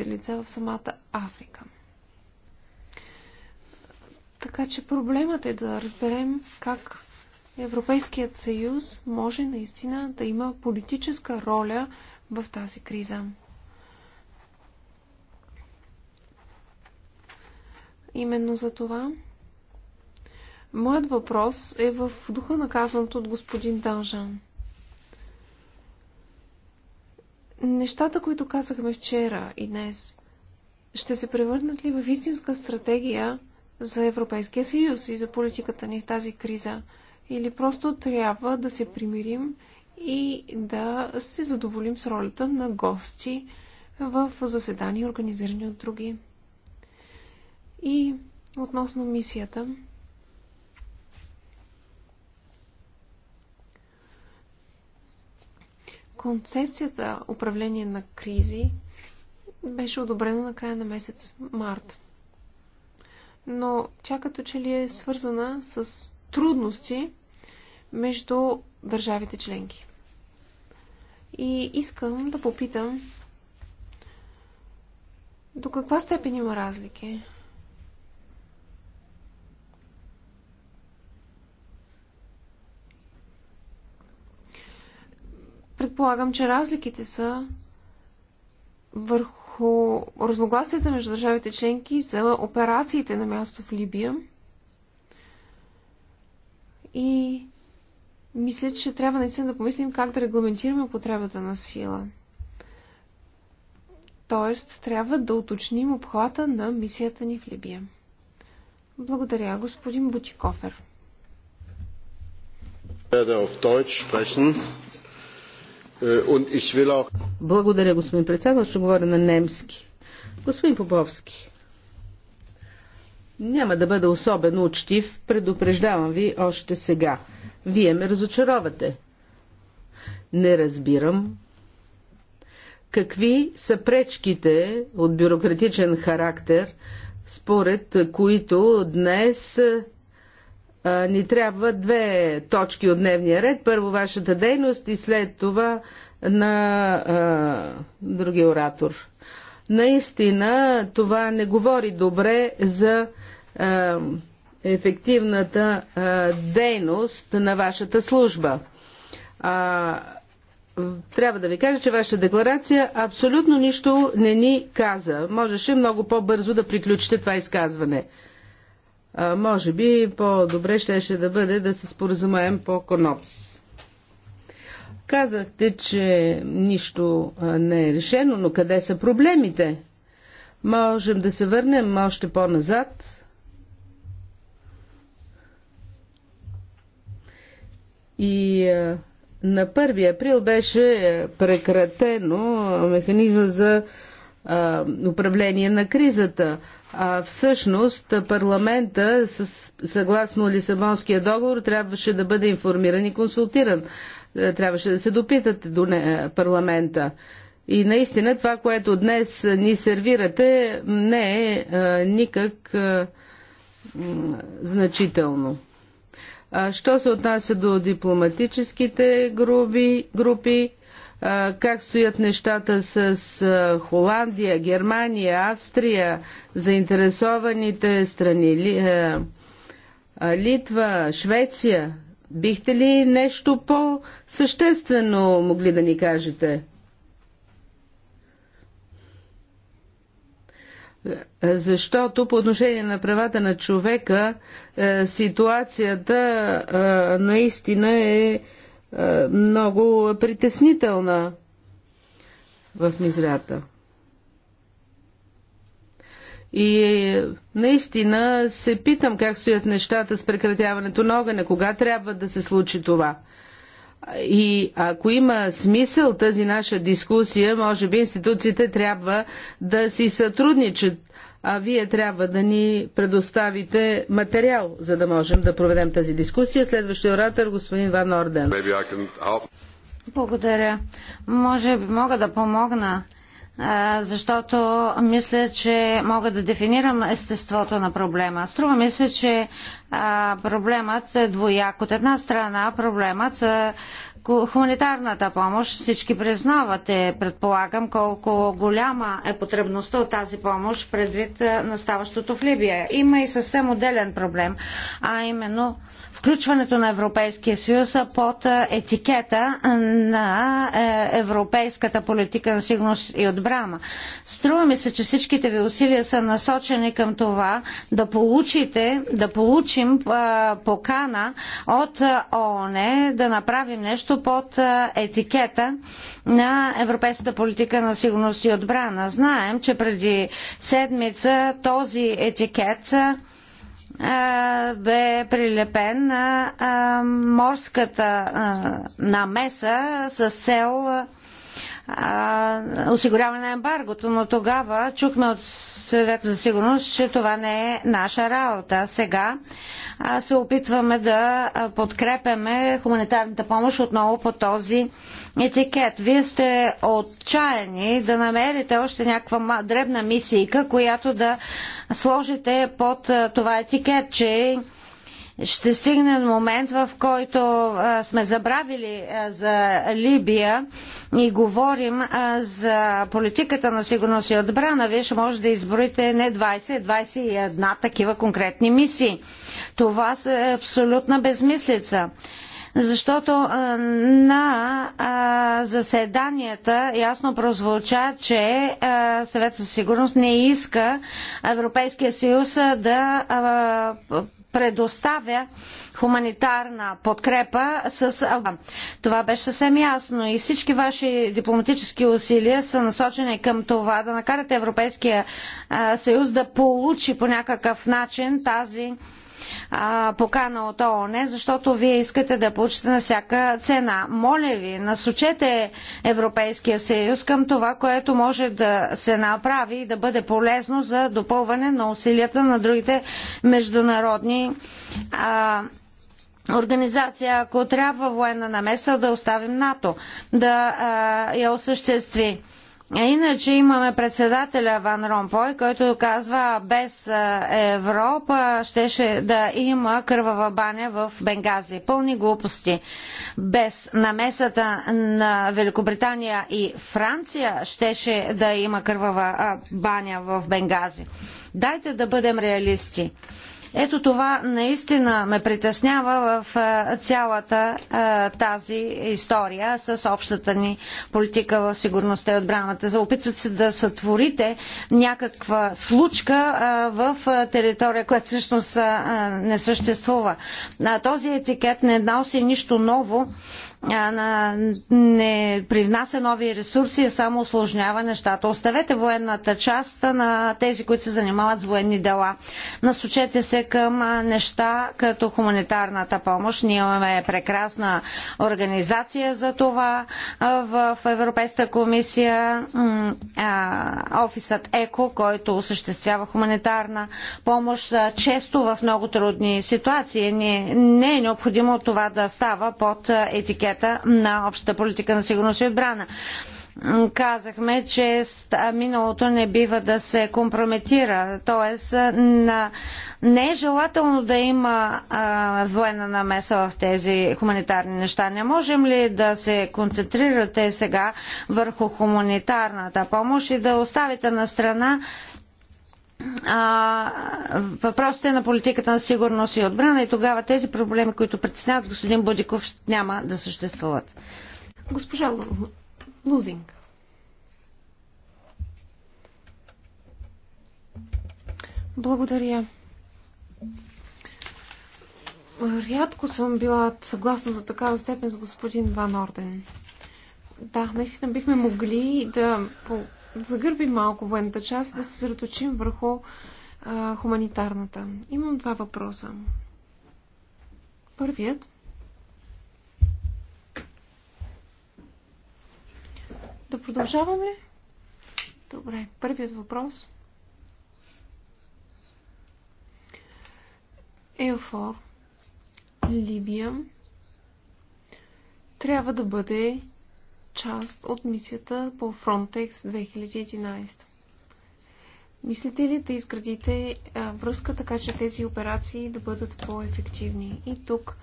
българските лица в самата Африка. Така че проблемът е да разберем как Европейският съюз може наистина да има политическа роля в тази криза. Именно за това моят въпрос е в духа на казаното от господин Данжан. нещата, които казахме вчера и днес, ще се превърнат ли в истинска стратегия за Европейския съюз и за политиката ни в тази криза? Или просто трябва да се примирим и да се задоволим с ролята на гости в заседания, организирани от други? И относно мисията – концепцията управление на кризи беше одобрена на края на месец март. Но тя като че ли е свързана с трудности между държавите членки. И искам да попитам до каква степен има разлики? Предполагам, че разликите са върху разногласията между държавите членки за операциите на място в Либия. И мисля, че трябва наистина да помислим как да регламентираме потребата на сила. Тоест, трябва да уточним обхвата на мисията ни в Либия. Благодаря, господин Бутикофер. Е, Благодаря, господин председател. Ще говоря на немски. Господин Поповски, няма да бъда особено учтив, предупреждавам ви още сега. Вие ме разочаровате. Не разбирам какви са пречките от бюрократичен характер, според които днес ни трябва две точки от дневния ред. Първо вашата дейност и след това на а, другия оратор. Наистина това не говори добре за а, ефективната а, дейност на вашата служба. А, трябва да ви кажа, че вашата декларация абсолютно нищо не ни каза. Можеше много по-бързо да приключите това изказване. А, може би по-добре щеше да бъде да се споразумеем по КОНОПС. Казахте, че нищо не е решено, но къде са проблемите? Можем да се върнем още по-назад. И а, на 1 април беше прекратено механизма за а, управление на кризата. А всъщност парламента, съгласно Лисабонския договор, трябваше да бъде информиран и консултиран. Е, трябваше да се допитате до парламента. И наистина това, което днес ни сервирате, не е, е никак е, значително. що се отнася до дипломатическите групи, групи как стоят нещата с Холандия, Германия, Австрия, заинтересованите страни, Литва, Швеция. Бихте ли нещо по-съществено могли да ни кажете? Защото по отношение на правата на човека е, ситуацията е, наистина е е, много притеснителна в мизрята. И наистина се питам как стоят нещата с прекратяването на огъня, кога трябва да се случи това. И ако има смисъл тази наша дискусия, може би институциите трябва да си сътрудничат а вие трябва да ни предоставите материал, за да можем да проведем тази дискусия. Следващия оратор, господин Ван Орден. Благодаря. Може би мога да помогна, защото мисля, че мога да дефинирам естеството на проблема. Струва ми се, че проблемът е двояк. От една страна проблемът е хуманитарната помощ. Всички признавате, предполагам, колко голяма е потребността от тази помощ предвид е, наставащото в Либия. Има и съвсем отделен проблем, а именно включването на Европейския съюз под е, етикета е, на европейската политика на сигурност и отбрана. Струва ми се, че всичките ви усилия са насочени към това да получите, да получим покана от ООН да направим нещо нещо под етикета на европейската политика на сигурност и отбрана. Знаем, че преди седмица този етикет бе прилепен на морската намеса с цел осигуряване на ембаргото, но тогава чухме от съвета за сигурност, че това не е наша работа. Сега а, се опитваме да подкрепяме хуманитарната помощ отново по този етикет. Вие сте отчаяни да намерите още някаква дребна мисийка, която да сложите под това етикет, че ще стигнем момент, в който сме забравили за Либия и говорим за политиката на сигурност и отбрана. Вие ще може да изброите не 20, 21 такива конкретни мисии. Това е абсолютна безмислица защото на заседанията ясно прозвуча, че Съвет за сигурност не иска Европейския съюз да предоставя хуманитарна подкрепа с Това беше съвсем ясно и всички ваши дипломатически усилия са насочени към това да накарате Европейския съюз да получи по някакъв начин тази а, покана от ООН, защото вие искате да получите на всяка цена. Моля ви, насочете Европейския съюз към това, което може да се направи и да бъде полезно за допълване на усилията на другите международни а, организация, ако трябва военна намеса, да оставим НАТО да а, я осъществи. Иначе имаме председателя Ван Ромпой, който казва без Европа щеше да има кървава баня в Бенгази. Пълни глупости. Без намесата на Великобритания и Франция щеше да има кървава баня в Бенгази. Дайте да бъдем реалисти. Ето това наистина ме притеснява в цялата тази история с общата ни политика в сигурността и отбраната. Опитват се да сътворите някаква случка в територия, която всъщност не съществува. Този етикет не носи нищо ново не привнася нови ресурси, а само осложнява нещата. Оставете военната част на тези, които се занимават с военни дела. Насочете се към неща като хуманитарната помощ. Ние имаме прекрасна организация за това в Европейската комисия, офисът ЕКО, който осъществява хуманитарна помощ често в много трудни ситуации. Не, не е необходимо това да става под етикет пакета на общата политика на сигурност и отбрана казахме, че миналото не бива да се компрометира. Тоест, не е желателно да има военна намеса в тези хуманитарни неща. Не можем ли да се концентрирате сега върху хуманитарната помощ и да оставите на страна а, въпросите на политиката на сигурност и отбрана и тогава тези проблеми, които притесняват господин Будиков, няма да съществуват. Госпожа Лузинг. Благодаря. Рядко съм била съгласна до такава степен с господин Ван Орден. Да, наистина бихме могли да загърбим малко военната част, да се съсредоточим върху а, хуманитарната. Имам два въпроса. Първият. Да продължаваме? Добре. Първият въпрос. Еофор, Либия, трябва да бъде част от мисията по Frontex 2011. Мислите ли да изградите връзка така, че тези операции да бъдат по-ефективни? И тук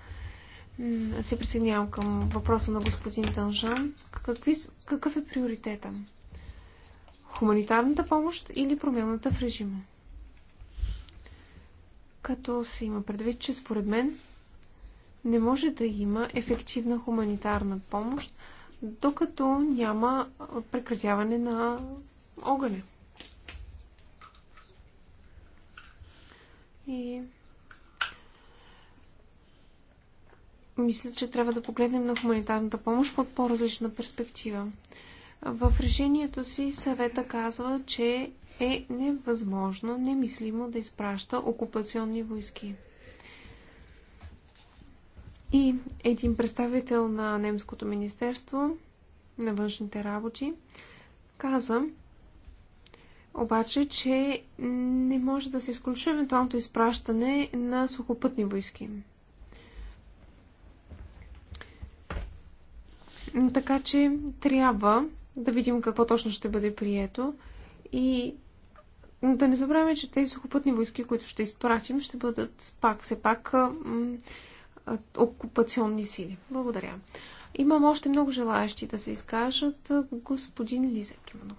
се присъединявам към въпроса на господин Дължан. Какви, какъв е приоритета? Хуманитарната помощ или промяната в режима? Като се има предвид, че според мен не може да има ефективна хуманитарна помощ докато няма прекратяване на огъня. И мисля, че трябва да погледнем на хуманитарната помощ под по-различна перспектива. В решението си съвета казва, че е невъзможно, немислимо да изпраща окупационни войски и един представител на Немското министерство на външните работи каза, обаче, че не може да се изключи евентуалното изпращане на сухопътни войски. Така че трябва да видим какво точно ще бъде прието и да не забравяме, че тези сухопътни войски, които ще изпратим, ще бъдат пак, все пак окупационни сили. Благодаря. Имам още много желаящи да се изкажат. Господин Лизек има думата.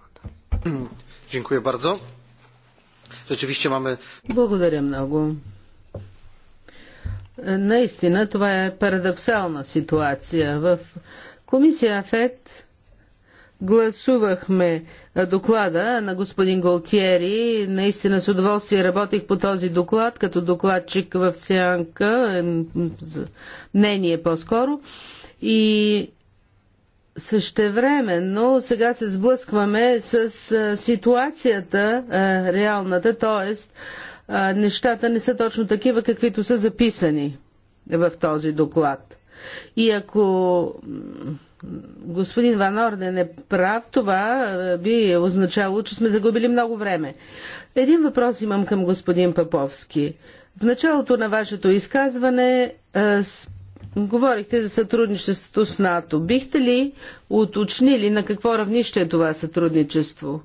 Дякую bardzo. Rzeczywiście mamy... Благодаря много. Наистина това е парадоксална ситуация. В комисия ФЕД гласувахме доклада на господин Голтиери. Наистина с удоволствие работих по този доклад, като докладчик в сянка, мнение по-скоро. И същевременно сега се сблъскваме с ситуацията реалната, т.е. нещата не са точно такива, каквито са записани в този доклад. И ако господин Ван Орден е прав, това е, би означало, че сме загубили много време. Един въпрос имам към господин Паповски. В началото на вашето изказване а, е, говорихте за сътрудничеството с НАТО. Бихте ли уточнили на какво равнище е това сътрудничество?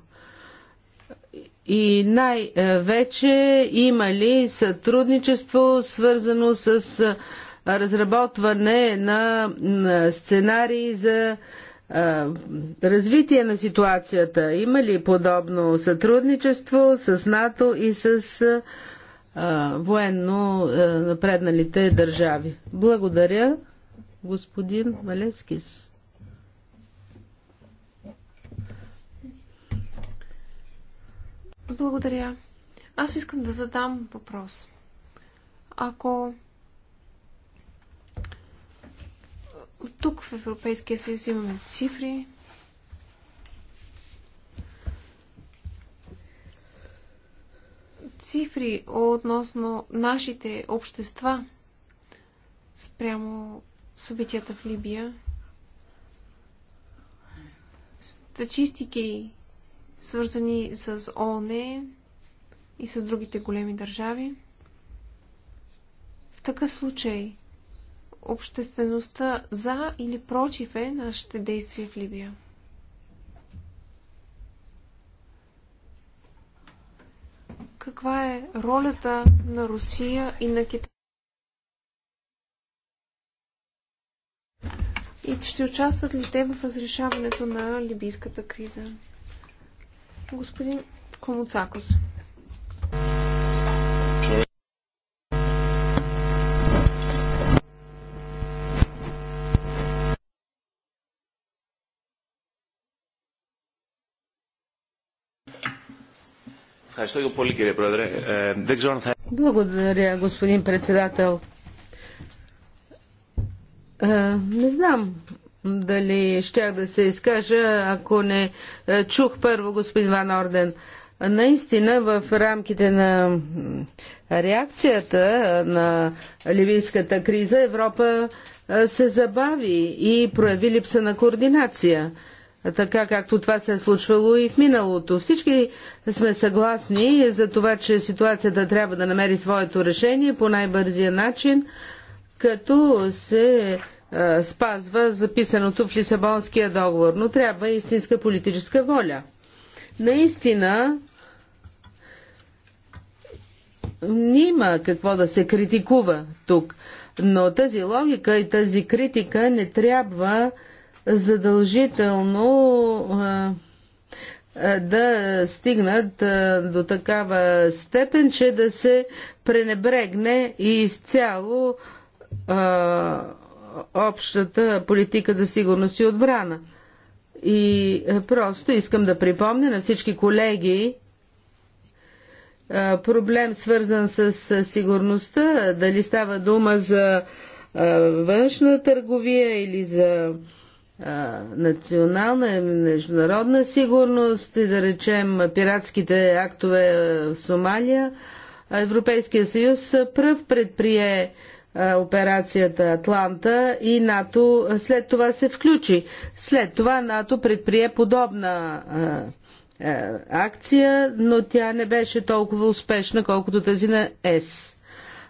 И най-вече има ли сътрудничество свързано с е, разработване на сценарии за развитие на ситуацията. Има ли подобно сътрудничество с НАТО и с военно напредналите държави? Благодаря, господин Малескис. Благодаря. Аз искам да задам въпрос. Ако Тук в Европейския съюз имаме цифри. Цифри относно нашите общества спрямо събитията в Либия. Статистики, свързани с ООН и с другите големи държави. В такъв случай, обществеността за или против е нашите действия в Либия. Каква е ролята на Русия и на Китай? И ще участват ли те в разрешаването на либийската криза? Господин Комуцакос. Благодаря, господин председател. Е, не знам дали щях да се изкажа, ако не е, чух първо господин Ван Орден. Наистина в рамките на реакцията на ливийската криза Европа е, се забави и прояви липса на координация така както това се е случвало и в миналото. Всички сме съгласни за това, че ситуацията трябва да намери своето решение по най-бързия начин, като се е, спазва записаното в Лисабонския договор. Но трябва истинска политическа воля. Наистина, няма какво да се критикува тук, но тази логика и тази критика не трябва задължително да стигнат до такава степен, че да се пренебрегне и изцяло общата политика за сигурност и отбрана. И просто искам да припомня на всички колеги проблем свързан с сигурността, дали става дума за външна търговия или за национална и международна сигурност и да речем пиратските актове в Сомалия, Европейския съюз пръв предприе операцията Атланта и НАТО след това се включи. След това НАТО предприе подобна акция, но тя не беше толкова успешна, колкото тази на ЕС.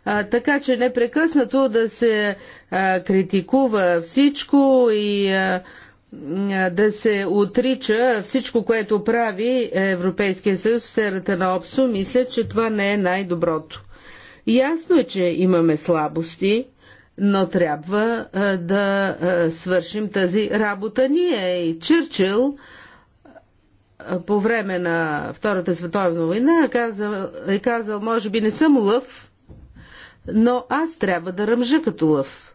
А, така че непрекъснато да се а, критикува всичко и а, да се отрича всичко, което прави Европейския съюз в серата на ОПСО, мисля, че това не е най-доброто. Ясно е, че имаме слабости, но трябва а, да а, свършим тази работа ние. И Чърчил по време на Втората световна война е казал, е казал, може би не съм лъв, но аз трябва да ръмжа като лъв.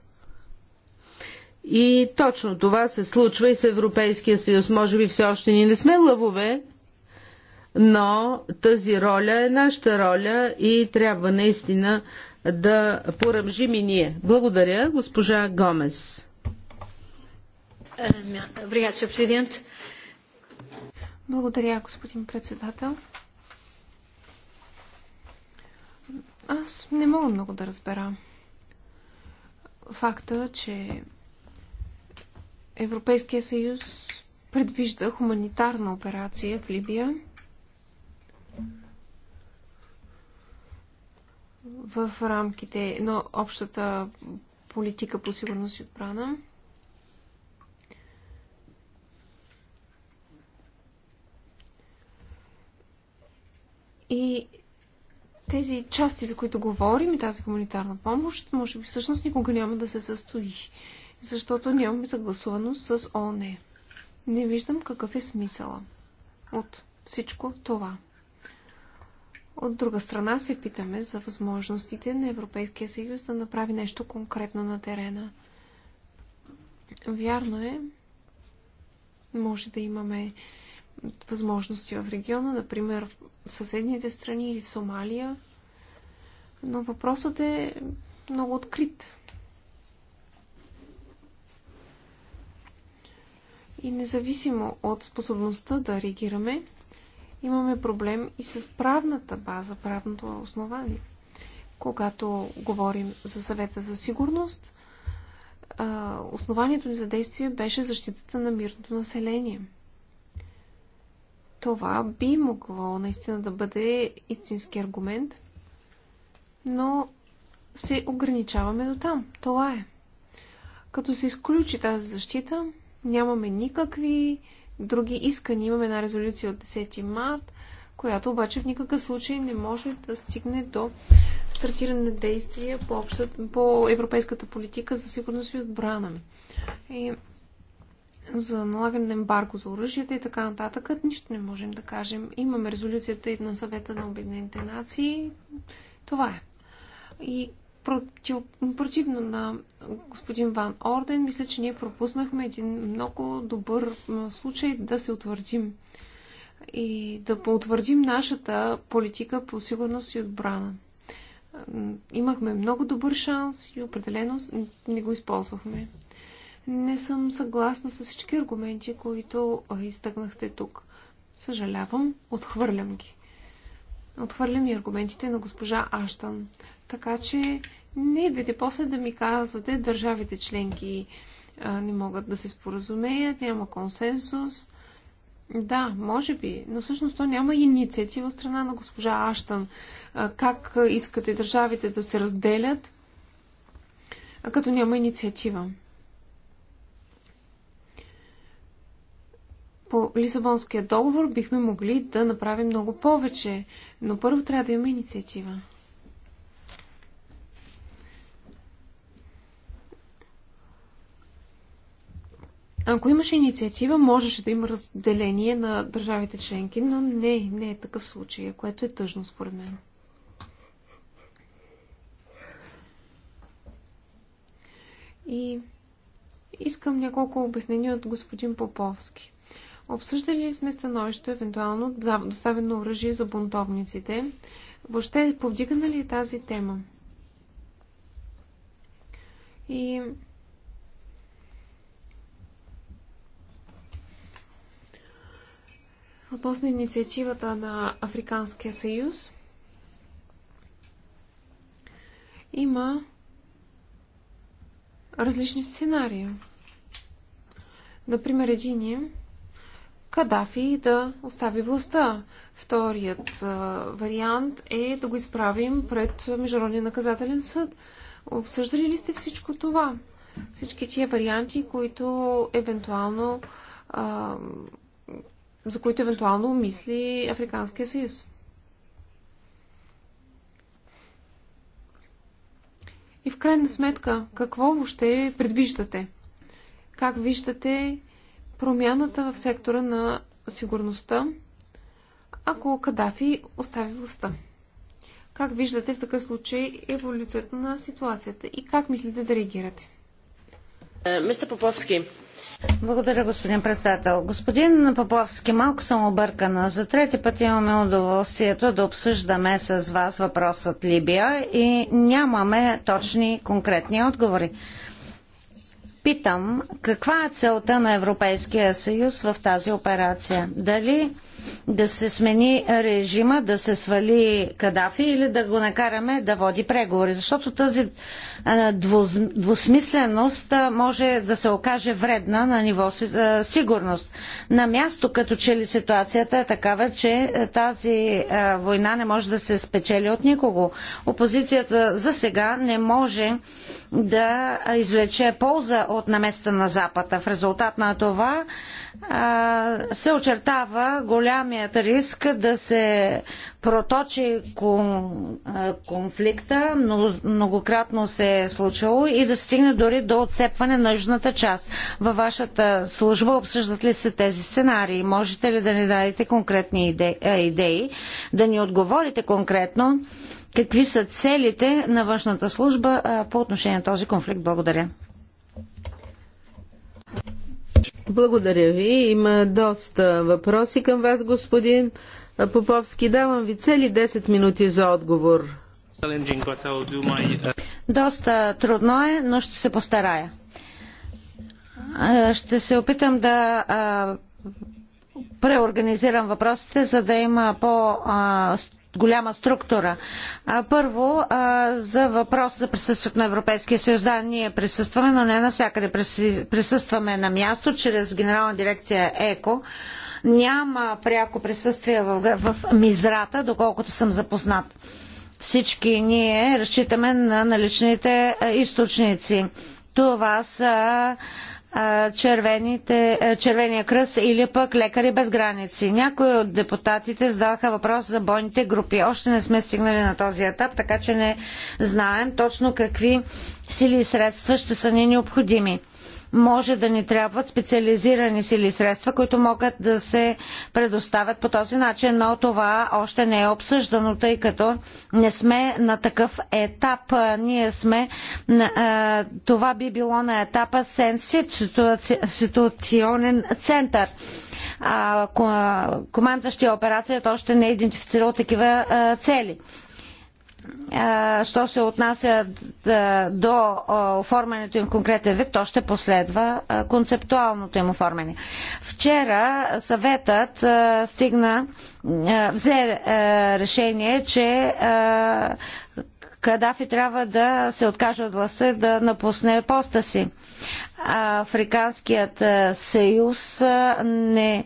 И точно това се случва и с Европейския съюз. Може би все още ние не сме лъвове, но тази роля е нашата роля и трябва наистина да поръмжим и ние. Благодаря, госпожа Гомес. Е, Благодаря, господин председател. Аз не мога много да разбера факта, че Европейския съюз предвижда хуманитарна операция в Либия. в рамките на общата политика по сигурност и отбрана. И тези части, за които говорим и тази хуманитарна помощ, може би всъщност никога няма да се състои, защото нямаме съгласуваност с ООН. Не виждам какъв е смисъла от всичко това. От друга страна се питаме за възможностите на Европейския съюз да направи нещо конкретно на терена. Вярно е, може да имаме възможности в региона, например в съседните страни или в Сомалия. Но въпросът е много открит. И независимо от способността да реагираме, имаме проблем и с правната база, правното основание. Когато говорим за съвета за сигурност, основанието ни за действие беше защитата на мирното население – това би могло наистина да бъде истински аргумент, но се ограничаваме до там. Това е. Като се изключи тази защита, нямаме никакви други искания. Имаме една резолюция от 10 март, която обаче в никакъв случай не може да стигне до стартиране на действия по, общата, по европейската политика за сигурност и отбрана. И за налагане на ембарго за оръжията и така нататък, нищо не можем да кажем. Имаме резолюцията и на съвета на Обединените нации. Това е. И против, противно на господин Ван Орден, мисля, че ние пропуснахме един много добър случай да се утвърдим и да поутвърдим нашата политика по сигурност и отбрана. Имахме много добър шанс и определено не го използвахме. Не съм съгласна с всички аргументи, които изтъкнахте тук. Съжалявам, отхвърлям ги. Отхвърлям и аргументите на госпожа Аштан. Така че не идвайте после да ми казвате, държавите членки а, не могат да се споразумеят, няма консенсус. Да, може би, но всъщност то няма инициатива от страна на госпожа Аштан. А, как искате държавите да се разделят, а като няма инициатива? по Лисабонския договор бихме могли да направим много повече, но първо трябва да имаме инициатива. Ако имаше инициатива, можеше да има разделение на държавите членки, но не, не е такъв случай, което е тъжно според мен. И искам няколко обяснения от господин Поповски. Обсъждали сме становището, евентуално доставено оръжие за бунтовниците. Въобще повдигана ли е тази тема? И относно инициативата на Африканския съюз, има различни сценарии. Например, единия Кадафи да остави властта. Вторият вариант е да го изправим пред Международния наказателен съд. Обсъждали ли сте всичко това? Всички тия варианти, които евентуално, за които евентуално мисли Африканския съюз. И в крайна сметка, какво въобще предвиждате? Как виждате промяната в сектора на сигурността, ако Кадафи остави властта. Как виждате в такъв случай еволюцията на ситуацията и как мислите да реагирате? Е, мистер Поповски. Благодаря, господин председател. Господин Поповски, малко съм объркана. За трети път имаме удоволствието да обсъждаме с вас въпросът Либия и нямаме точни конкретни отговори питам каква е целта на Европейския съюз в тази операция. Дали да се смени режима, да се свали Кадафи или да го накараме да води преговори. Защото тази двусмисленост може да се окаже вредна на ниво сигурност. На място, като че ли ситуацията е такава, че тази война не може да се спечели от никого. Опозицията за сега не може да извлече полза от наместа на Запада. В резултат на това се очертава голямият риск да се проточи конфликта, многократно се е случило и да стигне дори до отцепване на южната част. Във вашата служба обсъждат ли се тези сценарии? Можете ли да ни дадете конкретни идеи, идеи да ни отговорите конкретно какви са целите на външната служба по отношение на този конфликт? Благодаря. Благодаря ви. Има доста въпроси към вас, господин Поповски. Давам ви цели 10 минути за отговор. Доста трудно е, но ще се постарая. Ще се опитам да преорганизирам въпросите, за да има по- голяма структура. Първо, за въпрос за присъствието на Европейския съюз. Да, ние присъстваме, но не навсякъде присъстваме на място, чрез Генерална дирекция ЕКО. Няма пряко присъствие в, в Мизрата, доколкото съм запознат. Всички ние разчитаме на наличните източници. Това са червените, червения кръст или пък лекари без граници. Някои от депутатите зададаха въпрос за бойните групи. Още не сме стигнали на този етап, така че не знаем точно какви сили и средства ще са ни необходими може да ни трябват специализирани сили и средства, които могат да се предоставят по този начин, но това още не е обсъждано, тъй като не сме на такъв етап. Ние сме, това би било на етапа Сенсит, ситуационен център командващия операцията още не е идентифицирал такива цели що се отнася до оформянето им в конкретен вид, то ще последва концептуалното им оформяне. Вчера съветът стигна, взе е, решение, че Кадафи трябва да се откаже от властта и да напусне поста си. Африканският съюз не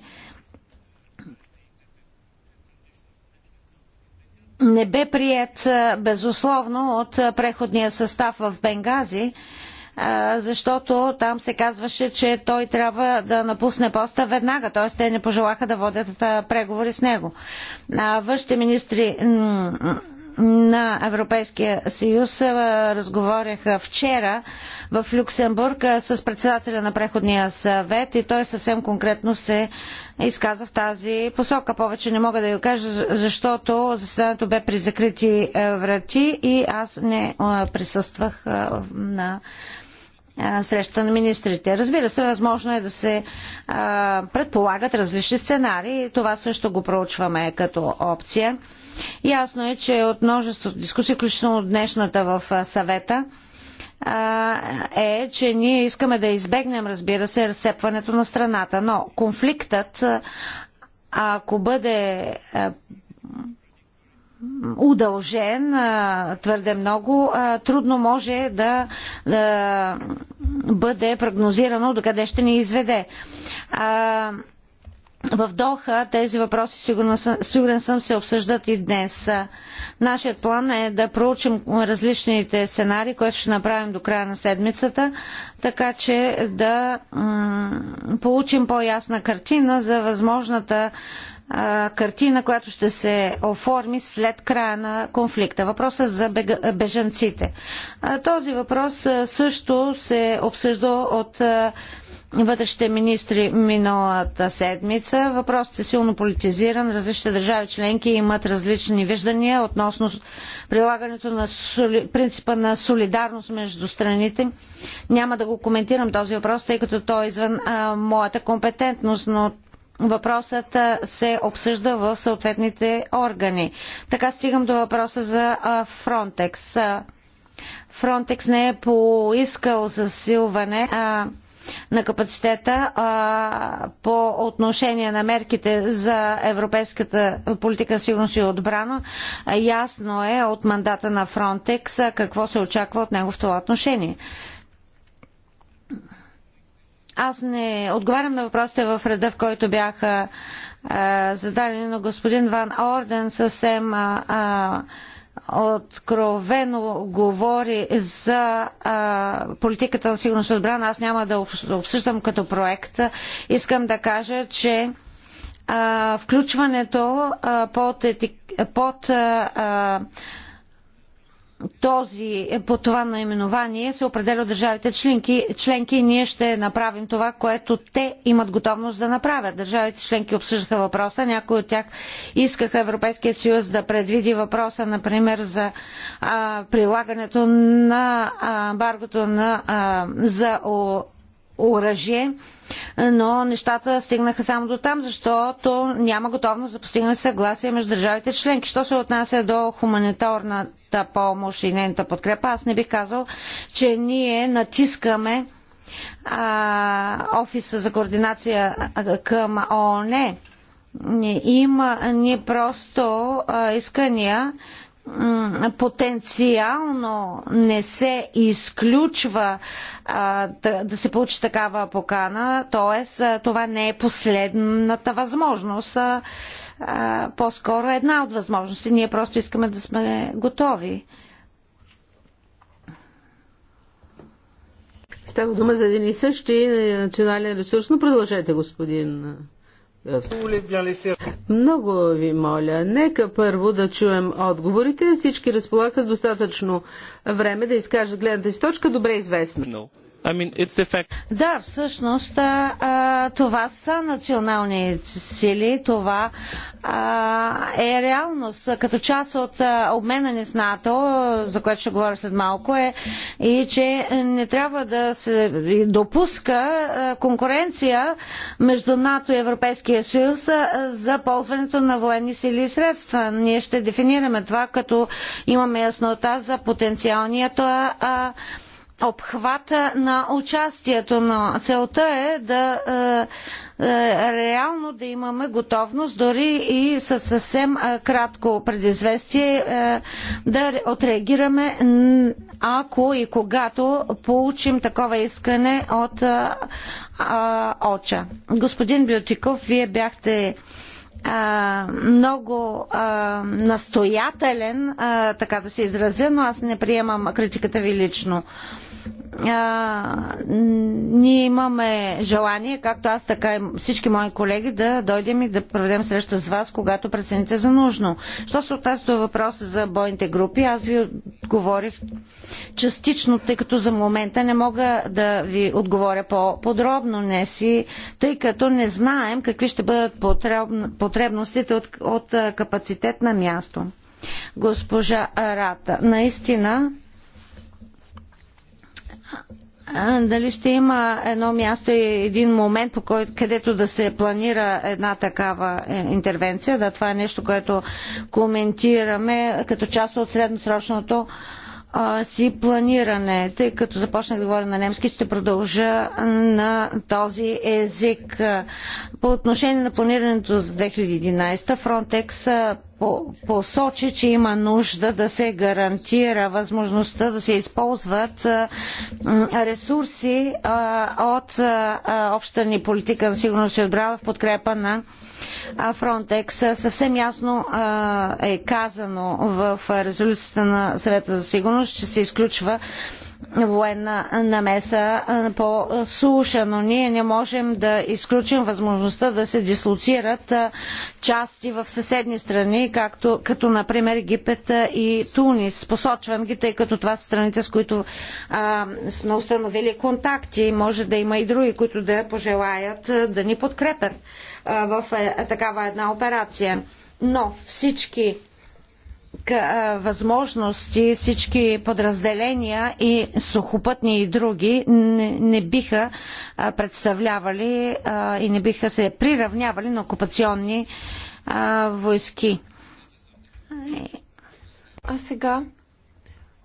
не бе прият безусловно от преходния състав в Бенгази, защото там се казваше, че той трябва да напусне поста веднага, т.е. те не пожелаха да водят преговори с него. Външните министри на Европейския съюз разговаряха вчера в Люксембург с председателя на Преходния съвет и той съвсем конкретно се изказа в тази посока. Повече не мога да ви кажа, защото заседанието бе при закрити врати и аз не присъствах на среща на министрите. Разбира се, възможно е да се а, предполагат различни сценарии. Това също го проучваме като опция. Ясно е, че от множество дискусии, включително от днешната в съвета, а, е, че ние искаме да избегнем, разбира се, разцепването на страната. Но конфликтът, ако бъде удължен твърде много, трудно може да, да бъде прогнозирано до къде ще ни изведе. В Доха тези въпроси, сигурен съм, се обсъждат и днес. Нашият план е да проучим различните сценари, които ще направим до края на седмицата, така че да получим по-ясна картина за възможната картина, която ще се оформи след края на конфликта. Въпросът за бежанците. този въпрос също се обсъжда от вътрешните министри миналата седмица. Въпросът е силно политизиран. Различните държави членки имат различни виждания относно прилагането на соли... принципа на солидарност между страните. Няма да го коментирам този въпрос, тъй като той е извън а, моята компетентност, но въпросът се обсъжда в съответните органи. Така стигам до въпроса за Фронтекс. Фронтекс не е поискал засилване а, на капацитета а, по отношение на мерките за европейската политика сигурност и отбрана. Ясно е от мандата на Фронтекс какво се очаква от него в това отношение. Аз не отговарям на въпросите в реда, в който бяха зададени, но господин Ван Орден съвсем откровено говори за политиката на сигурност и отбрана. Аз няма да обсъждам като проект. Искам да кажа, че включването под, ети... под този, по това наименование се определя от държавите членки, членки и ние ще направим това, което те имат готовност да направят. Държавите членки обсъждаха въпроса, някои от тях искаха Европейския съюз да предвиди въпроса, например, за а, прилагането на амбаргото на, а, за о, оръжие, но нещата стигнаха само до там, защото няма готовност за постигане съгласие между държавите членки. Що се отнася до хуманитарната помощ и нейната подкрепа, аз не бих казал, че ние натискаме а, офиса за координация към ООН. Има ние просто а, искания потенциално не се изключва а, да се получи такава покана, т.е. това не е последната възможност, а, а по-скоро една от възможности. Ние просто искаме да сме готови. Става дума за един и същи е, национален ресурс, но продължете, господин много ви моля, нека първо да чуем отговорите. Всички разполагаха с достатъчно време да изкажат гледната си точка, добре известно. I mean, it's the fact... Да, всъщност това са национални сили, това е реалност. Като част от обмена ни с НАТО, за което ще говоря след малко, е и че не трябва да се допуска конкуренция между НАТО и Европейския съюз за ползването на военни сили и средства. Ние ще дефинираме това, като имаме яснота за потенциалния обхвата на участието, но целта е да е, е, реално да имаме готовност, дори и със съвсем е, кратко предизвестие, да отреагираме, ако и когато получим такова искане от ОЧА. Господин Биотиков, вие бяхте а, много а, настоятелен, а, така да се изразя, но аз не приемам критиката ви лично. А, а, ние имаме желание, както аз, така и всички мои колеги, да дойдем и да проведем среща с вас, когато прецените за нужно. Що се отнася до въпроса за бойните групи, аз ви отговорих частично, тъй като за момента не мога да ви отговоря по-подробно, не си, тъй като не знаем какви ще бъдат потребностите от, от капацитет на място. Госпожа Рата, наистина дали ще има едно място и един момент, по кой, където да се планира една такава е, интервенция. Да, това е нещо, което коментираме като част от средносрочното си планиране. Тъй като започнах да говоря на немски, ще продължа на този език. По отношение на планирането за 2011, Frontex посочи, че има нужда да се гарантира възможността да се използват ресурси от общата ни политика на сигурност и отбрана в подкрепа на Frontex. Съвсем ясно е казано в резолюцията на съвета за сигурност, че се изключва военна намеса по суша, но ние не можем да изключим възможността да се дислоцират части в съседни страни, както, като например Египет и Тунис. Посочвам ги, тъй като това са страните, с които а, сме установили контакти. Може да има и други, които да пожелаят да ни подкрепят а, в е, такава една операция. Но всички възможности всички подразделения и сухопътни и други не, не биха представлявали и не биха се приравнявали на окупационни войски. А сега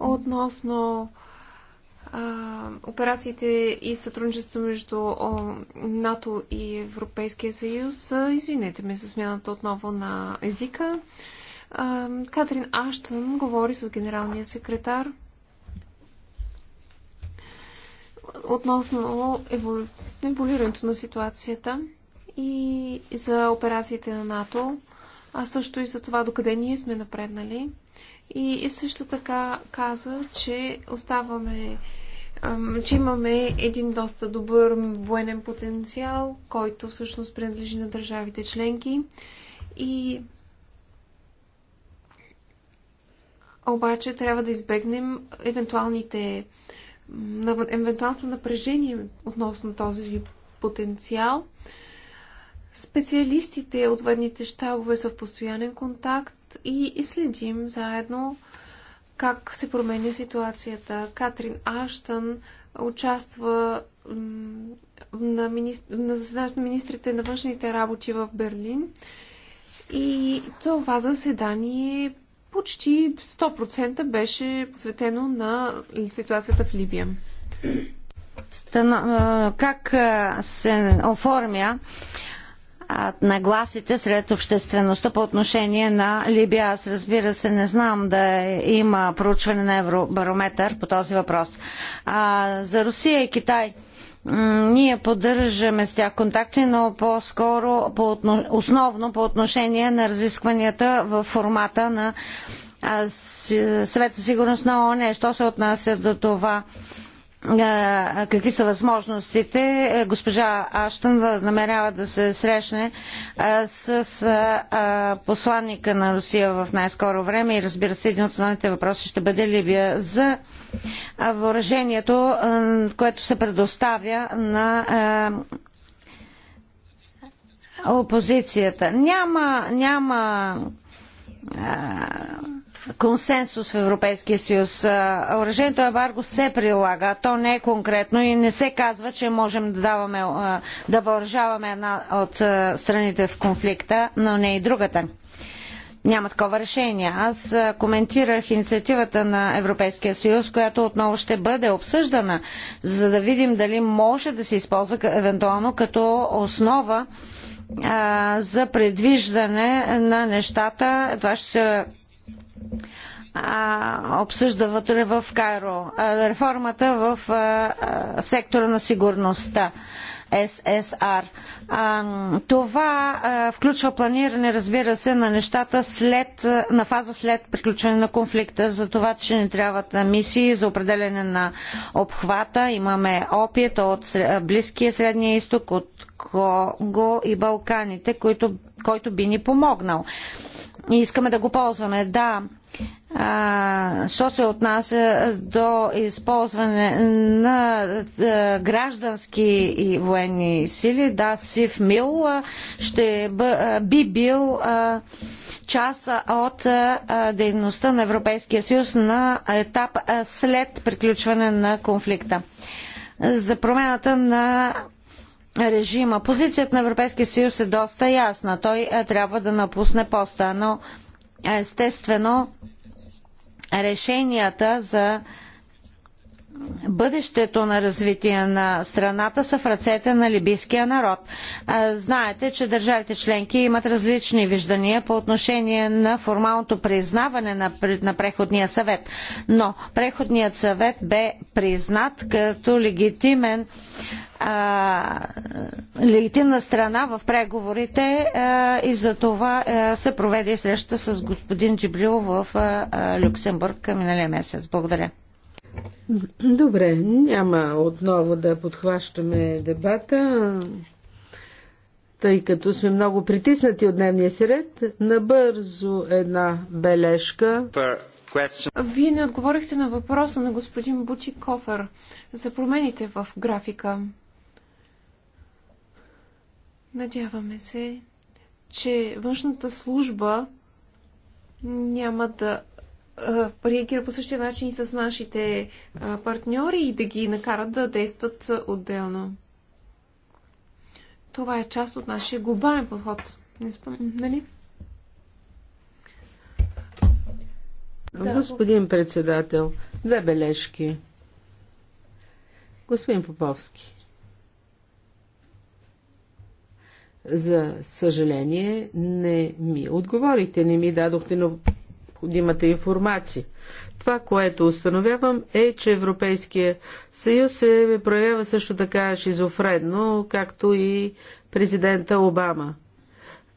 относно операциите и сътрудничество между НАТО и Европейския съюз. Извинете ме за смяната отново на езика. Катрин Аштън говори с генералния секретар относно еволюирането на ситуацията и за операциите на НАТО, а също и за това докъде ние сме напреднали. и също така каза, че оставаме, че имаме един доста добър военен потенциал, който всъщност принадлежи на държавите членки. И обаче трябва да избегнем евентуалните, евентуалното напрежение относно този потенциал. Специалистите от въдните щабове са в постоянен контакт и следим заедно как се променя ситуацията. Катрин Аштън участва на, министр... на заседанието на министрите на външните работи в Берлин. И това заседание почти 100% беше посветено на ситуацията в Либия. Стана, как се оформя нагласите сред обществеността по отношение на Либия. Аз разбира се не знам да има проучване на Евробарометър по този въпрос. А, за Русия и Китай – ние поддържаме с тях контакти, но по-скоро по, основно по отношение на разискванията в формата на Съвета сигурност на ООН. Що се отнася до това какви са възможностите. Е, госпожа Аштън възнамерява да се срещне с посланника на Русия в най-скоро време и разбира се, един от основните въпроси ще бъде Либия за въоръжението, което се предоставя на опозицията. Няма, няма консенсус в Европейския съюз. Оръжението ембарго се прилага, то не е конкретно и не се казва, че можем да, даваме, да въоръжаваме една от страните в конфликта, но не и другата. Няма такова решение. Аз коментирах инициативата на Европейския съюз, която отново ще бъде обсъждана, за да видим дали може да се използва евентуално като основа за предвиждане на нещата. Това ще се обсъжда вътре в Кайро. реформата в сектора на сигурността. ССР. А, това а, включва планиране, разбира се, на нещата след, на фаза след приключване на конфликта, за това, че ни трябват мисии за определене на обхвата. Имаме опит от Близкия Средния изток, от Конго и Балканите, който, който би ни помогнал и искаме да го ползваме. Да, а, що се отнася до използване на а, граждански и военни сили, да, Сив Мил ще би бил а, част от дейността на Европейския съюз на етап след приключване на конфликта. За промената на режима. Позицията на Европейския съюз е доста ясна. Той е, трябва да напусне поста, но е, естествено решенията за бъдещето на развитие на страната са в ръцете на либийския народ. Е, знаете, че държавите членки имат различни виждания по отношение на формалното признаване на, на Преходния съвет. Но Преходният съвет бе признат като легитимен а, легитимна страна в преговорите а, и за това а, се проведе среща с господин Джиблио в Люксембург а, Люксембург миналия месец. Благодаря. Добре, няма отново да подхващаме дебата, тъй като сме много притиснати от дневния си ред. Набързо една бележка. Вие не отговорихте на въпроса на господин Бути Кофер за промените в графика. Надяваме се, че външната служба няма да реагира по същия начин и с нашите партньори и да ги накарат да действат отделно. Това е част от нашия глобален подход. Не спомням, нали? Господин председател, две бележки. Господин Поповски. За съжаление, не ми отговорихте, не ми дадохте необходимата информация. Това, което установявам е, че Европейския съюз се проявява също така шизофредно, както и президента Обама.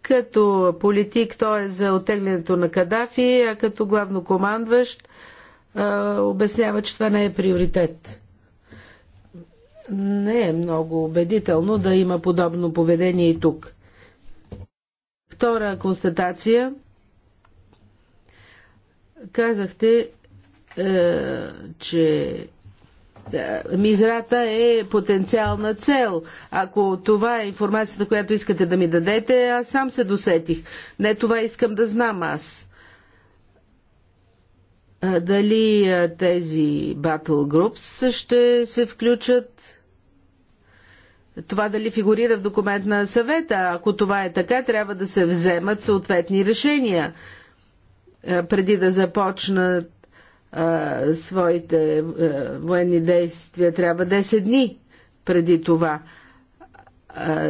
Като политик той е за отеглянето на Кадафи, а като главнокомандващ обяснява, че това не е приоритет не е много убедително да има подобно поведение и тук. Втора констатация. Казахте, е, че мизрата ами е потенциална цел. Ако това е информацията, която искате да ми дадете, аз сам се досетих. Не това искам да знам аз. Дали тези battle groups ще се включат? това дали фигурира в документ на съвета. Ако това е така, трябва да се вземат съответни решения е, преди да започнат а, е, своите а, е, военни действия. Трябва 10 дни преди това. А,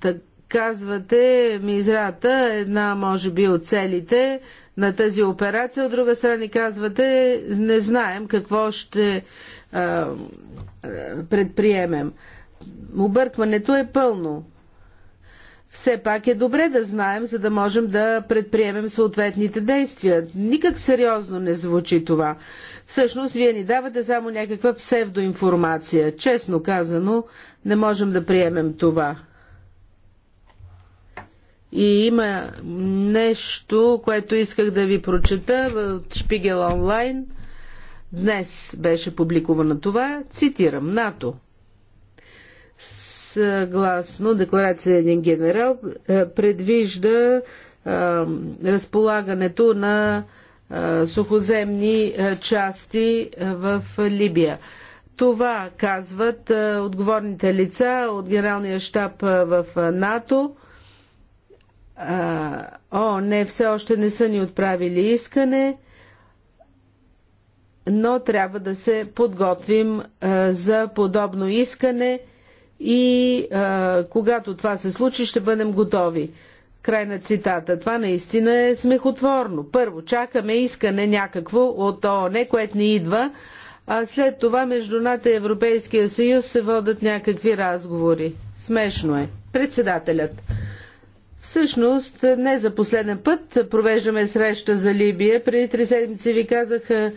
так, казвате, мизрата, една може би от целите на тази операция, от друга страна казвате, не знаем какво ще а, предприемем объркването е пълно. Все пак е добре да знаем, за да можем да предприемем съответните действия. Никак сериозно не звучи това. Всъщност, вие ни давате само някаква псевдоинформация. Честно казано, не можем да приемем това. И има нещо, което исках да ви прочета от Шпигел онлайн. Днес беше публикувано това. Цитирам. НАТО съгласно декларация на един генерал, е, предвижда е, разполагането на е, сухоземни части в Либия. Това казват отговорните лица от генералния щаб в НАТО. О, не, все още не са ни отправили искане, но трябва да се подготвим за подобно искане – и а, когато това се случи, ще бъдем готови. Край на цитата. Това наистина е смехотворно. Първо, чакаме искане някакво от ООН, което ни идва, а след това между НАТО и Европейския съюз се водят някакви разговори. Смешно е. Председателят. Всъщност, не за последен път провеждаме среща за Либия. Преди три седмици ви казаха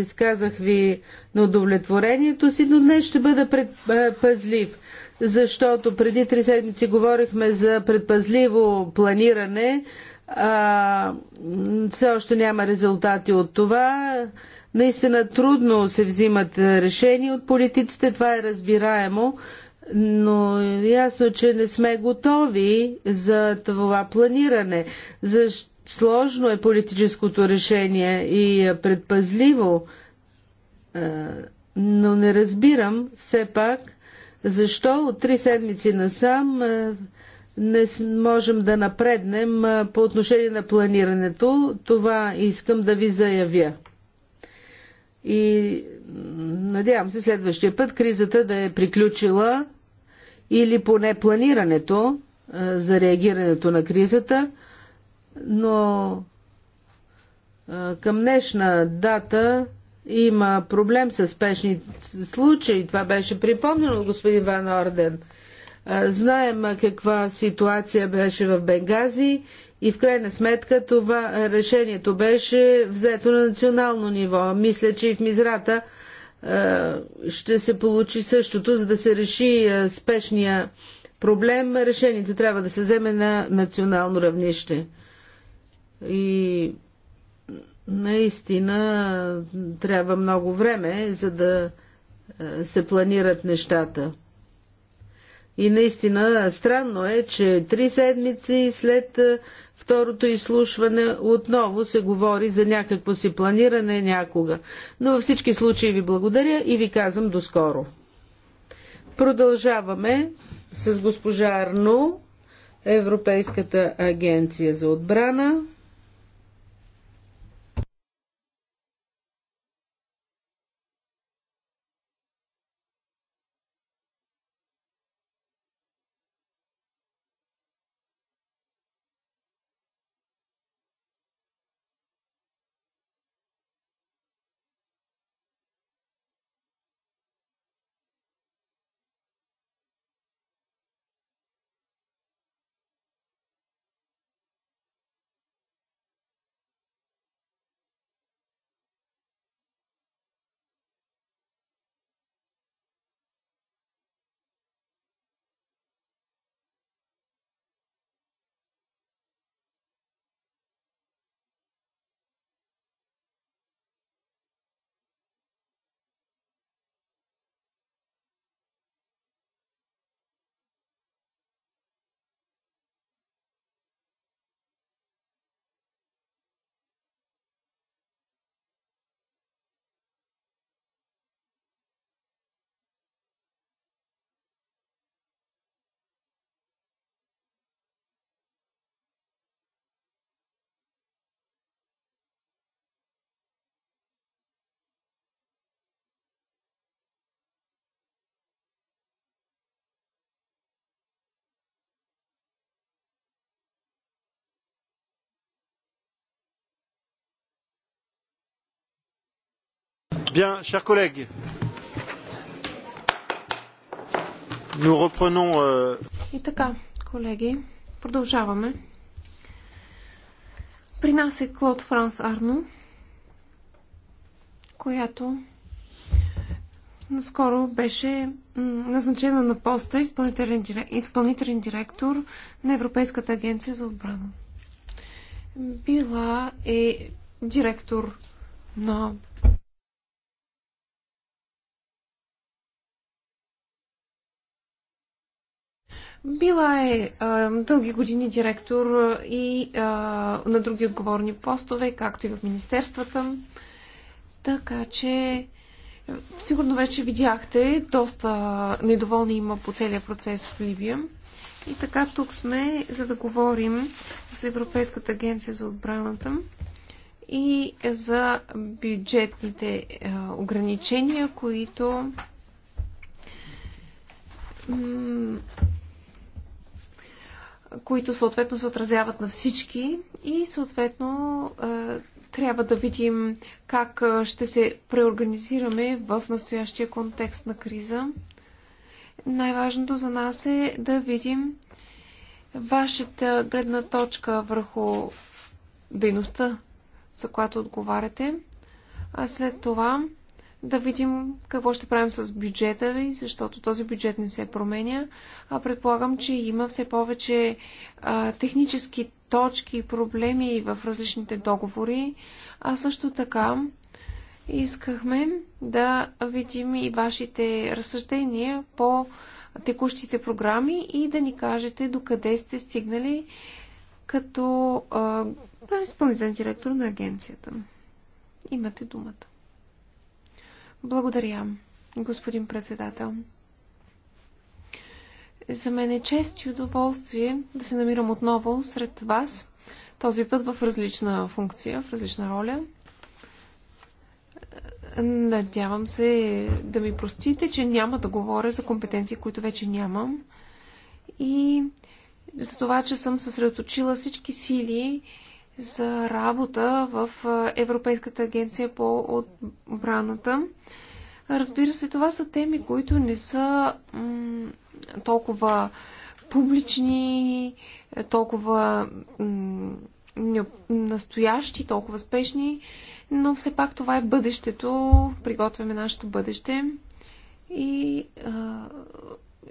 изказах ви на удовлетворението си, но днес ще бъда предпазлив, защото преди три седмици говорихме за предпазливо планиране. А, все още няма резултати от това. Наистина трудно се взимат решения от политиците, това е разбираемо, но ясно, че не сме готови за това планиране. Защо? Сложно е политическото решение и е предпазливо, е, но не разбирам все пак защо от три седмици насам е, не можем да напреднем по отношение на планирането. Това искам да ви заявя. И надявам се следващия път кризата да е приключила или поне планирането за реагирането на кризата – но към днешна дата има проблем с спешни случаи. Това беше припомнено от господин Ван Орден. Знаем каква ситуация беше в Бенгази и в крайна сметка това решението беше взето на национално ниво. Мисля, че и в Мизрата ще се получи същото, за да се реши спешния проблем. Решението трябва да се вземе на национално равнище. И наистина трябва много време, за да е, се планират нещата. И наистина странно е, че три седмици след е, второто изслушване отново се говори за някакво си планиране някога. Но във всички случаи ви благодаря и ви казвам до скоро. Продължаваме с госпожа Арно, Европейската агенция за отбрана. Bien, chers collègues, nous reprenons. Euh, И така, колеги, продължаваме. При нас е Клод Франс Арно, която наскоро беше назначена на поста изпълнителен, изпълнителен директор на Европейската агенция за отбрана. Била е директор на Била е а, дълги години директор и а, на други отговорни постове, както и в министерствата. Така че, сигурно вече видяхте, доста недоволни има по целия процес в Ливия. И така тук сме, за да говорим с Европейската агенция за отбраната и за бюджетните а, ограничения, които които съответно се отразяват на всички и съответно е, трябва да видим как е, ще се преорганизираме в настоящия контекст на криза. Най-важното за нас е да видим вашата гледна точка върху дейността, за която отговаряте, а след това да видим какво ще правим с бюджета ви, защото този бюджет не се променя. А предполагам, че има все повече а, технически точки и проблеми в различните договори. А също така искахме да видим и вашите разсъждения по текущите програми и да ни кажете докъде сте стигнали като а, изпълнителен директор на агенцията. Имате думата. Благодаря, господин председател. За мен е чест и удоволствие да се намирам отново сред вас, този път в различна функция, в различна роля. Надявам се да ми простите, че няма да говоря за компетенции, които вече нямам. И за това, че съм съсредоточила всички сили за работа в Европейската агенция по отбраната. Разбира се, това са теми, които не са толкова публични, толкова настоящи, толкова спешни, но все пак това е бъдещето. Приготвяме нашето бъдеще. И а,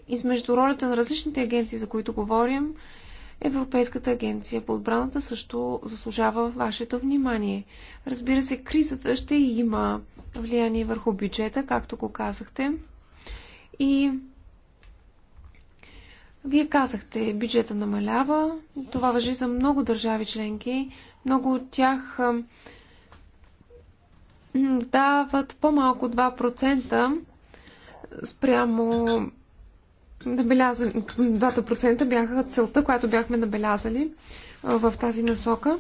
измежду ролята на различните агенции, за които говорим, Европейската агенция по отбраната също заслужава вашето внимание. Разбира се, кризата ще има влияние върху бюджета, както го казахте. И вие казахте, бюджета намалява. Това въжи за много държави членки. Много от тях дават по-малко 2% спрямо набелязали, 2% бяха целта, която бяхме набелязали в тази насока.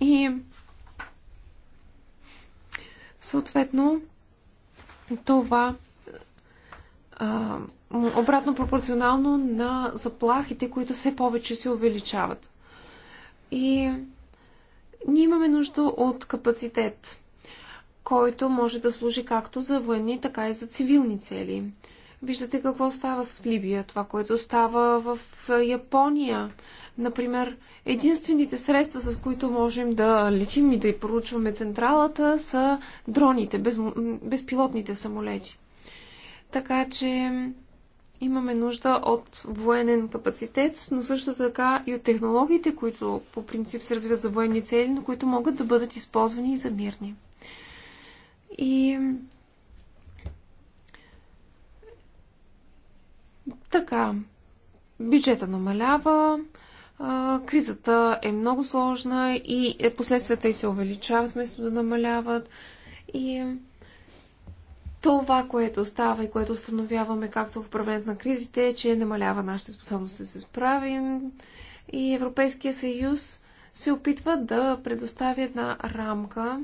И съответно това а, обратно пропорционално на заплахите, които все повече се увеличават. И ние имаме нужда от капацитет, който може да служи както за военни, така и за цивилни цели. Виждате какво става с Либия, това, което става в Япония. Например, единствените средства, с които можем да летим и да проучваме централата, са дроните, без, безпилотните самолети. Така че имаме нужда от военен капацитет, но също така и от технологиите, които по принцип се развиват за военни цели, но които могат да бъдат използвани и за мирни. И Така, бюджета намалява, кризата е много сложна и е, последствията й се увеличават вместо да намаляват. И е, това, което става и което установяваме както в управлението на кризите, е, че намалява нашите способности да се справим. И Европейския съюз се опитва да предостави една рамка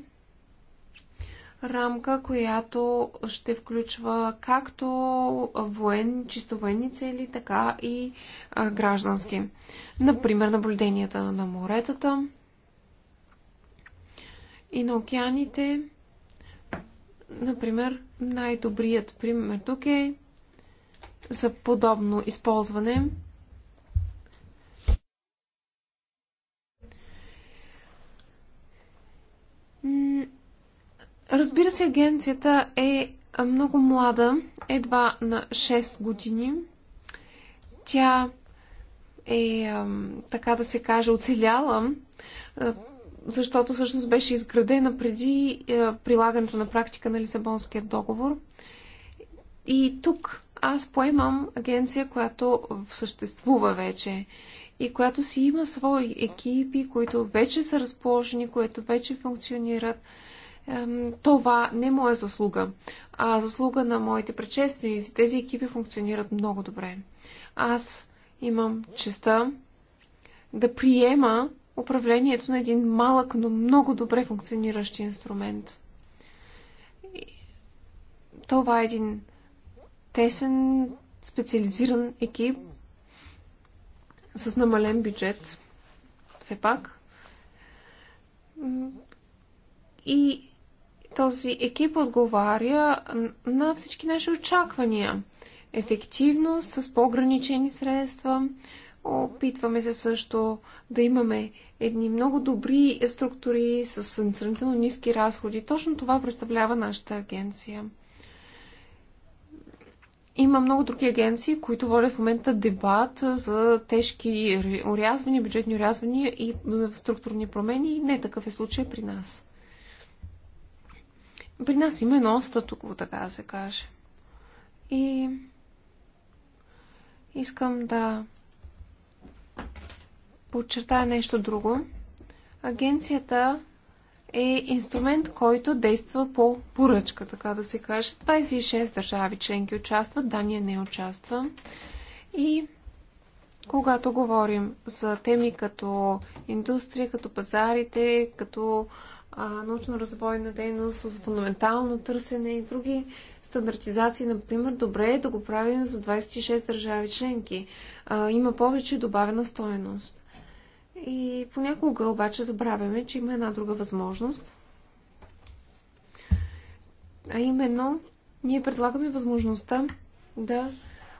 рамка, която ще включва както воен, чисто военни цели, така и а, граждански. Например, наблюденията на моретата и на океаните. Например, най-добрият пример тук е за подобно използване Разбира се, агенцията е много млада, едва на 6 години. Тя е, така да се каже, оцеляла, защото всъщност беше изградена преди е, прилагането на практика на Лисабонския договор. И тук аз поемам агенция, която съществува вече и която си има свои екипи, които вече са разположени, които вече функционират, това не е моя заслуга, а заслуга на моите предшественици. Тези екипи функционират много добре. Аз имам честа да приема управлението на един малък, но много добре функциониращ инструмент. Това е един тесен, специализиран екип с намален бюджет, все пак. И този екип отговаря на всички наши очаквания. Ефективно, с по-ограничени средства. Опитваме се също да имаме едни много добри структури с сравнително ниски разходи. Точно това представлява нашата агенция. Има много други агенции, които водят в момента дебат за тежки урязвания, бюджетни урязвания и структурни промени. Не такъв е случай при нас при нас има едно статукво, така да се каже. И искам да подчертая нещо друго. Агенцията е инструмент, който действа по поръчка, така да се каже. 26 държави членки участват, Дания не участва. И когато говорим за теми като индустрия, като пазарите, като научно-развойна дейност, фундаментално търсене и други стандартизации. Например, добре е да го правим за 26 държави членки. А, има повече добавена стоеност. И понякога обаче забравяме, че има една друга възможност. А именно, ние предлагаме възможността да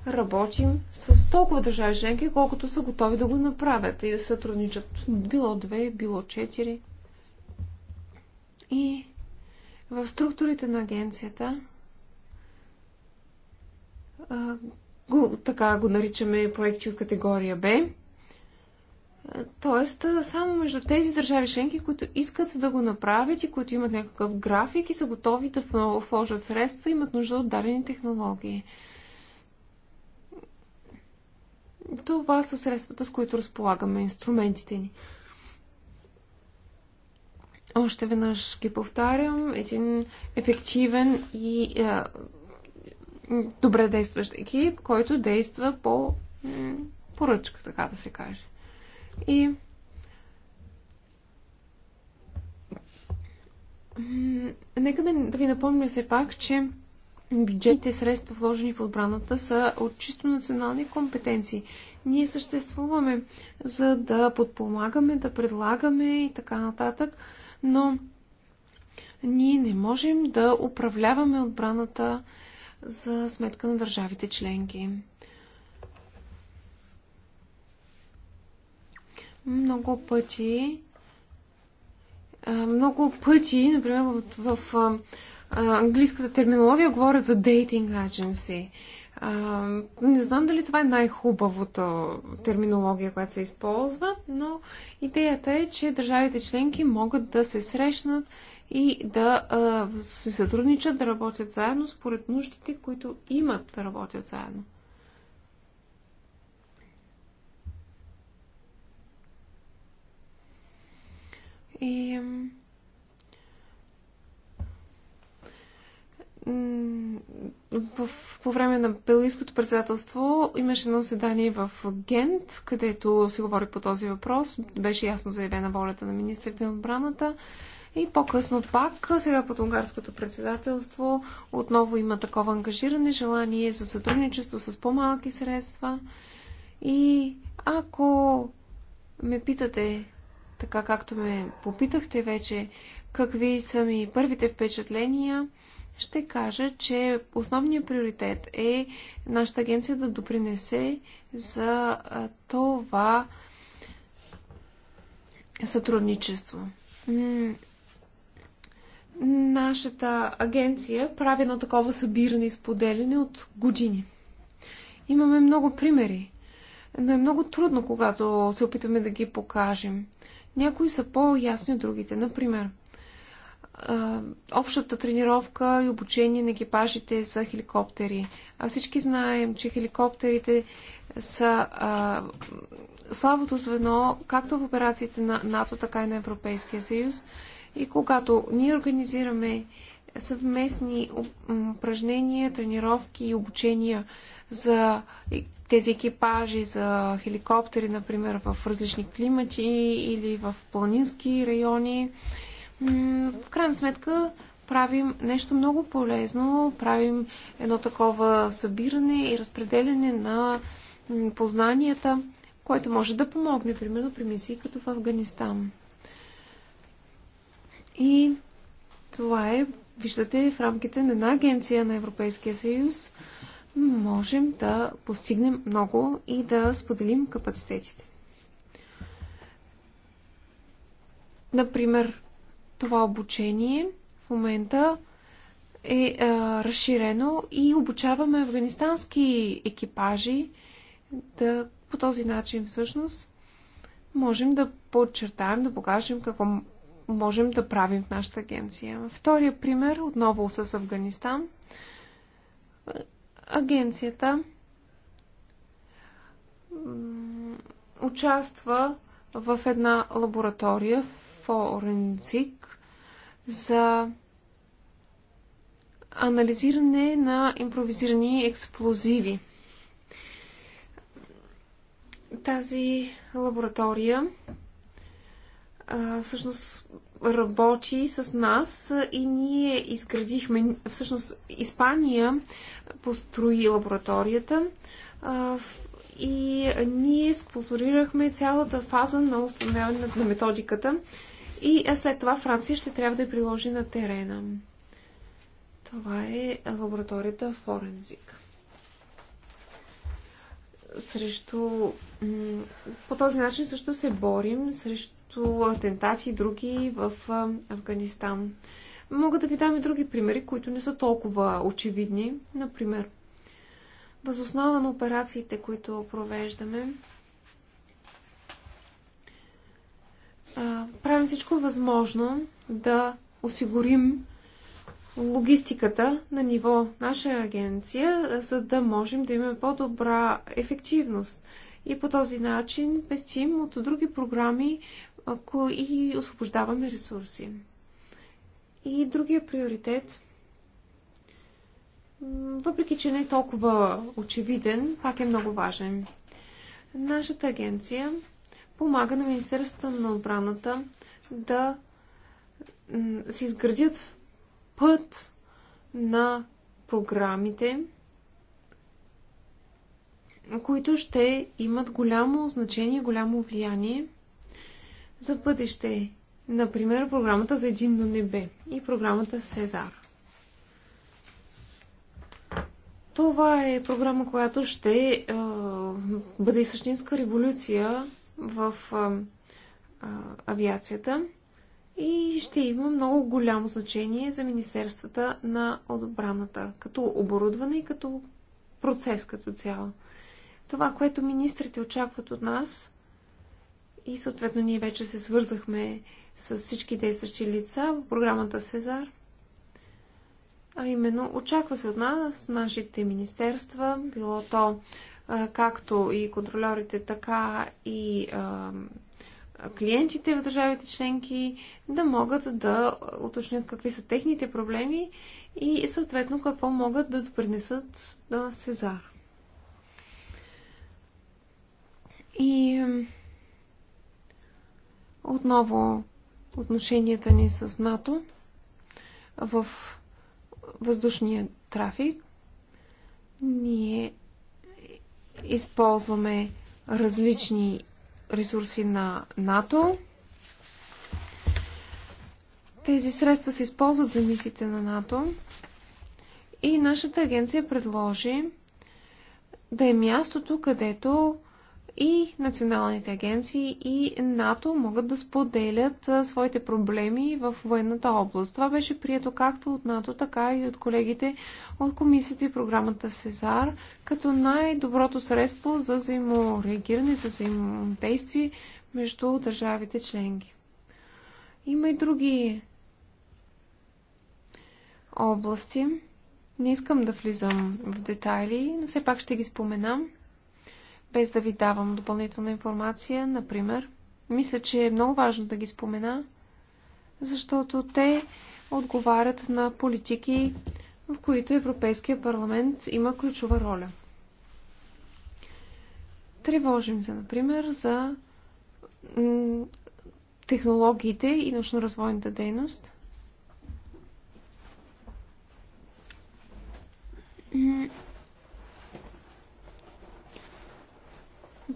работим с толкова държави членки, колкото са готови да го направят и да сътрудничат. Било две, било четири. И в структурите на агенцията го, така го наричаме проекти от категория Б. Тоест, само между тези държави членки, които искат да го направят и които имат някакъв график и са готови да вложат средства, имат нужда от дадени технологии. Това са средствата, с които разполагаме, инструментите ни. Още веднъж ги повтарям. Един ефективен и а, е, добре действащ екип, който действа по поръчка, така да се каже. И нека да, да ви напомня все пак, че бюджетните средства, вложени в отбраната, са от чисто национални компетенции. Ние съществуваме, за да подпомагаме, да предлагаме и така нататък но ние не можем да управляваме отбраната за сметка на държавите членки. Много пъти, много пъти, например в, в английската терминология говорят за dating agency – а, не знам дали това е най-хубавото терминология, която се използва, но идеята е, че държавите членки могат да се срещнат и да а, се сътрудничат, да работят заедно според нуждите, които имат да работят заедно. И в, по време на Белгийското председателство имаше едно заседание в Гент, където се говори по този въпрос. Беше ясно заявена волята на министрите на отбраната. И по-късно пак, сега под унгарското председателство, отново има такова ангажиране, желание за сътрудничество с по-малки средства. И ако ме питате, така както ме попитахте вече, какви са ми първите впечатления, ще кажа, че основният приоритет е нашата агенция да допринесе за това сътрудничество. Нашата агенция прави едно такова събиране и споделяне от години. Имаме много примери, но е много трудно, когато се опитваме да ги покажем. Някои са по-ясни от другите. Например, общата тренировка и обучение на екипажите за хеликоптери. А всички знаем, че хеликоптерите са а, слабото звено както в операциите на НАТО, така и на Европейския съюз. И когато ние организираме съвместни упражнения, тренировки и обучения за тези екипажи, за хеликоптери, например, в различни климати или в планински райони, в крайна сметка правим нещо много полезно, правим едно такова събиране и разпределяне на познанията, което може да помогне, примерно, при мисии като в Афганистан. И това е, виждате, в рамките на една агенция на Европейския съюз можем да постигнем много и да споделим капацитетите. Например, това обучение в момента е а, е, разширено и обучаваме афганистански екипажи да по този начин всъщност можем да подчертаем, да покажем какво можем да правим в нашата агенция. Втория пример отново с Афганистан. Агенцията участва в една лаборатория в Оренцик, за анализиране на импровизирани експлозиви. Тази лаборатория всъщност работи с нас и ние изградихме, всъщност Испания построи лабораторията и ние спонсорирахме цялата фаза на установяване на методиката и след това Франция ще трябва да я приложи на терена. Това е лабораторията Форензик. Срещу... По този начин също се борим срещу атентати и други в Афганистан. Мога да ви дам и други примери, които не са толкова очевидни. Например, възоснова на операциите, които провеждаме, правим всичко възможно да осигурим логистиката на ниво наша агенция, за да можем да имаме по-добра ефективност. И по този начин пестим от други програми и освобождаваме ресурси. И другия приоритет, въпреки че не е толкова очевиден, пак е много важен. Нашата агенция помага на Министерството на отбраната да се изградят път на програмите, които ще имат голямо значение, голямо влияние за бъдеще. Например, програмата за единно небе и програмата Сезар. Това е програма, която ще е, бъде същинска революция в а, а, авиацията и ще има много голямо значение за Министерствата на отбраната, като оборудване и като процес като цяло. Това, което министрите очакват от нас, и съответно ние вече се свързахме с всички действащи лица в програмата Сезар, а именно очаква се от нас, нашите министерства, било то както и контролерите, така и клиентите в държавите членки да могат да уточнят какви са техните проблеми и съответно какво могат да допринесат на Сезар. И отново отношенията ни с НАТО в въздушния трафик. Ние използваме различни ресурси на НАТО. Тези средства се използват за мисиите на НАТО и нашата агенция предложи да е мястото, където и националните агенции и НАТО могат да споделят своите проблеми в военната област. Това беше прието както от НАТО, така и от колегите от комисията и програмата Сезар, като най-доброто средство за взаимореагиране, за взаимодействие между държавите членки. Има и други области. Не искам да влизам в детайли, но все пак ще ги споменам без да ви давам допълнителна информация, например. Мисля, че е много важно да ги спомена, защото те отговарят на политики, в които Европейския парламент има ключова роля. Тревожим се, например, за технологиите и научно-развойната дейност.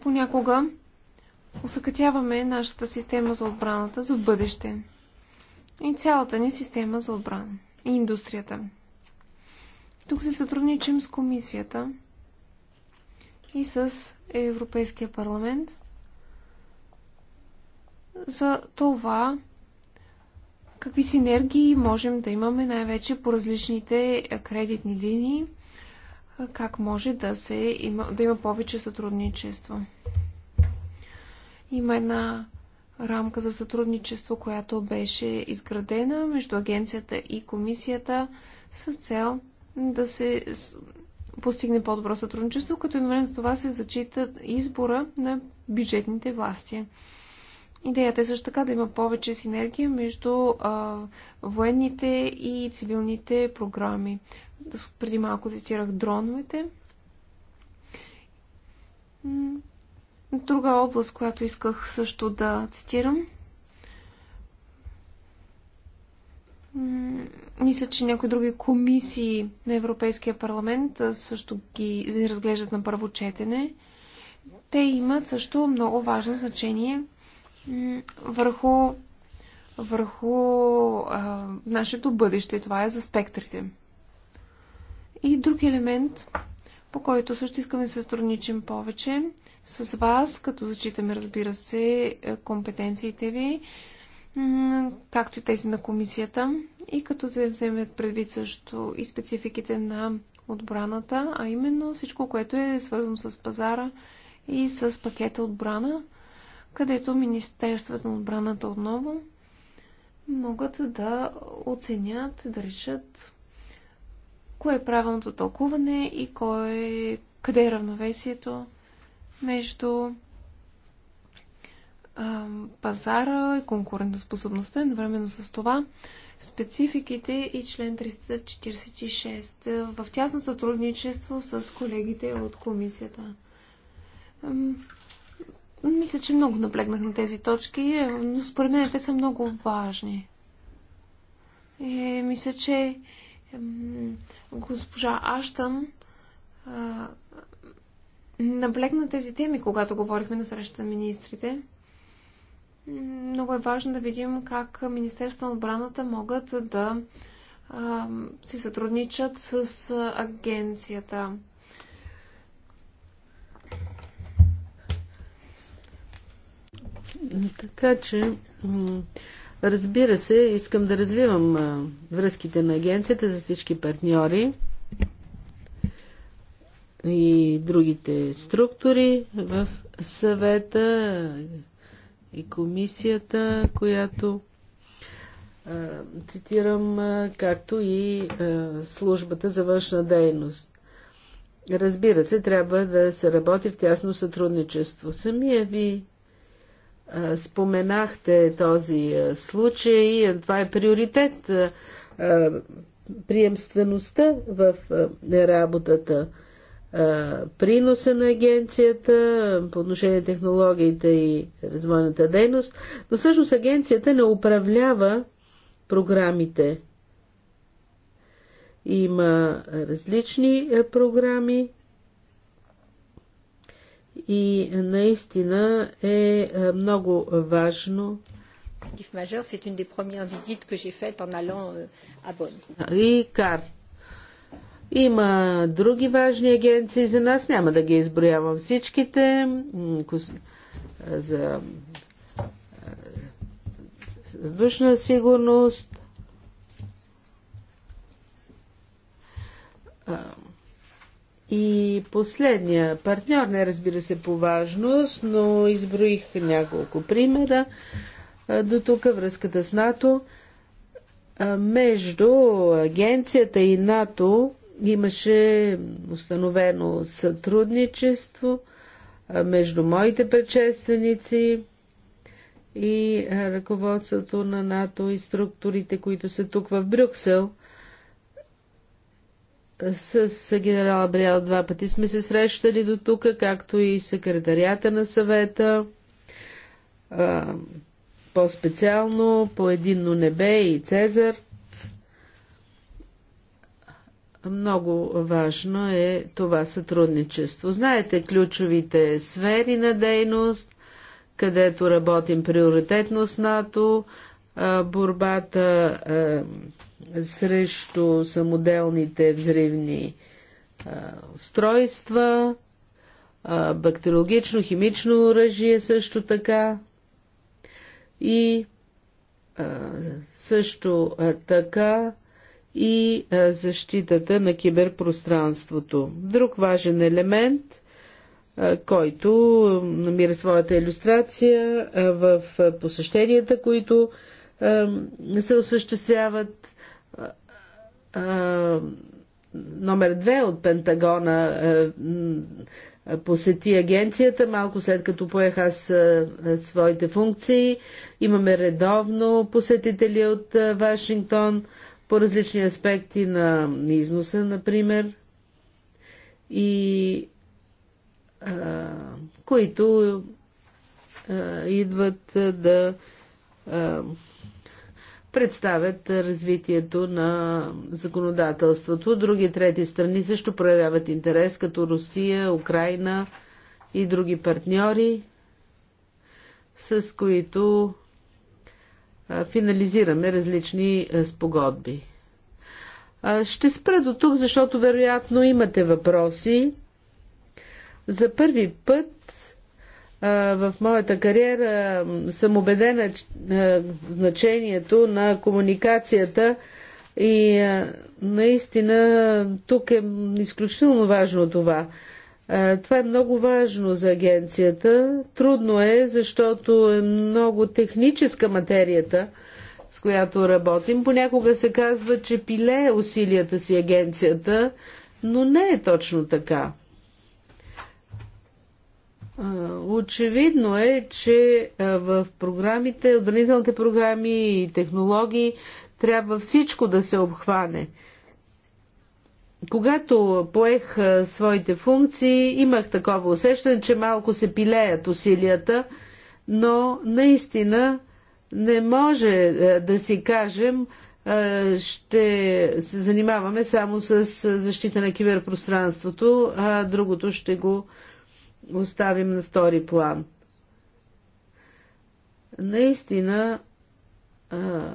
понякога усъкътяваме нашата система за отбраната за бъдеще. И цялата ни система за отбрана. И индустрията. Тук се сътрудничим с комисията и с Европейския парламент за това какви синергии можем да имаме най-вече по различните кредитни линии – как може да, се има, да има повече сътрудничество. Има една рамка за сътрудничество, която беше изградена между агенцията и комисията с цел да се постигне по-добро сътрудничество, като едновременно с това се зачита избора на бюджетните власти. Идеята е също така да има повече синергия между а, военните и цивилните програми. Преди малко цитирах дроновете. Друга област, която исках също да цитирам. Мисля, че някои други комисии на Европейския парламент също ги разглеждат на първо четене. Те имат също много важно значение върху, върху а, нашето бъдеще. Това е за спектрите. И друг елемент, по който също искаме да се сътрудничим повече с вас, като зачитаме, разбира се, компетенциите ви, както и тези на комисията, и като се вземат предвид също и спецификите на отбраната, а именно всичко, което е свързано с пазара и с пакета отбрана, където Министерството на отбраната отново могат да оценят, да решат кое е правилното тълкуване и кое, къде е равновесието между а, пазара и конкурентоспособността, едновременно с това спецификите и член 346 в тясно сътрудничество с колегите от комисията. Мисля, че много наблегнах на тези точки, но според мен те са много важни. И мисля, че госпожа Аштън наблегна тези теми, когато говорихме на срещата на министрите. Много е важно да видим как Министерство на отбраната могат да а, си сътрудничат с агенцията. Така че Разбира се, искам да развивам връзките на агенцията за всички партньори и другите структури в съвета и комисията, която цитирам, както и службата за външна дейност. Разбира се, трябва да се работи в тясно сътрудничество. Самия ви Споменахте този случай. Това е приоритет. Приемствеността в работата приноса на агенцията по отношение на технологиите и развойната дейност, но всъщност агенцията не управлява програмите. Има различни програми, и наистина е, е много важно. И кар. Има други важни агенции за нас, няма да ги изброявам всичките. За въздушна сигурност, и последния партньор, не разбира се по важност, но изброих няколко примера до тук връзката с НАТО. Между агенцията и НАТО имаше установено сътрудничество между моите предшественици и ръководството на НАТО и структурите, които са тук в Брюксел – с генерал Абриел два пъти сме се срещали до тук, както и секретарията на съвета. По-специално по Единно небе и Цезар. Много важно е това сътрудничество. Знаете ключовите сфери на дейност, където работим приоритетно с НАТО, борбата срещу самоделните взривни а, устройства, а, бактериологично, химично оръжие също така и а, също а, така и а, защитата на киберпространството. Друг важен елемент – който намира своята иллюстрация в посещенията, които се осъществяват номер две от Пентагона е, посети агенцията малко след като поех аз е, своите функции. Имаме редовно посетители от е, Вашингтон по различни аспекти на износа, например, и а, които а, идват да а, представят развитието на законодателството. Други трети страни също проявяват интерес, като Русия, Украина и други партньори, с които финализираме различни спогодби. Ще спра до тук, защото вероятно имате въпроси. За първи път в моята кариера съм убедена в значението на комуникацията и наистина тук е изключително важно това. Това е много важно за агенцията. Трудно е, защото е много техническа материята, с която работим. Понякога се казва, че пилее усилията си агенцията, но не е точно така. Очевидно е, че в програмите, отбранителните програми и технологии трябва всичко да се обхване. Когато поех своите функции, имах такова усещане, че малко се пилеят усилията, но наистина не може да си кажем, ще се занимаваме само с защита на киберпространството, а другото ще го оставим на втори план. Наистина, а,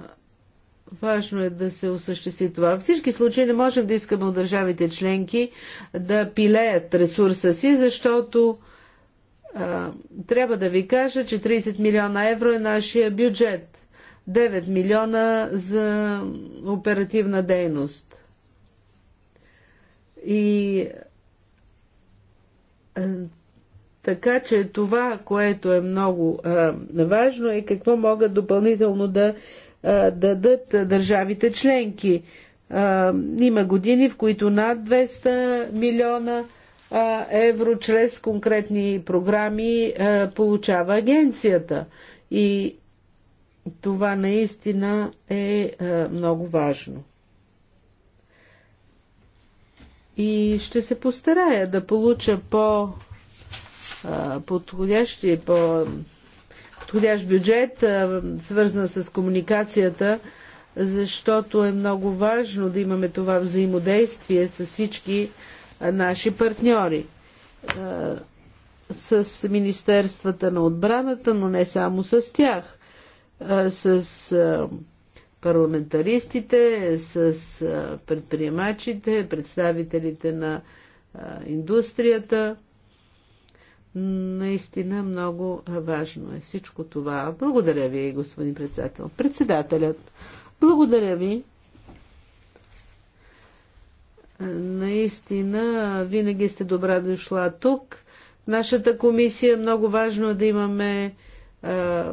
важно е да се осъществи това. В всички случаи не можем да искаме от държавите членки да пилеят ресурса си, защото а, трябва да ви кажа, че 30 милиона евро е нашия бюджет. 9 милиона за оперативна дейност. И така че това, което е много а, важно е какво могат допълнително да а, дадат държавите членки. А, има години, в които над 200 милиона а, евро чрез конкретни програми а, получава агенцията. И това наистина е а, много важно. И ще се постарая да получа по- подходящи, по подходящ бюджет, свързан с комуникацията, защото е много важно да имаме това взаимодействие с всички наши партньори. С Министерствата на отбраната, но не само с тях. С парламентаристите, с предприемачите, представителите на индустрията. Наистина много важно е всичко това. Благодаря ви, господин председател. Председателят, благодаря ви. Наистина, винаги сте добра дошла тук. Нашата комисия е много важно е да имаме а,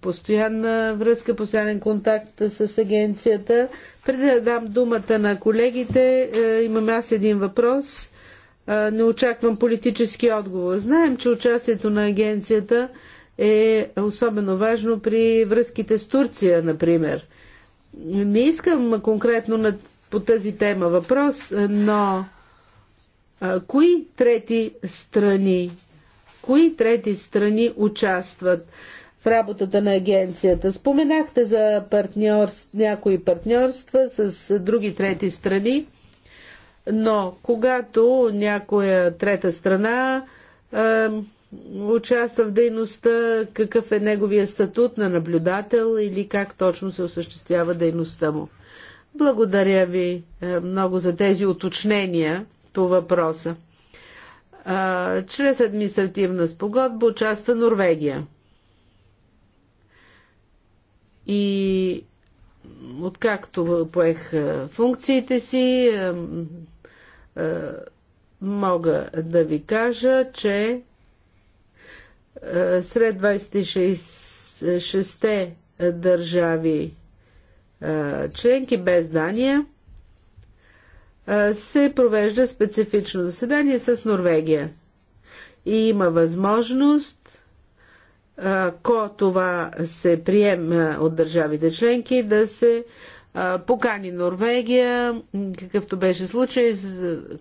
постоянна връзка, постоянен контакт с агенцията. Преди да дам думата на колегите, имам аз един въпрос не очаквам политически отговор. Знаем, че участието на агенцията е особено важно при връзките с Турция, например. Не искам конкретно на, по тази тема въпрос, но а, кои трети страни, кои трети страни участват в работата на агенцията? Споменахте за партньорств, някои партньорства с други трети страни. Но когато някоя трета страна е, участва в дейността, какъв е неговия статут на наблюдател или как точно се осъществява дейността му. Благодаря ви е, много за тези уточнения по въпроса. А, чрез административна спогодба участва Норвегия. И откакто поех функциите си, е, мога да ви кажа, че е, сред 26 държави е, членки без Дания се провежда специфично заседание с Норвегия. И има възможност, ако това се приема от държавите членки, да се покани Норвегия, какъвто беше случай,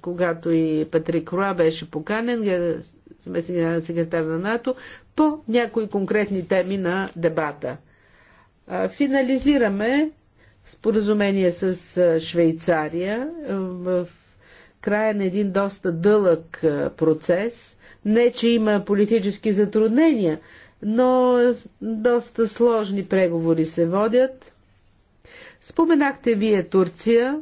когато и Патрик Руа беше поканен, заместник на секретар на НАТО, по някои конкретни теми на дебата. Финализираме споразумение с Швейцария в края на един доста дълъг процес. Не, че има политически затруднения, но доста сложни преговори се водят – Споменахте вие Турция.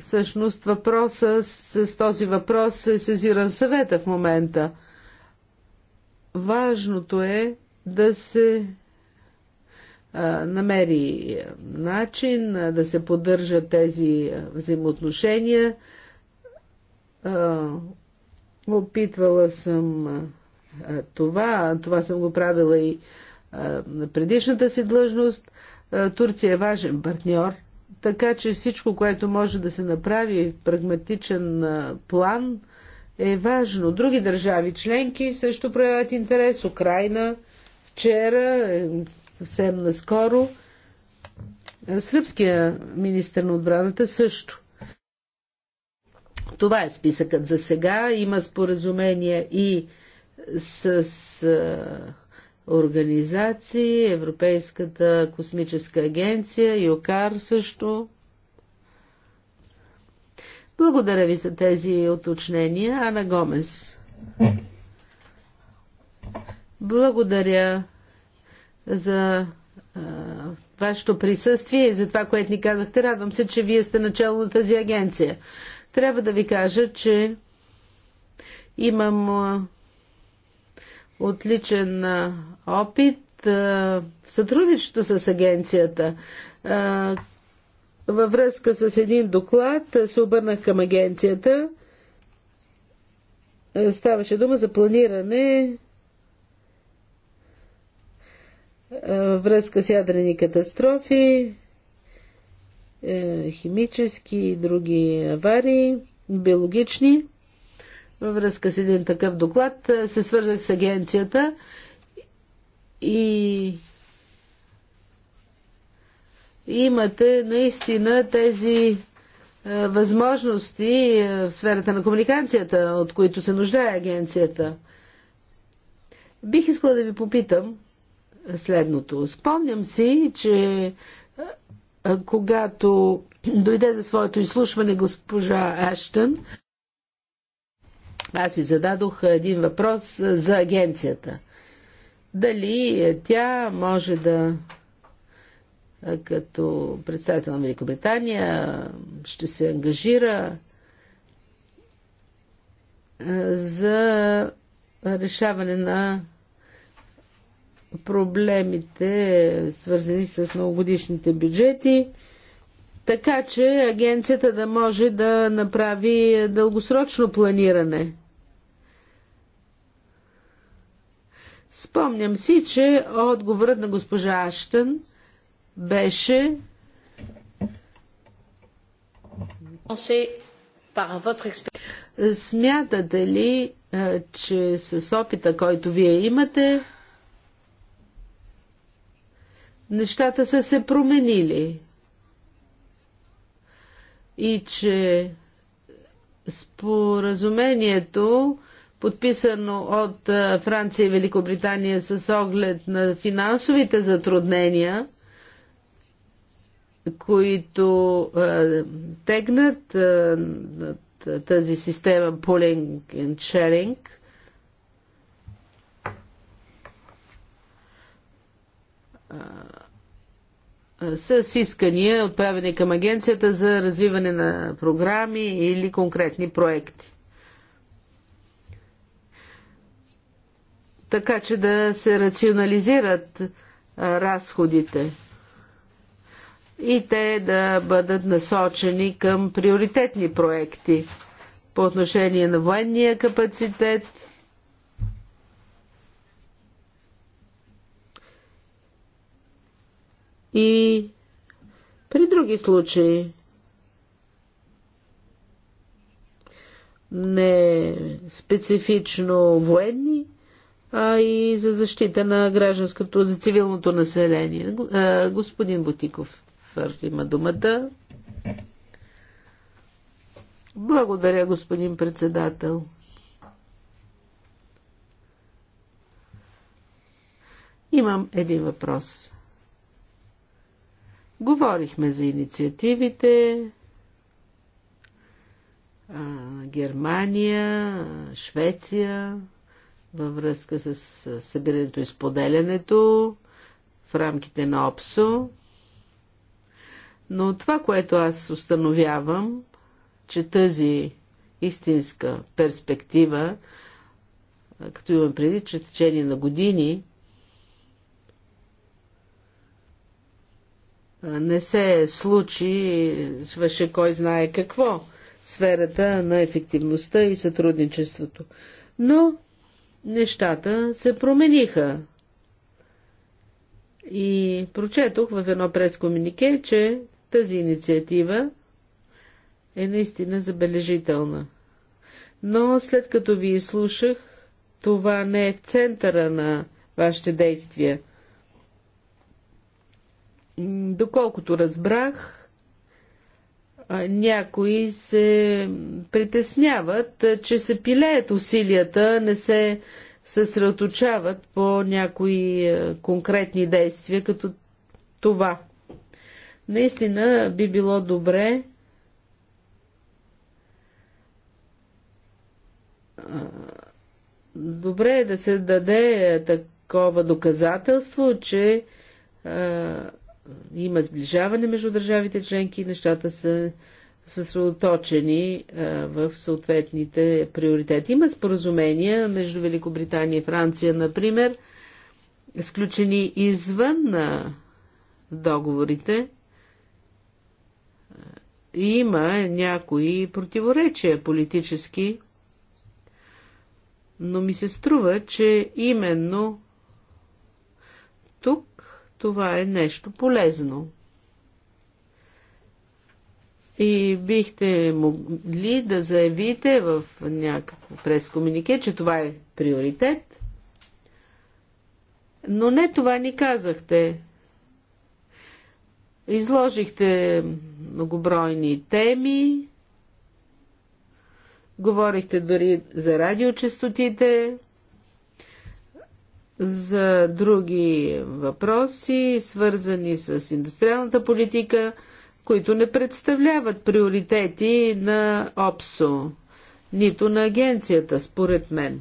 Всъщност въпроса с този въпрос се сезиран съвета в момента. Важното е да се намери е, начин да се поддържат тези взаимоотношения. Опитвала съм това, това съм го правила и на предишната си длъжност. Е, Турция е важен партньор, така че всичко, което може да се направи в прагматичен е, план, е важно. Други държави членки също проявят интерес. Украина вчера, е, съвсем наскоро. Сръбския министр на отбраната също. Това е списъкът за сега. Има споразумения и с организации, Европейската космическа агенция, ЮКАР също. Благодаря ви за тези уточнения. Ана Гомес. Благодаря за а, вашето присъствие и за това, което ни казахте. Радвам се, че вие сте начало на тази агенция. Трябва да ви кажа, че имам отличен опит в сътрудничество с агенцията. Във връзка с един доклад се обърнах към агенцията. Ставаше дума за планиране във връзка с ядрени катастрофи, химически и други аварии, биологични във връзка с един такъв доклад се свързах с агенцията и имате наистина тези възможности в сферата на комуникацията, от които се нуждае агенцията. Бих искала да ви попитам следното. Спомням си, че когато дойде за своето изслушване госпожа Аштън, аз си зададох един въпрос за агенцията. Дали тя може да като представител на Великобритания ще се ангажира за решаване на проблемите, свързани с многогодишните бюджети, така че агенцията да може да направи дългосрочно планиране Спомням си, че отговорът на госпожа Аштън беше Смятате ли, е, че с опита, който вие имате, нещата са се променили? И че споразумението подписано от Франция и Великобритания с оглед на финансовите затруднения, които тегнат тази система pulling and sharing. с искания, отправени към Агенцията за развиване на програми или конкретни проекти. така че да се рационализират разходите и те да бъдат насочени към приоритетни проекти по отношение на военния капацитет. И при други случаи не специфично военни, а и за защита на гражданското, за цивилното население. Господин Бутиков има думата. Благодаря, господин председател. Имам един въпрос. Говорихме за инициативите, Германия, Швеция, във връзка с събирането и споделянето в рамките на ОПСО. Но това, което аз установявам, че тази истинска перспектива, като имам преди, че течение на години не се случи, свърше кой знае какво, сферата на ефективността и сътрудничеството. Но нещата се промениха. И прочетох в едно прескомунике, че тази инициатива е наистина забележителна. Но след като ви изслушах, това не е в центъра на вашите действия. Доколкото разбрах, някои се притесняват, че се пилеят усилията, не се съсредоточават по някои конкретни действия, като това. Наистина би било добре добре е да се даде такова доказателство, че има сближаване между държавите членки и нещата са съсредоточени в съответните приоритети. Има споразумения между Великобритания и Франция, например, сключени извън на договорите. Има някои противоречия политически, но ми се струва, че именно тук това е нещо полезно. И бихте могли да заявите в някакво прескомунике, че това е приоритет. Но не това ни казахте. Изложихте многобройни теми, говорихте дори за радиочастотите, за други въпроси, свързани с индустриалната политика, които не представляват приоритети на ОПСО, нито на агенцията, според мен.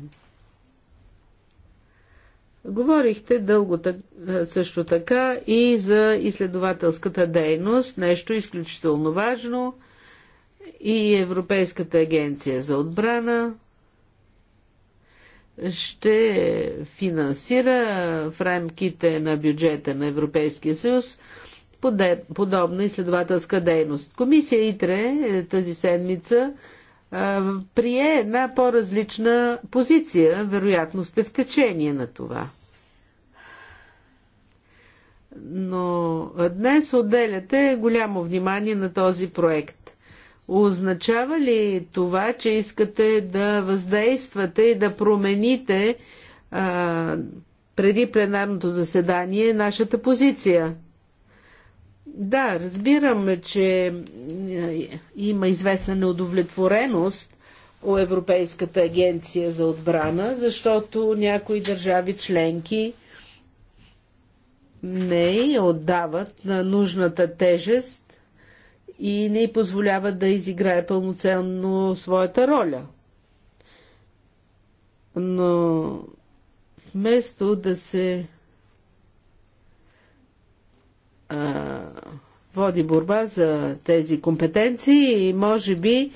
Говорихте дълго също така и за изследователската дейност, нещо изключително важно, и Европейската агенция за отбрана ще финансира в рамките на бюджета на Европейския съюз подобна изследователска дейност. Комисия ИТРЕ е, тази седмица е, прие една по-различна позиция. Вероятно сте в течение на това. Но днес отделяте голямо внимание на този проект. Означава ли това, че искате да въздействате и да промените а, преди пленарното заседание нашата позиция? Да, разбирам, че е, има известна неудовлетвореност у Европейската агенция за отбрана, защото някои държави членки не отдават на нужната тежест и не й позволява да изиграе пълноценно своята роля. Но вместо да се а, води борба за тези компетенции може би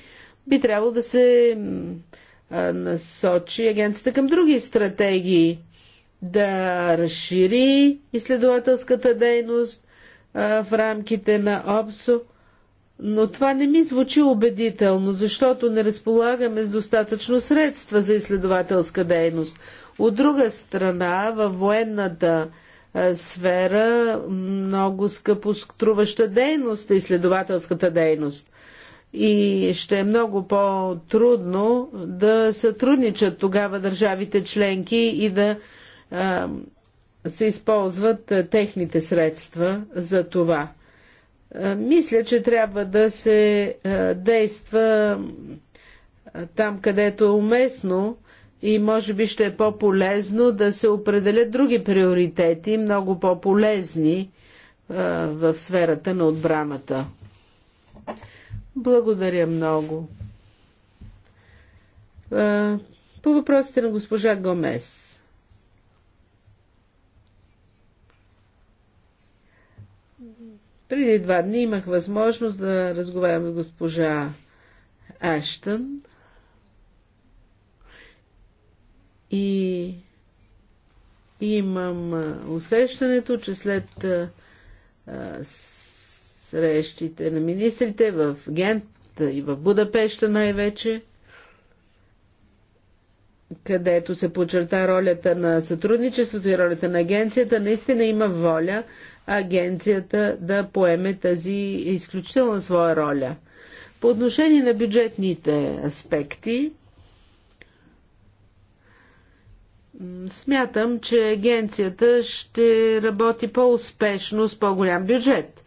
би трябвало да се а, насочи агенцията към други стратегии, да разшири изследователската дейност а, в рамките на ОПСО но това не ми звучи убедително, защото не разполагаме с достатъчно средства за изследователска дейност. От друга страна, във военната сфера много скъпо струваща дейност е изследователската дейност. И ще е много по-трудно да сътрудничат тогава държавите членки и да а, се използват техните средства за това. Е, мисля, че трябва да се е, действа е, там, където е уместно и може би ще е по-полезно да се определят други приоритети, много по-полезни в сферата на отбраната. Благодаря много. По въпросите на госпожа Гомес. Преди два дни имах възможност да разговарям с госпожа Аштън и имам усещането, че след срещите на министрите в Гент и в Будапеща най-вече, където се подчерта ролята на сътрудничеството и ролята на агенцията, наистина има воля агенцията да поеме тази изключителна своя роля. По отношение на бюджетните аспекти, смятам, че агенцията ще работи по-успешно с по-голям бюджет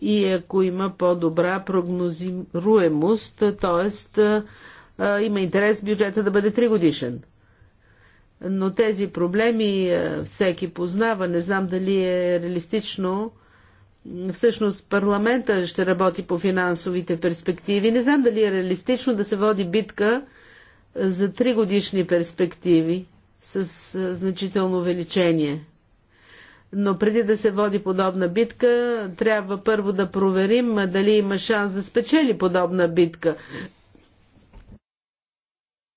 и ако има по-добра прогнозируемост, т.е. има интерес бюджета да бъде 3 годишен. Но тези проблеми е, всеки познава. Не знам дали е реалистично. Всъщност парламента ще работи по финансовите перспективи. Не знам дали е реалистично да се води битка е, за три годишни перспективи с е, значително увеличение. Но преди да се води подобна битка, трябва първо да проверим дали има шанс да спечели подобна битка.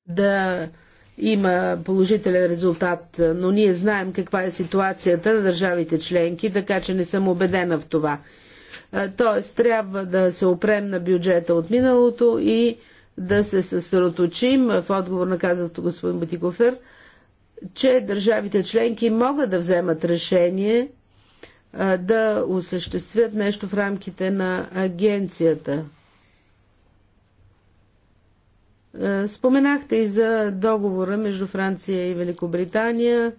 Да има положителен резултат, но ние знаем каква е ситуацията на държавите членки, така че не съм убедена в това. Тоест, трябва да се опрем на бюджета от миналото и да се съсредоточим в отговор на казаното господин Батикофер, че държавите членки могат да вземат решение да осъществят нещо в рамките на агенцията. Е, споменахте и за договора между Франция и Великобритания.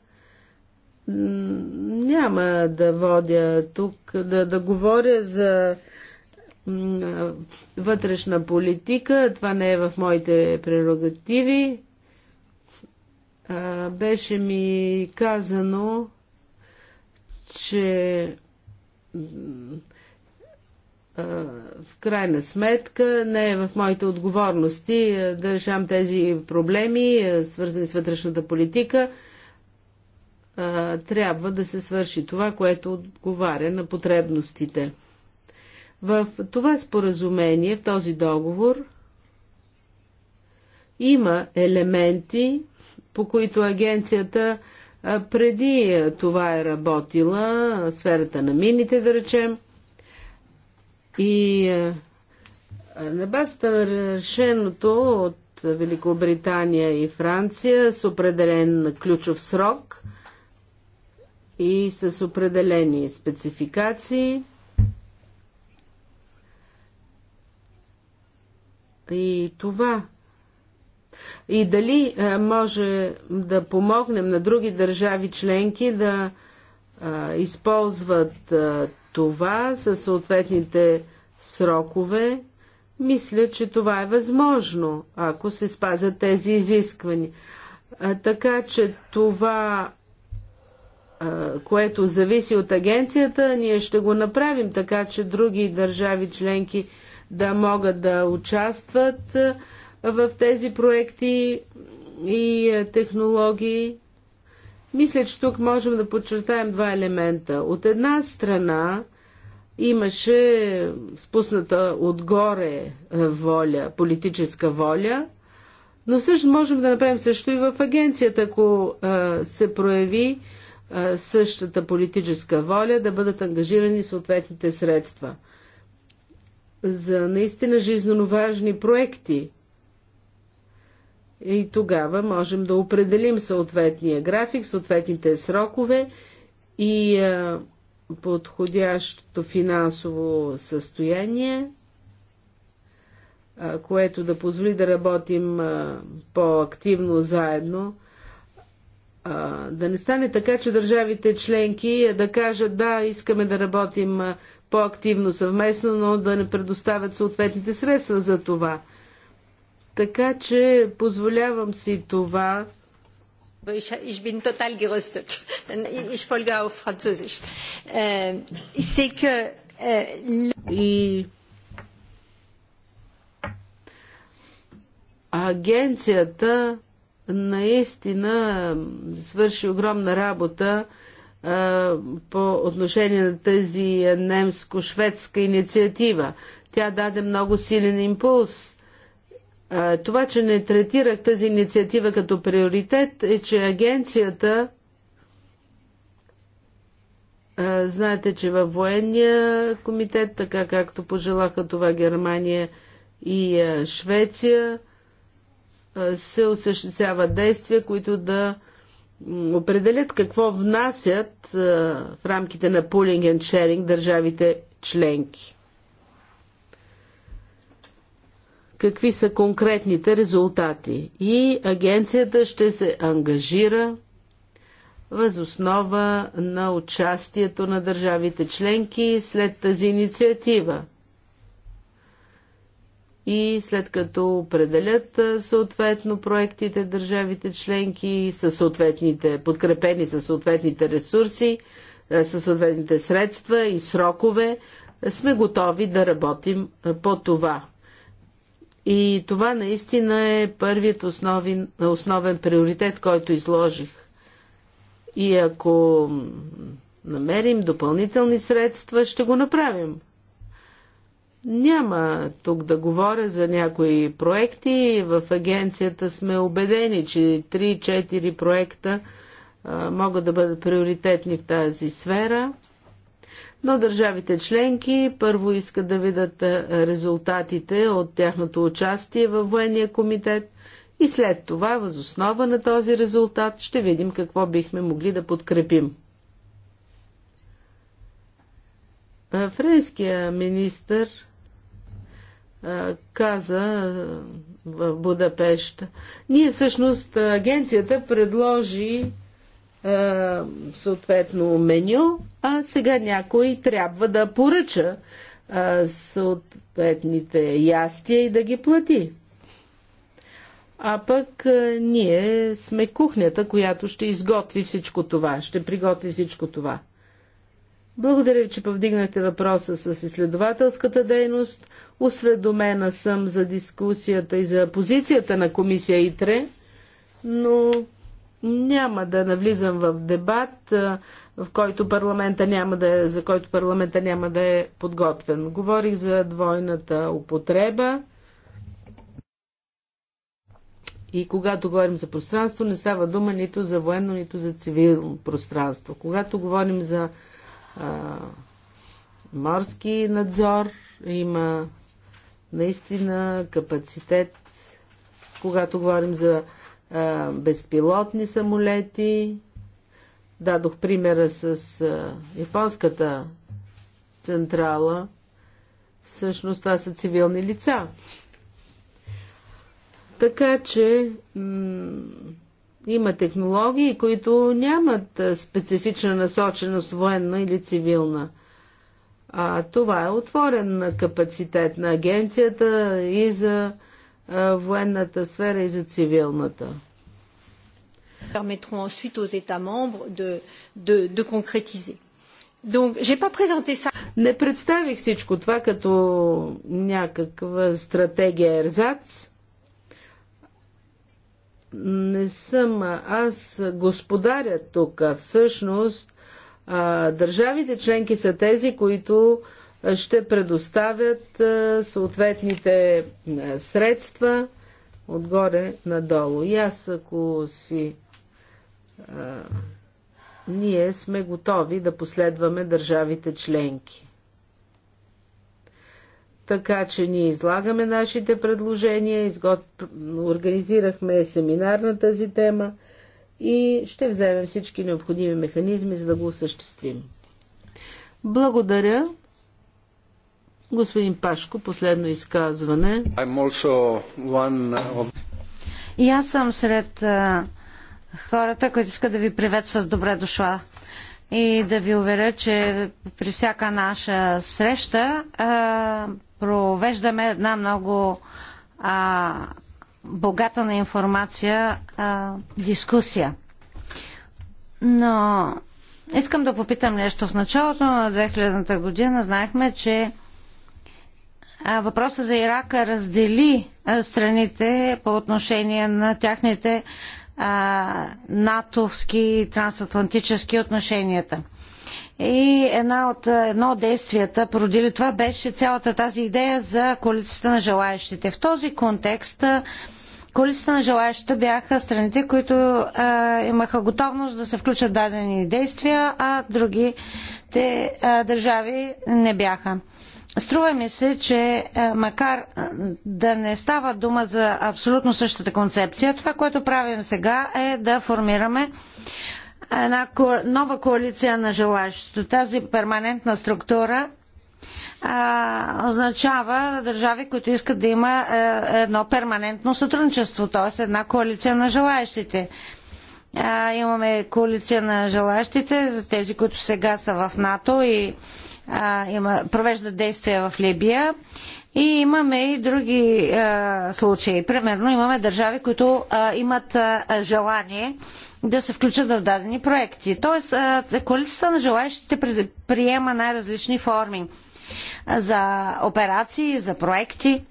Няма да водя тук, да, да говоря за вътрешна политика. Това не е в моите прерогативи. Беше ми казано, че е, в крайна сметка не е в моите отговорности е, да решам тези проблеми, е, свързани с вътрешната политика. Трябва да се свърши това, което отговаря на потребностите. В това споразумение, в този договор, има елементи, по които агенцията преди това е работила, сферата на мините, да речем – и е, на базата на решеното от Великобритания и Франция с определен ключов срок и с определени спецификации. И това. И дали е, може да помогнем на други държави членки да е, използват това със съответните срокове, мисля, че това е възможно, ако се спазят тези изисквания. А, така че това, а, което зависи от агенцията, ние ще го направим, така че други държави членки да могат да участват в тези проекти и технологии. Мисля, че тук можем да подчертаем два елемента. От една страна имаше спусната отгоре воля, политическа воля, но също можем да направим също и в агенцията, ако се прояви същата политическа воля да бъдат ангажирани съответните средства за наистина жизненно важни проекти – и тогава можем да определим съответния график, съответните срокове и а, подходящото финансово състояние, а, което да позволи да работим по-активно заедно. А, да не стане така, че държавите членки да кажат да, искаме да работим по-активно съвместно, но да не предоставят съответните средства за това. Така че позволявам си това. Ich, ich bin total gerüstet. Ich folge auf Französisch. Äh, äh, И агенцията наистина свърши огромна работа по отношение на тази немско-шведска инициатива. Тя даде много силен импулс това, че не третирах тази инициатива като приоритет, е, че агенцията Знаете, че във военния комитет, така както пожелаха това Германия и Швеция, се осъществяват действия, които да определят какво внасят в рамките на пулинг and шеринг държавите членки. какви са конкретните резултати. И агенцията ще се ангажира възоснова на участието на държавите членки след тази инициатива. И след като определят съответно проектите държавите членки със съответните, подкрепени със съответните ресурси, със съответните средства и срокове, сме готови да работим по това. И това наистина е първият основен, основен приоритет, който изложих. И ако намерим допълнителни средства, ще го направим. Няма тук да говоря за някои проекти. В агенцията сме убедени, че 3-4 проекта а, могат да бъдат приоритетни в тази сфера. Но държавите членки първо искат да видят резултатите от тяхното участие във военния комитет и след това, възоснова на този резултат, ще видим какво бихме могли да подкрепим. Френския министр каза в Будапешта. Ние всъщност агенцията предложи е, съответно меню, а сега някой трябва да поръча е, съответните ястия и да ги плати. А пък е, ние сме кухнята, която ще изготви всичко това, ще приготви всичко това. Благодаря ви, че повдигнахте въпроса с изследователската дейност. Осведомена съм за дискусията и за позицията на комисия ИТРЕ, но няма да навлизам в дебат, в който парламента няма да е, за който парламента няма да е подготвен. Говорих за двойната употреба. И когато говорим за пространство, не става дума нито за военно, нито за цивилно пространство. Когато говорим за а, морски надзор, има наистина капацитет. Когато говорим за безпилотни самолети. Дадох примера с а, японската централа. Всъщност това са цивилни лица. Така че има технологии, които нямат специфична насоченост военна или цивилна. А това е отворен капацитет на агенцията и за военната сфера и за цивилната. Permettront ensuite aux États membres de, de, de concrétiser. Donc, j'ai pas présenté ça. Не представих всичко това като някаква стратегия Ерзац. Не съм аз господаря тук. Всъщност, държавите членки са тези, които а, ще предоставят съответните средства отгоре надолу. И аз, ако си. А, ние сме готови да последваме държавите членки. Така че ние излагаме нашите предложения, изгод... организирахме семинар на тази тема и ще вземем всички необходими механизми, за да го осъществим. Благодаря. Господин Пашко, последно изказване. Of... И аз съм сред хората, които искат да ви приветства с добре дошла и да ви уверя, че при всяка наша среща провеждаме една много богата на информация дискусия. Но искам да попитам нещо. В началото на 2000-та година знаехме, че въпроса за Ирака раздели страните по отношение на тяхните а, натовски и трансатлантически отношенията. И една от, едно от действията породили това беше цялата тази идея за коалицията на желаящите. В този контекст коалицията на желаящите бяха страните, които а, имаха готовност да се включат дадени действия, а другите а, държави не бяха. Струва ми се, че е, макар е, да не става дума за абсолютно същата концепция, това, което правим сега е да формираме една нова коалиция на желаещите. Тази перманентна структура а, е, означава държави, които искат да има едно перманентно сътрудничество, т.е. една коалиция на желаящите. А, имаме коалиция на желаящите за тези, които сега са в НАТО и а, има, провеждат действия в Либия. И имаме и други а, случаи. Примерно имаме държави, които а, имат а, желание да се включат в дадени проекти. Тоест, а, коалицията на желаящите приема най-различни форми за операции, за проекти.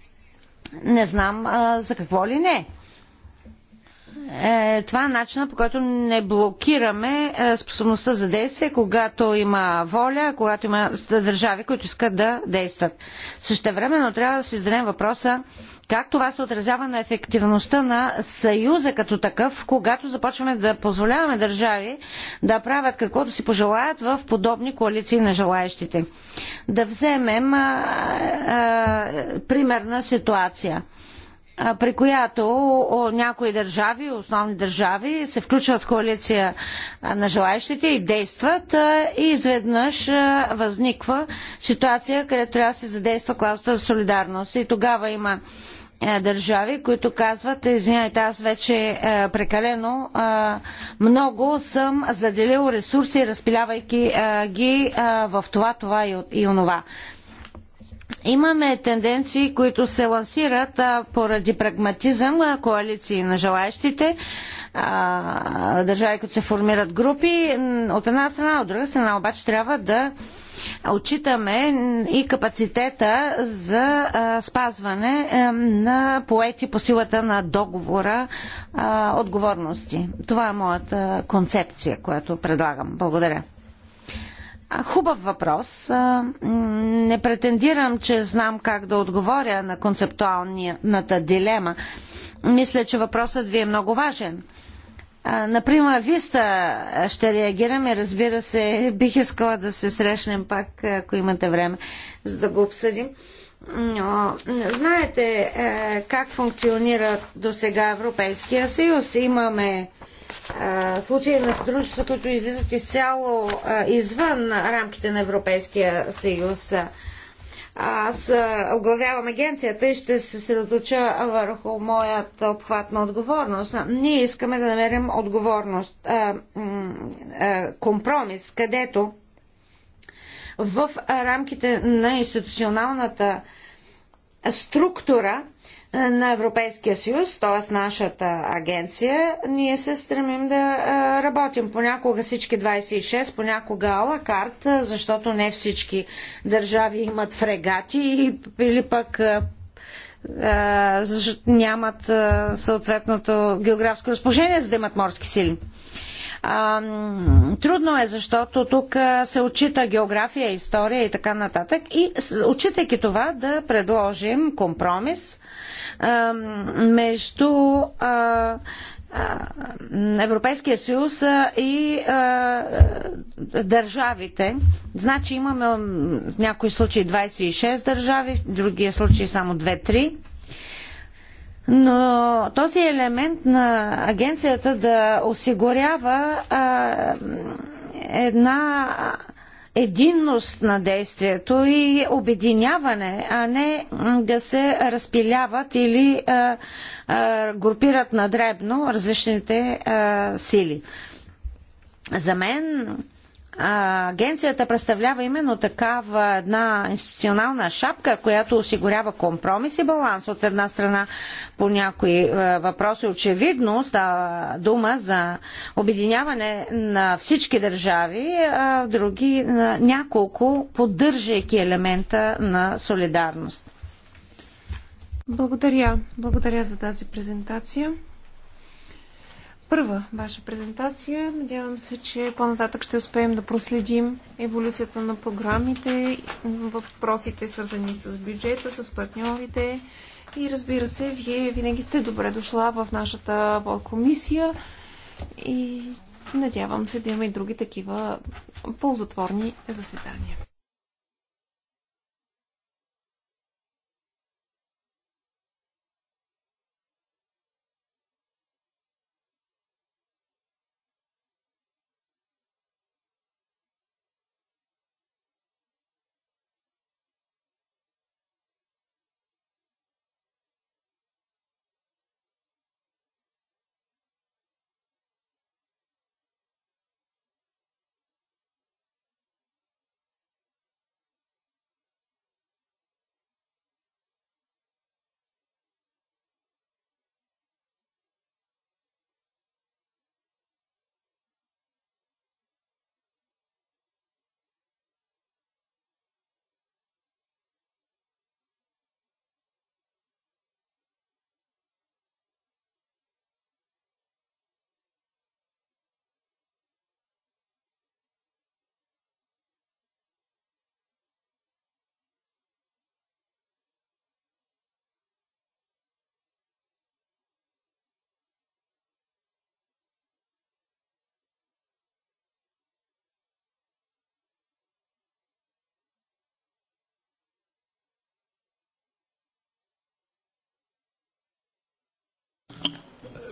Не знам а, за какво ли не е, това е начина по който не блокираме е, способността за действие, когато има воля, когато има държави, които искат да действат. Същевременно трябва да си зададем въпроса как това се отразява на ефективността на Съюза като такъв, когато започваме да позволяваме държави да правят каквото си пожелаят в подобни коалиции на желаящите. Да вземем а, а, примерна ситуация при която някои държави, основни държави, се включват в коалиция на желаящите и действат и изведнъж възниква ситуация, където трябва да се задейства клаузата за солидарност. И тогава има е, държави, които казват, извиняйте, аз вече е, прекалено много съм заделил ресурси, разпилявайки ги в това, това и онова. Имаме тенденции, които се лансират а, поради прагматизъм, а, коалиции на желаящите, а, държави, които се формират групи. От една страна, от друга страна обаче трябва да отчитаме и капацитета за а, спазване а, на поети по силата на договора а, отговорности. Това е моята концепция, която предлагам. Благодаря. Хубав въпрос. Не претендирам, че знам как да отговоря на концептуалната дилема. Мисля, че въпросът ви е много важен. Например, Виста ще реагираме. Разбира се, бих искала да се срещнем пак, ако имате време, за да го обсъдим. Но, знаете как функционира до сега Европейския съюз. Имаме случаи на сътрудничество, които излизат изцяло а, извън рамките на Европейския съюз. Аз оглавявам агенцията и ще се средоточа върху моят обхват на отговорност. Ние искаме да намерим отговорност, а, а, компромис, където в рамките на институционалната структура на Европейския съюз, т.е. нашата агенция, ние се стремим да работим. Понякога всички 26, понякога ала карт, защото не всички държави имат фрегати или пък нямат съответното географско разположение, за да имат морски сили. А, трудно е, защото тук се очита география, история и така нататък. И отчитайки това да предложим компромис, между Европейския съюз и държавите. Значи имаме в някои случаи 26 държави, в другия случай само 2-3. Но този елемент на агенцията да осигурява а, една единност на действието и обединяване, а не да се разпиляват или а, а, групират надребно различните а, сили. За мен агенцията представлява именно такава една институционална шапка, която осигурява компромис и баланс от една страна по някои е, въпроси. Очевидно става дума за обединяване на всички държави, е, а в други на е, няколко, поддържайки елемента на солидарност. Благодаря. Благодаря за тази презентация първа ваша презентация. Надявам се, че по-нататък ще успеем да проследим еволюцията на програмите, въпросите свързани с бюджета, с партньорите и разбира се, вие винаги сте добре дошла в нашата комисия и надявам се да има и други такива ползотворни заседания.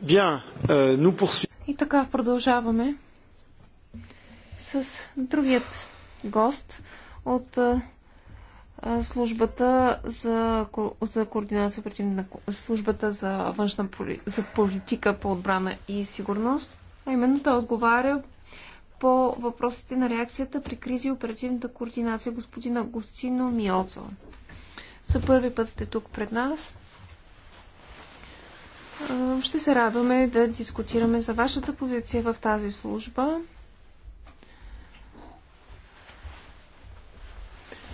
Bien, euh, nous И така продължаваме с другият гост от службата за, за координация оперативна службата за външна поли, за политика по отбрана и сигурност. А именно той отговаря по въпросите на реакцията при кризи и оперативната координация господина Гостино Миоцо. За първи път сте тук пред нас. Е, ще се радваме да дискутираме за вашата позиция в тази служба.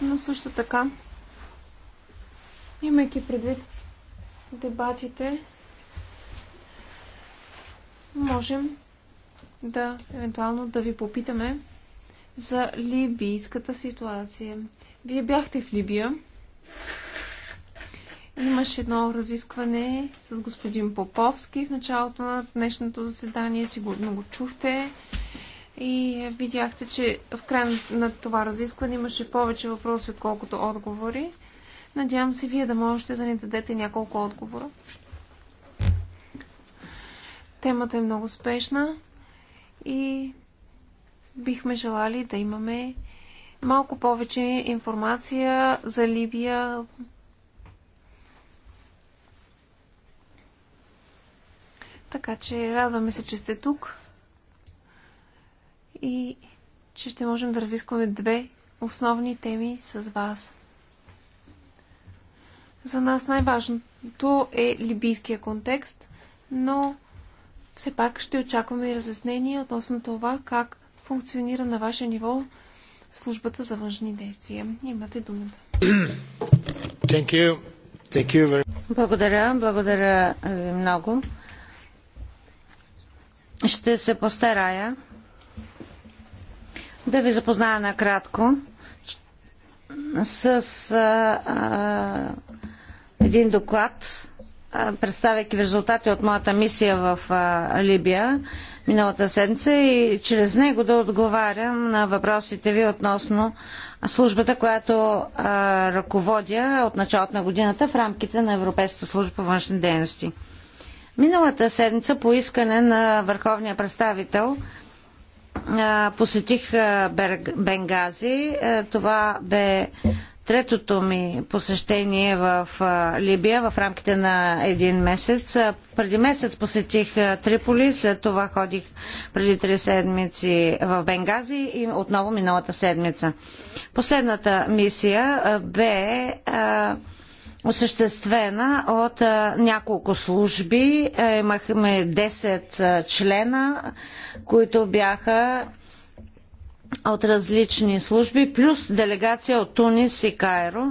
Но също така, имайки предвид дебатите, можем да, евентуално да ви попитаме за либийската ситуация. Вие бяхте в Либия. Имаше едно разискване с господин Поповски в началото на днешното заседание. Сигурно го чухте. И видяхте, че в край на това разискване имаше повече въпроси, отколкото отговори. Надявам се вие да можете да ни дадете няколко отговора. Темата е много спешна и бихме желали да имаме малко повече информация за Либия, Така че радваме се, че сте тук и че ще можем да разискваме две основни теми с вас. За нас най-важното е либийския контекст, но все пак ще очакваме и разяснение относно това как функционира на ваше ниво службата за външни действия. Имате думата. Thank you. Thank you very... Благодаря, благодаря ви много. Ще се постарая да ви запозная накратко с а, а, един доклад, представяйки резултати от моята мисия в а, Либия миналата седмица и чрез него да отговарям на въпросите ви относно службата, която а, ръководя от началото на годината в рамките на Европейската служба по външни дейности. Миналата седмица по искане на върховния представител посетих Бенгази. Това бе третото ми посещение в Либия в рамките на един месец. Преди месец посетих Триполи, след това ходих преди три седмици в Бенгази и отново миналата седмица. Последната мисия бе осъществена от а, няколко служби. А, е, имахме 10 а, члена, които бяха от различни служби, плюс делегация от Тунис и Кайро.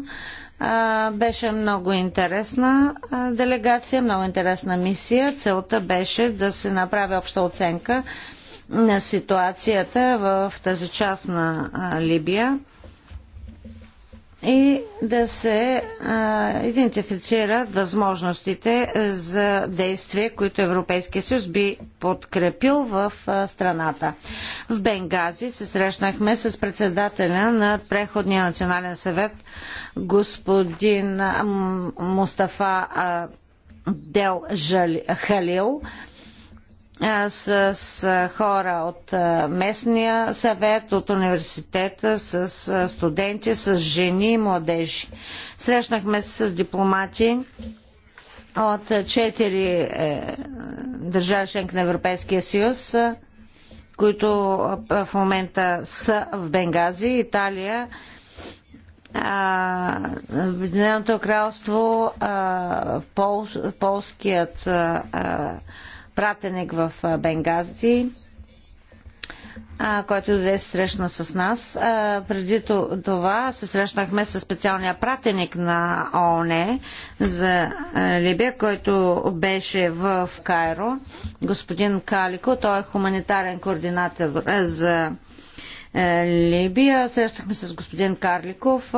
А, беше много интересна а, делегация, много интересна мисия. Целта беше да се направи обща оценка на ситуацията в тази част на а, Либия и да се а, идентифицират възможностите за действия, които Европейския съюз би подкрепил в а, страната. В Бенгази се срещнахме с председателя на Преходния национален съвет господин Мустафа а, Дел Жали, Халил с, с хора от местния съвет, от университета, с студенти, с жени и младежи. Срещнахме се с дипломати от четири е, държави членки на Европейския съюз, които в момента са в Бенгази, Италия, Обединеното кралство, а, пол, полският а, пратеник в Бенгази, който дойде се срещна с нас. Преди това се срещнахме с специалния пратеник на ООН за Либия, който беше в Кайро, господин Калико. Той е хуманитарен координатор за Либия. Срещахме с господин Карликов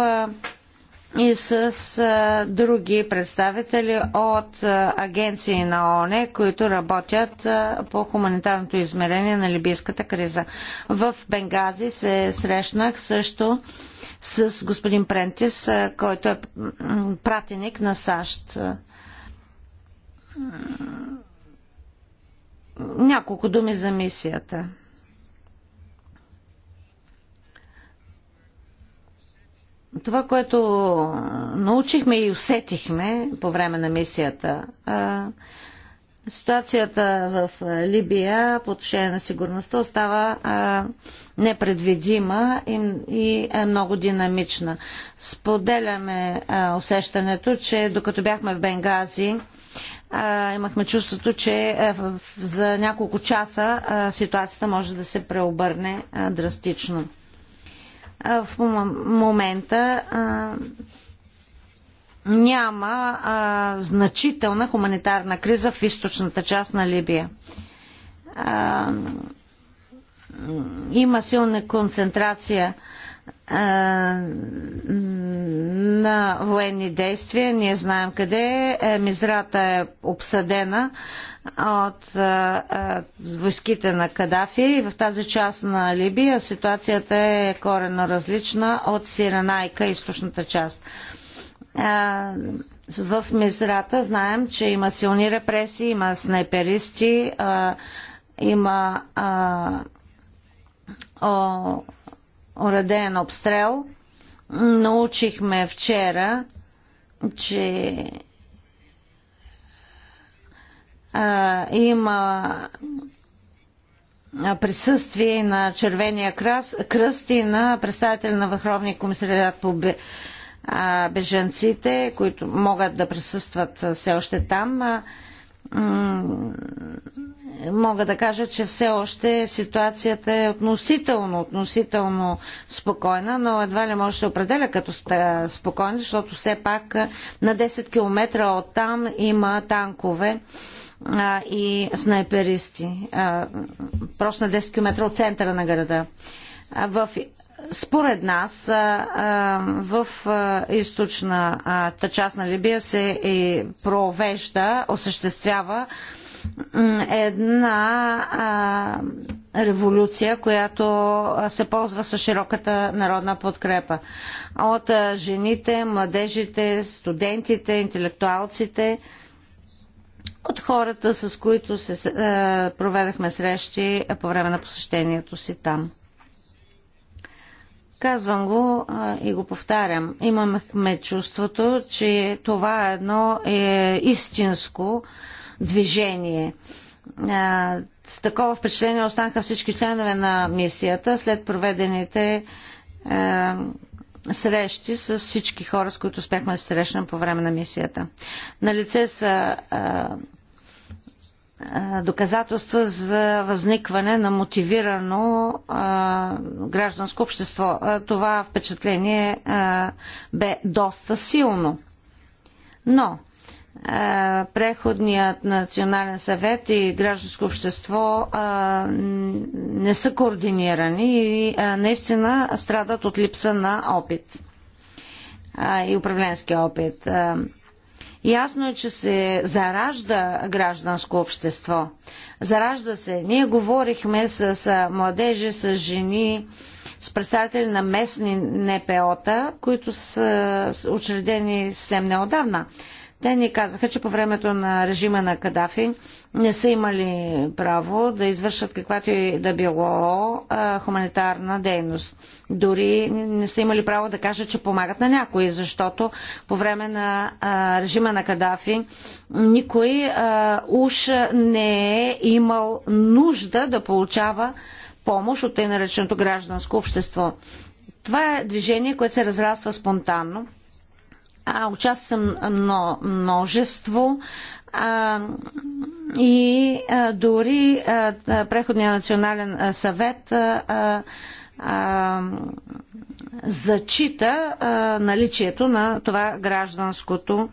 и с а, други представители от а, агенции на ОНЕ, които работят а, по хуманитарното измерение на либийската криза. В Бенгази се срещнах също с господин Прентис, а, който е пратеник на САЩ. Няколко думи за мисията. това, което научихме и усетихме по време на мисията, ситуацията в Либия по отношение на сигурността остава непредвидима и, е много динамична. Споделяме усещането, че докато бяхме в Бенгази, имахме чувството, че за няколко часа ситуацията може да се преобърне драстично в момента няма а, значителна хуманитарна криза в източната част на Либия. А, има силна концентрация на военни действия. Ние знаем къде е. Мизрата е обсъдена от войските на Кадафи и в тази част на Либия ситуацията е корено различна от Сиранайка, източната част. В Мизрата знаем, че има силни репресии, има снайперисти, има уреден обстрел. Научихме вчера, че а, има присъствие на Червения кръст и на представители на Върховния комисариат по беженците, които могат да присъстват все още там мога да кажа, че все още ситуацията е относително, относително спокойна, но едва ли може да се определя като спокойна, защото все пак на 10 км от там има танкове а, и снайперисти. А, просто на 10 км от центъра на града. А, в според нас в източната част на Либия се е, провежда, осъществява една а, революция, която се ползва с широката народна подкрепа. От жените, младежите, студентите, интелектуалците, от хората, с които се, а, проведахме срещи по време на посещението си там. Казвам го а, и го повтарям. Имахме чувството, че това е едно е, истинско а, движение. С такова впечатление останаха всички членове на мисията след проведените срещи с всички хора, с които успяхме да се срещнем по време на мисията. На лице са доказателства за възникване на мотивирано а, гражданско общество. Това впечатление бе доста силно. Но е, Преходният национален съвет и гражданско общество е, не са координирани и е, наистина страдат от липса на опит и управленски опит. Ясно е, че се заражда гражданско общество. Заражда се. Ние говорихме с младежи, с жени, с представители на местни НПО-та, които са учредени съвсем неодавна. Те ни казаха, че по времето на режима на Кадафи не са имали право да извършват каквато и да било а, хуманитарна дейност. Дори не са имали право да кажат, че помагат на някой, защото по време на а, режима на Кадафи никой а, уж не е имал нужда да получава помощ от тъй нареченото гражданско общество. Това е движение, което се разраства спонтанно участвам мно, множество а, и а, дори а, Преходния национален съвет а, а, зачита а, наличието на това гражданското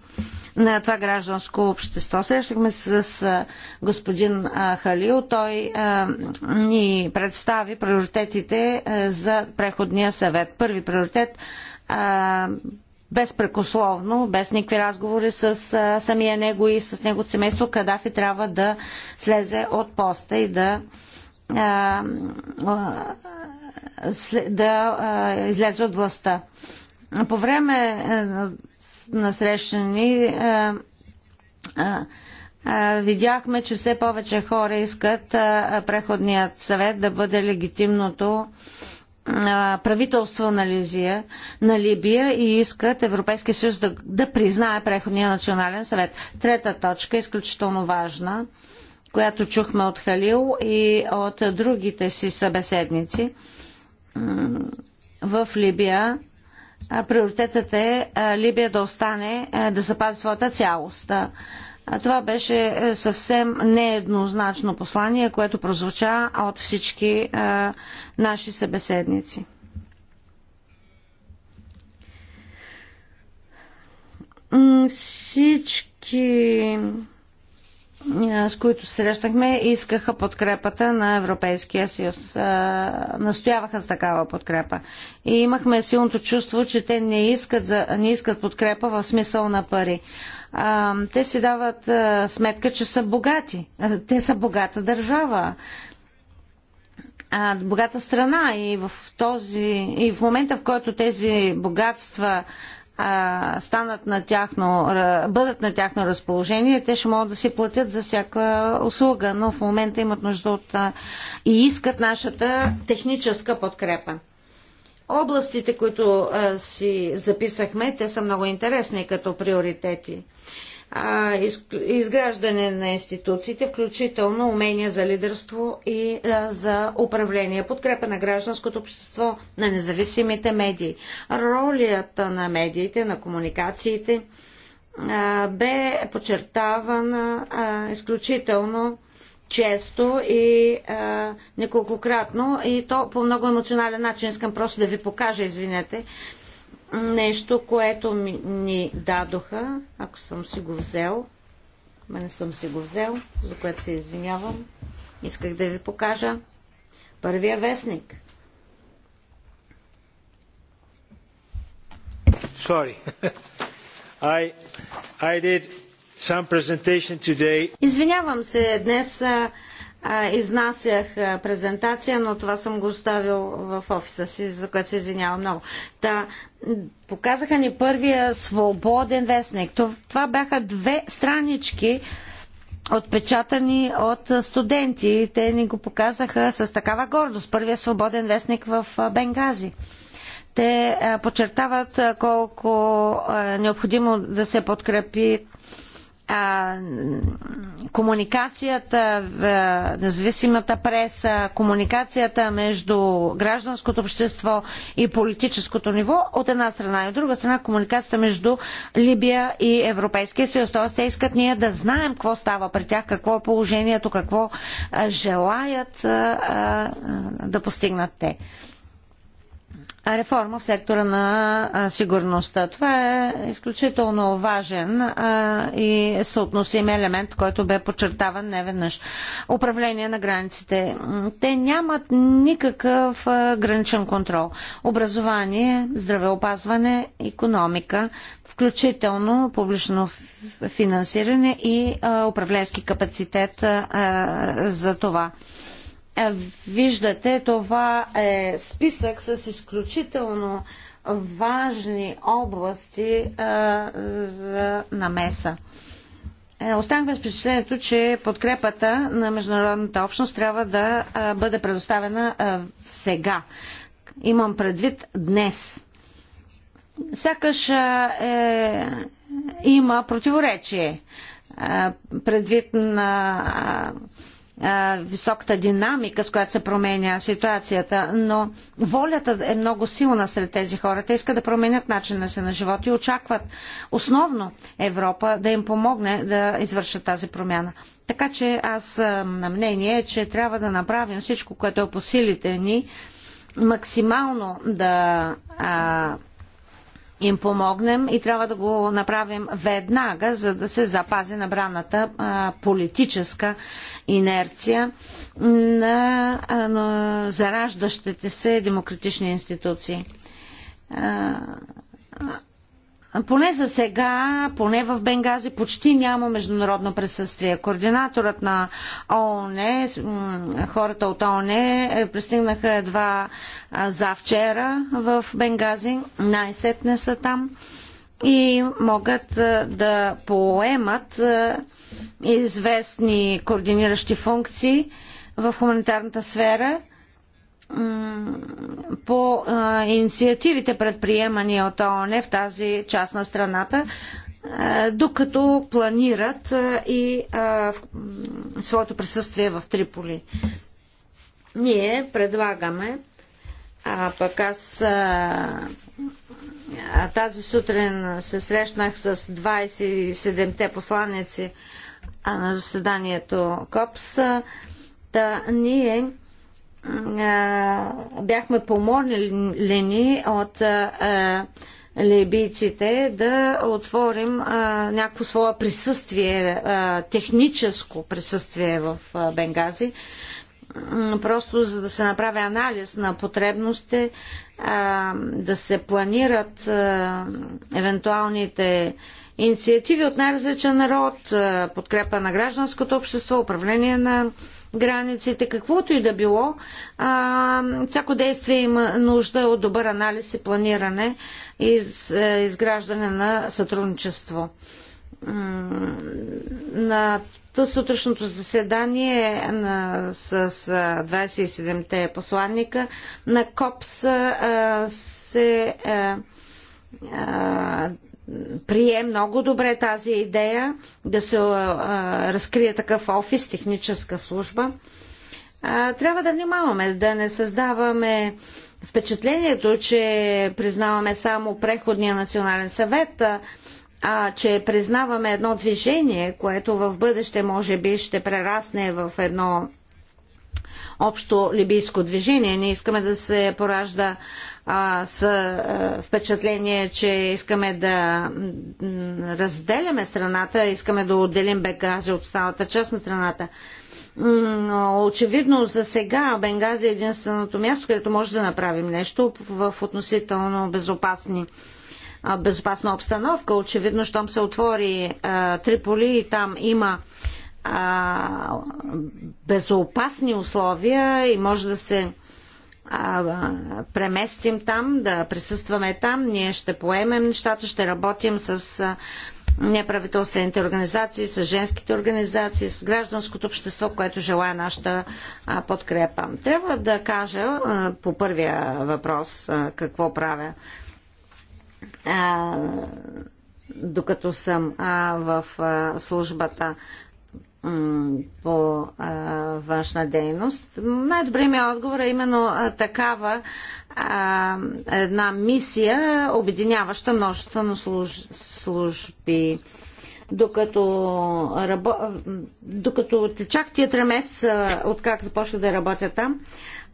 на това гражданско общество. Срещахме с господин Халил. Той а, ни представи приоритетите за преходния съвет. Първи приоритет а, безпрекословно, без никакви разговори с самия него и с неговото семейство, Кадафи трябва да слезе от поста и да да излезе от властта. По време е, на среща ни е, е, видяхме, че все повече хора искат преходният съвет да бъде легитимното правителство на, Лизия, на Либия и искат Европейския съюз да, да признае Преходния национален съвет. Трета точка, изключително важна, която чухме от Халил и от другите си събеседници в Либия. Приоритетът е Либия да остане, е, да запази своята цялост. Това беше е, съвсем нееднозначно послание, което прозвуча от всички е, наши събеседници. Всички, е, с които срещнахме, искаха подкрепата на Европейския съюз. настояваха за такава подкрепа. И имахме силното чувство, че те не искат, за, не искат подкрепа в смисъл на пари а, те си дават а, сметка, че са богати. А, те са богата държава, а, богата страна и в, този, и в момента, в който тези богатства а, станат на тяхно, бъдат на тяхно разположение, те ще могат да си платят за всяка услуга, но в момента имат нужда от а, и искат нашата техническа подкрепа. Областите, които а, си записахме, те са много интересни като приоритети. А, из, изграждане на институциите, включително умения за лидерство и а, за управление, подкрепа на гражданското общество, на независимите медии, ролята на медиите, на комуникациите бе подчертавана изключително често и а, неколкократно и то по много емоционален начин. Искам просто да ви покажа, извинете, нещо, което ми, ни дадоха, ако съм си го взел. Ма не съм си го взел, за което се извинявам. Исках да ви покажа първия вестник. Sorry. I, I did Извинявам се, днес изнасях презентация, но това съм го оставил в офиса си, за което се извинявам много. Та, показаха ни първия свободен вестник. Това бяха две странички, отпечатани от студенти. Те ни го показаха с такава гордост. Първия свободен вестник в Бенгази. Те подчертават колко необходимо да се подкрепи а, комуникацията, в независимата преса, комуникацията между гражданското общество и политическото ниво от една страна и от друга страна комуникацията между Либия и Европейския съюз. Т.е. те искат ние да знаем какво става при тях, какво е положението, какво желаят а, а, да постигнат те реформа в сектора на сигурността. Това е изключително важен а, и съотносим елемент, който бе подчертаван неведнъж. Управление на границите. Те нямат никакъв а, граничен контрол. Образование, здравеопазване, економика, включително публично финансиране и а, управленски капацитет за това. Виждате, това е списък с изключително важни области а, за намеса. Е, Останахме с впечатлението, че подкрепата на международната общност трябва да а, бъде предоставена а, сега. Имам предвид днес. Сякаш е, има противоречие предвид на високата динамика, с която се променя ситуацията, но волята е много силна сред тези хора. Те искат да променят начина си на живот и очакват основно Европа да им помогне да извършат тази промяна. Така че аз съм на мнение, че трябва да направим всичко, което е по силите ни, максимално да а, им помогнем и трябва да го направим веднага, за да се запази набраната а, политическа инерция на, а, зараждащите се демократични институции. А, поне за сега, поне в Бенгази, почти няма международно присъствие. Координаторът на ООН, хората от ООН е, пристигнаха едва за вчера в Бенгази, най-сетне са там и могат да поемат известни координиращи функции в хуманитарната сфера – по а, инициативите предприемани от ООН в тази част на страната, а, докато планират а, и в, своето присъствие в Триполи. Ние предлагаме, а пък аз тази сутрин се срещнах с 27-те посланици на заседанието КОПС, да ние бяхме помолени от либийците да отворим някакво свое присъствие, техническо присъствие в Бенгази, просто за да се направи анализ на потребностите, да се планират евентуалните инициативи от най-различен народ, подкрепа на гражданското общество, управление на границите, каквото и да било, а, всяко действие има нужда от добър анализ и планиране и из, е, изграждане на сътрудничество. На сутрешното заседание на, с, с 27-те е, посланника на КОПС а, е, се а, прие много добре тази идея да се а, разкрие такъв офис, техническа служба. А, трябва да внимаваме, да не създаваме впечатлението, че признаваме само преходния национален съвет, а, а че признаваме едно движение, което в бъдеще може би ще прерасне в едно общо либийско движение. Не искаме да се поражда а, с а, впечатление, че искаме да разделяме страната, искаме да отделим Бенгази от останалата част на страната. Но очевидно за сега Бенгази е единственото място, където може да направим нещо в относително безопасни безопасна обстановка. Очевидно, щом се отвори а, Триполи и там има а, безопасни условия и може да се а, преместим там, да присъстваме там. Ние ще поемем нещата, ще работим с а, неправителствените организации, с женските организации, с гражданското общество, което желая нашата а, подкрепа. Трябва да кажа а, по първия въпрос а, какво правя. А, докато съм а, в а, службата по а, външна дейност. най добре ми отговор е именно а, такава а, една мисия, обединяваща множество на служ... служби. Докато, рабо... докато течах тия три месеца, откак започнах да работя там,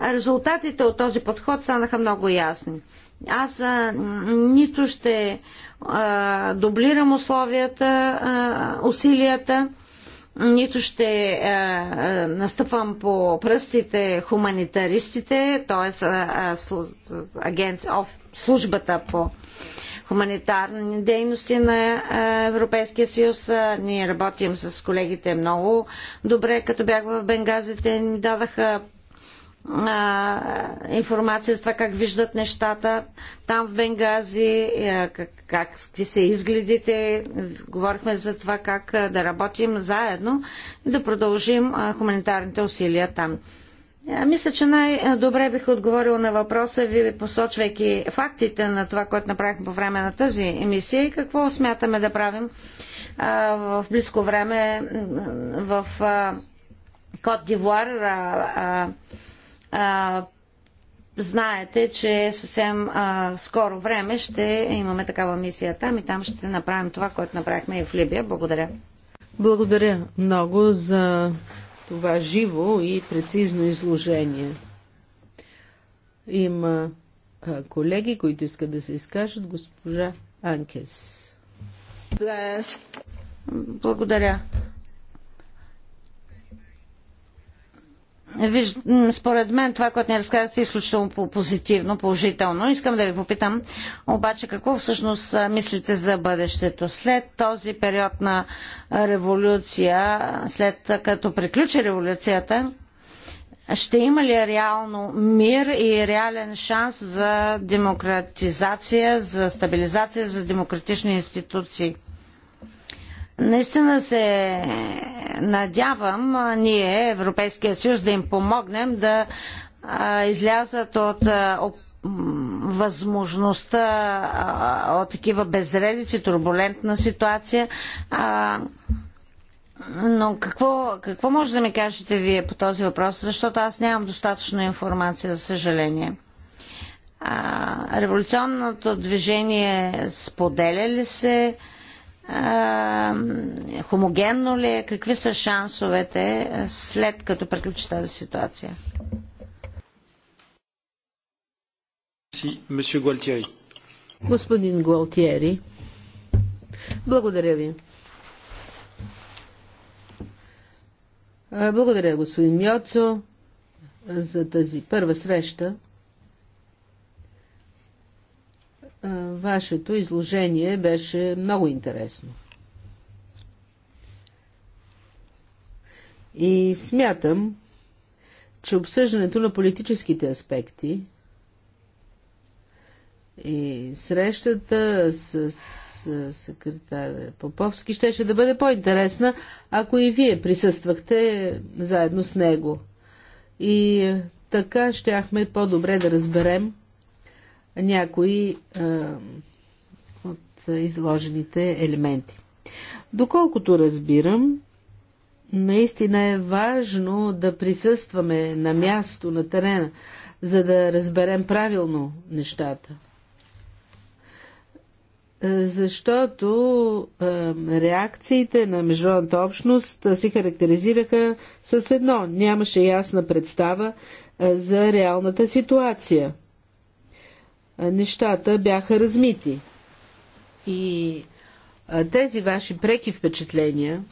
резултатите от този подход станаха много ясни. Аз а, нито ще а, дублирам условията, а, усилията, нито ще а, а, настъпвам по пръстите хуманитаристите, т.е. агент службата по хуманитарни дейности на Европейския съюз. Ние работим с колегите много добре. Като бях в Бенгазите, ни дадаха а, информация за това как виждат нещата там в Бенгази, как, как, какви са изгледите. Говорихме за това как да работим заедно и да продължим а, хуманитарните усилия там. А, мисля, че най-добре бих отговорила на въпроса ви, посочвайки фактите на това, което направихме по време на тази емисия и какво смятаме да правим а, в близко време в Кот Дивуар а, знаете, че съвсем а, скоро време ще имаме такава мисия там и там ще направим това, което направихме и в Либия. Благодаря. Благодаря много за това живо и прецизно изложение. Има а, колеги, които искат да се изкажат. Госпожа Анкес. Благодаря. Виж, според мен това, което ни разказвате е изключително позитивно, положително. Искам да ви попитам обаче какво всъщност мислите за бъдещето. След този период на революция, след като приключи революцията, ще има ли реално мир и реален шанс за демократизация, за стабилизация, за демократични институции? Наистина се надявам ние, Европейския съюз, да им помогнем да излязат от възможността от такива безредици, турбулентна ситуация. Но какво, какво може да ми кажете вие по този въпрос? Защото аз нямам достатъчно информация, за съжаление. А, революционното движение споделя ли се? А, хомогенно ли е, какви са шансовете след като приключи тази ситуация? Господин Гуалтиери, благодаря ви. Благодаря, господин Мьоцо, за тази първа среща. Вашето изложение беше много интересно. И смятам, че обсъждането на политическите аспекти и срещата с, с секретар Поповски щеше да бъде по-интересна, ако и вие присъствахте заедно с него. И е, така щяхме по-добре да разберем някои от изложените елементи. Доколкото разбирам, наистина е важно да присъстваме на място, на терена, за да разберем правилно нещата. Защото е, реакциите на международната общност се характеризираха с едно. Нямаше ясна представа за реалната ситуация нещата бяха размити. И тези ваши преки впечатления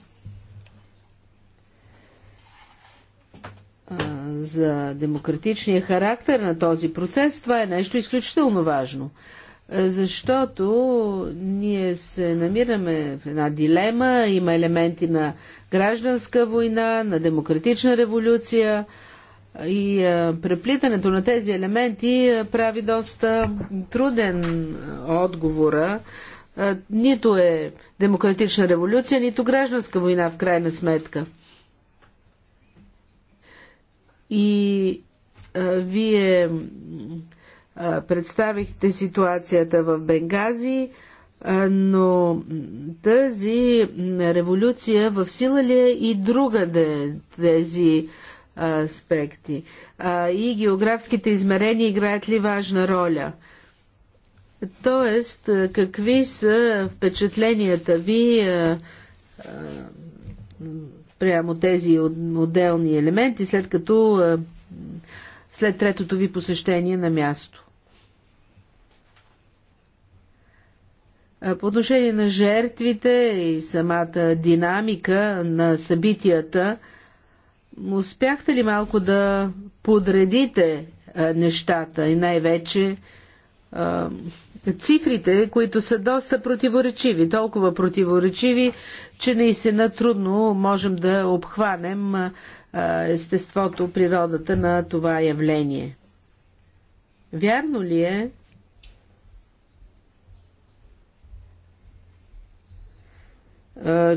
за демократичния характер на този процес, това е нещо изключително важно. Защото ние се намираме в една дилема, има елементи на гражданска война, на демократична революция – и е, преплитането на тези елементи е, прави доста труден е, отговора. Нито е демократична революция, нито гражданска война в крайна сметка. И а, вие а, представихте ситуацията в Бенгази, а, но тази революция в сила ли е и другаде тези аспекти. И географските измерения играят ли важна роля? Тоест, какви са впечатленията ви прямо тези отделни елементи, след като след третото ви посещение на място? По отношение на жертвите и самата динамика на събитията – успяхте ли малко да подредите нещата и най-вече цифрите, които са доста противоречиви, толкова противоречиви, че наистина трудно можем да обхванем естеството, природата на това явление. Вярно ли е,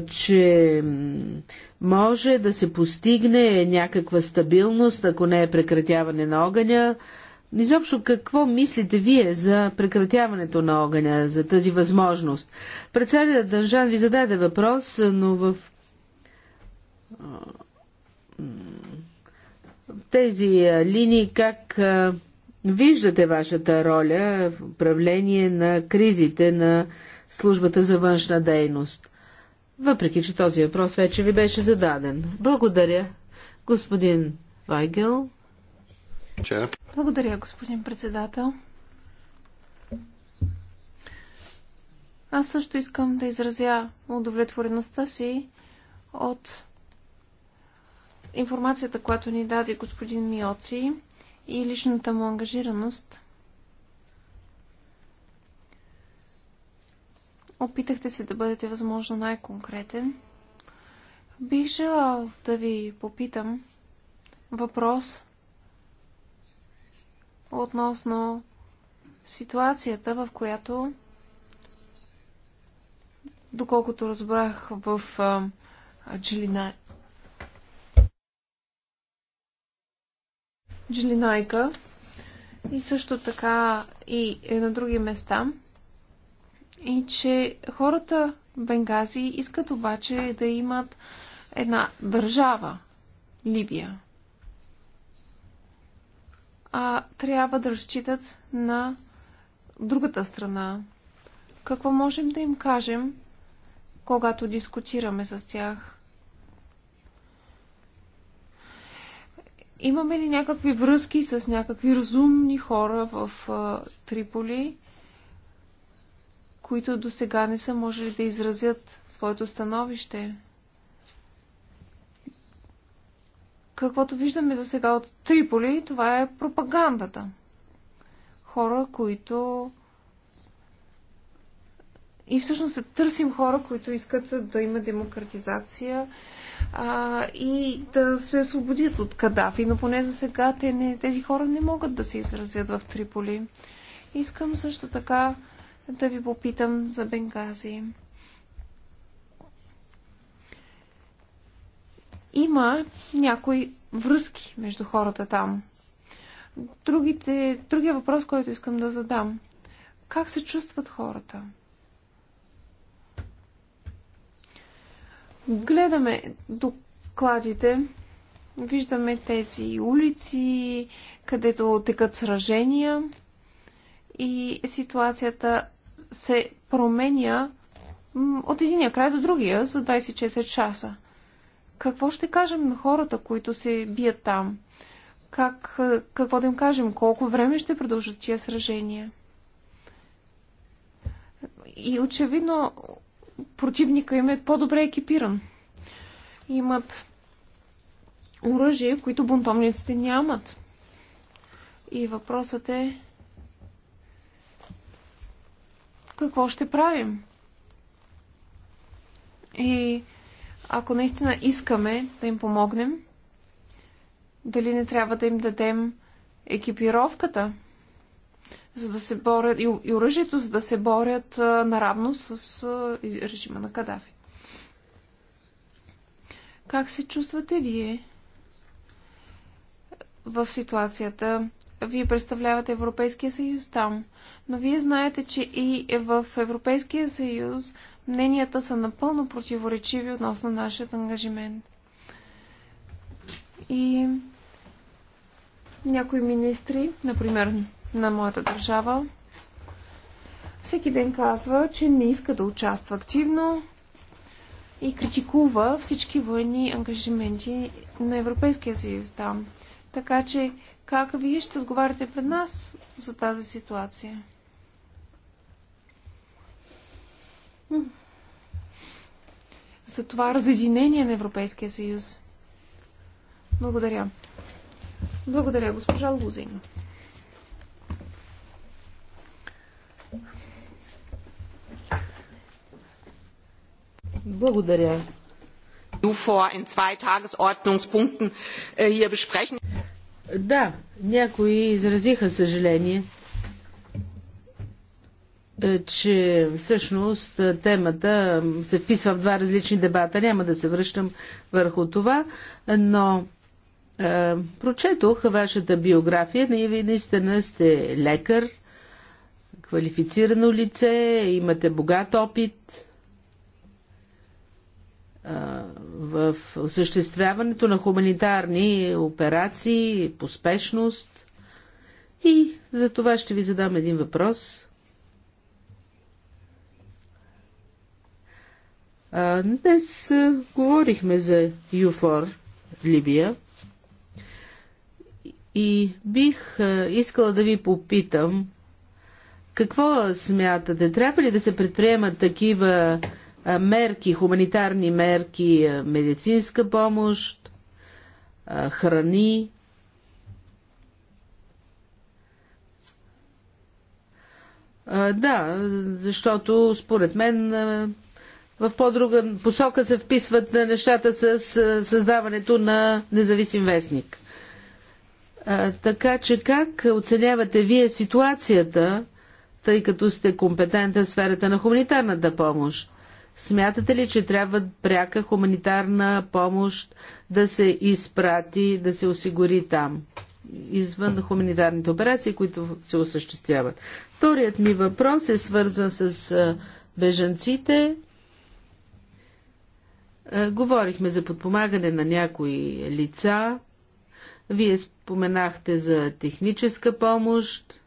че може да се постигне някаква стабилност, ако не е прекратяване на огъня. Изобщо какво мислите вие за прекратяването на огъня, за тази възможност? Председателят Държан ви зададе въпрос, но в тези линии как виждате вашата роля в управление на кризите на службата за външна дейност? Въпреки, че този въпрос вече ви беше зададен. Благодаря, господин Вайгел. Благодаря, господин председател. Аз също искам да изразя удовлетвореността си от информацията, която ни даде господин Миоци и личната му ангажираност Опитахте се да бъдете възможно най-конкретен. Бих желал да ви попитам въпрос относно ситуацията, в която, доколкото разбрах в Джилина... Джилинайка и също така и на други места – и че хората в Бенгази искат обаче да имат една държава Либия. А трябва да разчитат на другата страна. Какво можем да им кажем, когато дискутираме с тях? Имаме ли някакви връзки с някакви разумни хора в Триполи? които до сега не са можели да изразят своето становище. Каквото виждаме за сега от Триполи, това е пропагандата. Хора, които и всъщност се търсим хора, които искат да има демократизация а, и да се освободят от Кадафи, но поне за сега те не, тези хора не могат да се изразят в Триполи. Искам също така да ви попитам за Бенгази. Има някои връзки между хората там. Другите, другия въпрос, който искам да задам. Как се чувстват хората? Гледаме докладите, виждаме тези улици, където текат сражения и ситуацията се променя от единия край до другия за 24 часа. Какво ще кажем на хората, които се бият там? Как, е, какво да им кажем? Колко време ще продължат тия сражения? И очевидно противника им е по-добре екипиран. Имат оръжие, които бунтовниците нямат. И въпросът е какво ще правим. И ако наистина искаме да им помогнем, дали не трябва да им дадем екипировката за да се борят и, и оръжието, за да се борят а, наравно с а, режима на Кадафи. Как се чувствате вие в ситуацията? вие представлявате Европейския съюз там. Но вие знаете, че и в Европейския съюз мненията са напълно противоречиви относно нашия ангажимент. И някои министри, например на моята държава, всеки ден казва, че не иска да участва активно и критикува всички военни ангажименти на Европейския съюз там. Да. Така че, как вие ще отговаряте пред нас за тази ситуация? За това разединение на Европейския съюз. Благодаря. Благодаря, госпожа Лузин. Благодаря, UFOR in zwei Tagesordnungspunkten äh, hier besprechen. Да, някои изразиха съжаление, е, че всъщност е, темата се вписва в два различни дебата. Няма да се връщам върху това, но е, прочетох вашата биография. Ние ви наистина сте лекар, квалифицирано лице, имате богат опит в осъществяването на хуманитарни операции, по спешност, И за това ще ви задам един въпрос. Днес говорихме за ЮФОР, Либия. И бих искала да ви попитам, какво смятате? Трябва ли да се предприемат такива мерки, хуманитарни мерки, медицинска помощ, храни. Да, защото според мен в по-друга посока се вписват нещата с създаването на независим вестник. Така че как оценявате вие ситуацията, тъй като сте компетентен в сферата на хуманитарната помощ? Смятате ли, че трябва пряка хуманитарна помощ да се изпрати, да се осигури там, извън хуманитарните операции, които се осъществяват? Вторият ми въпрос е свързан с бежанците. Говорихме за подпомагане на някои лица. Вие споменахте за техническа помощ,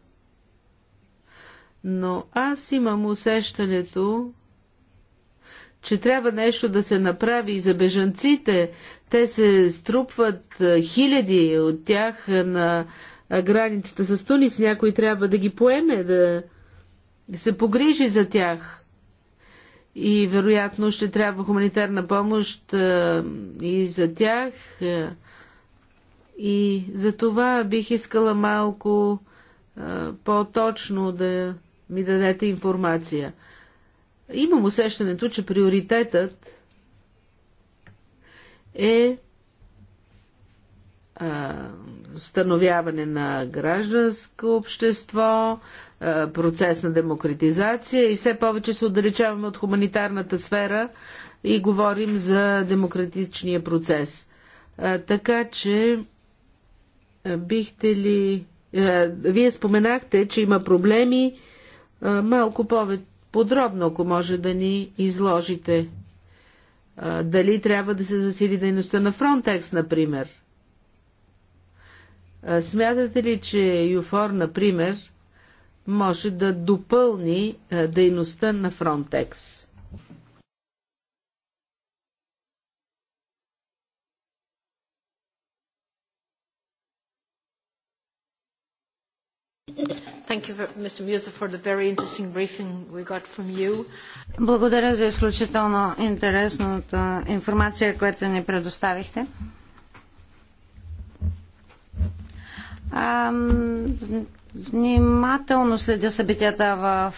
но аз имам усещането, че трябва нещо да се направи и за бежанците. Те се струпват хиляди от тях на границата с Тунис. Някой трябва да ги поеме, да се погрижи за тях. И вероятно ще трябва хуманитарна помощ и за тях. И за това бих искала малко по-точно да ми дадете информация. Имам усещането, че приоритетът е становяване на гражданско общество, процес на демократизация и все повече се отдалечаваме от хуманитарната сфера и говорим за демократичния процес. Така че бихте ли. Вие споменахте, че има проблеми малко повече подробно, ако може да ни изложите. Дали трябва да се засили дейността на Frontex, например? Смятате ли, че Юфор, например, може да допълни дейността на Frontex? Благодаря за изключително интересната информация, която ни предоставихте. внимателно следя събитията в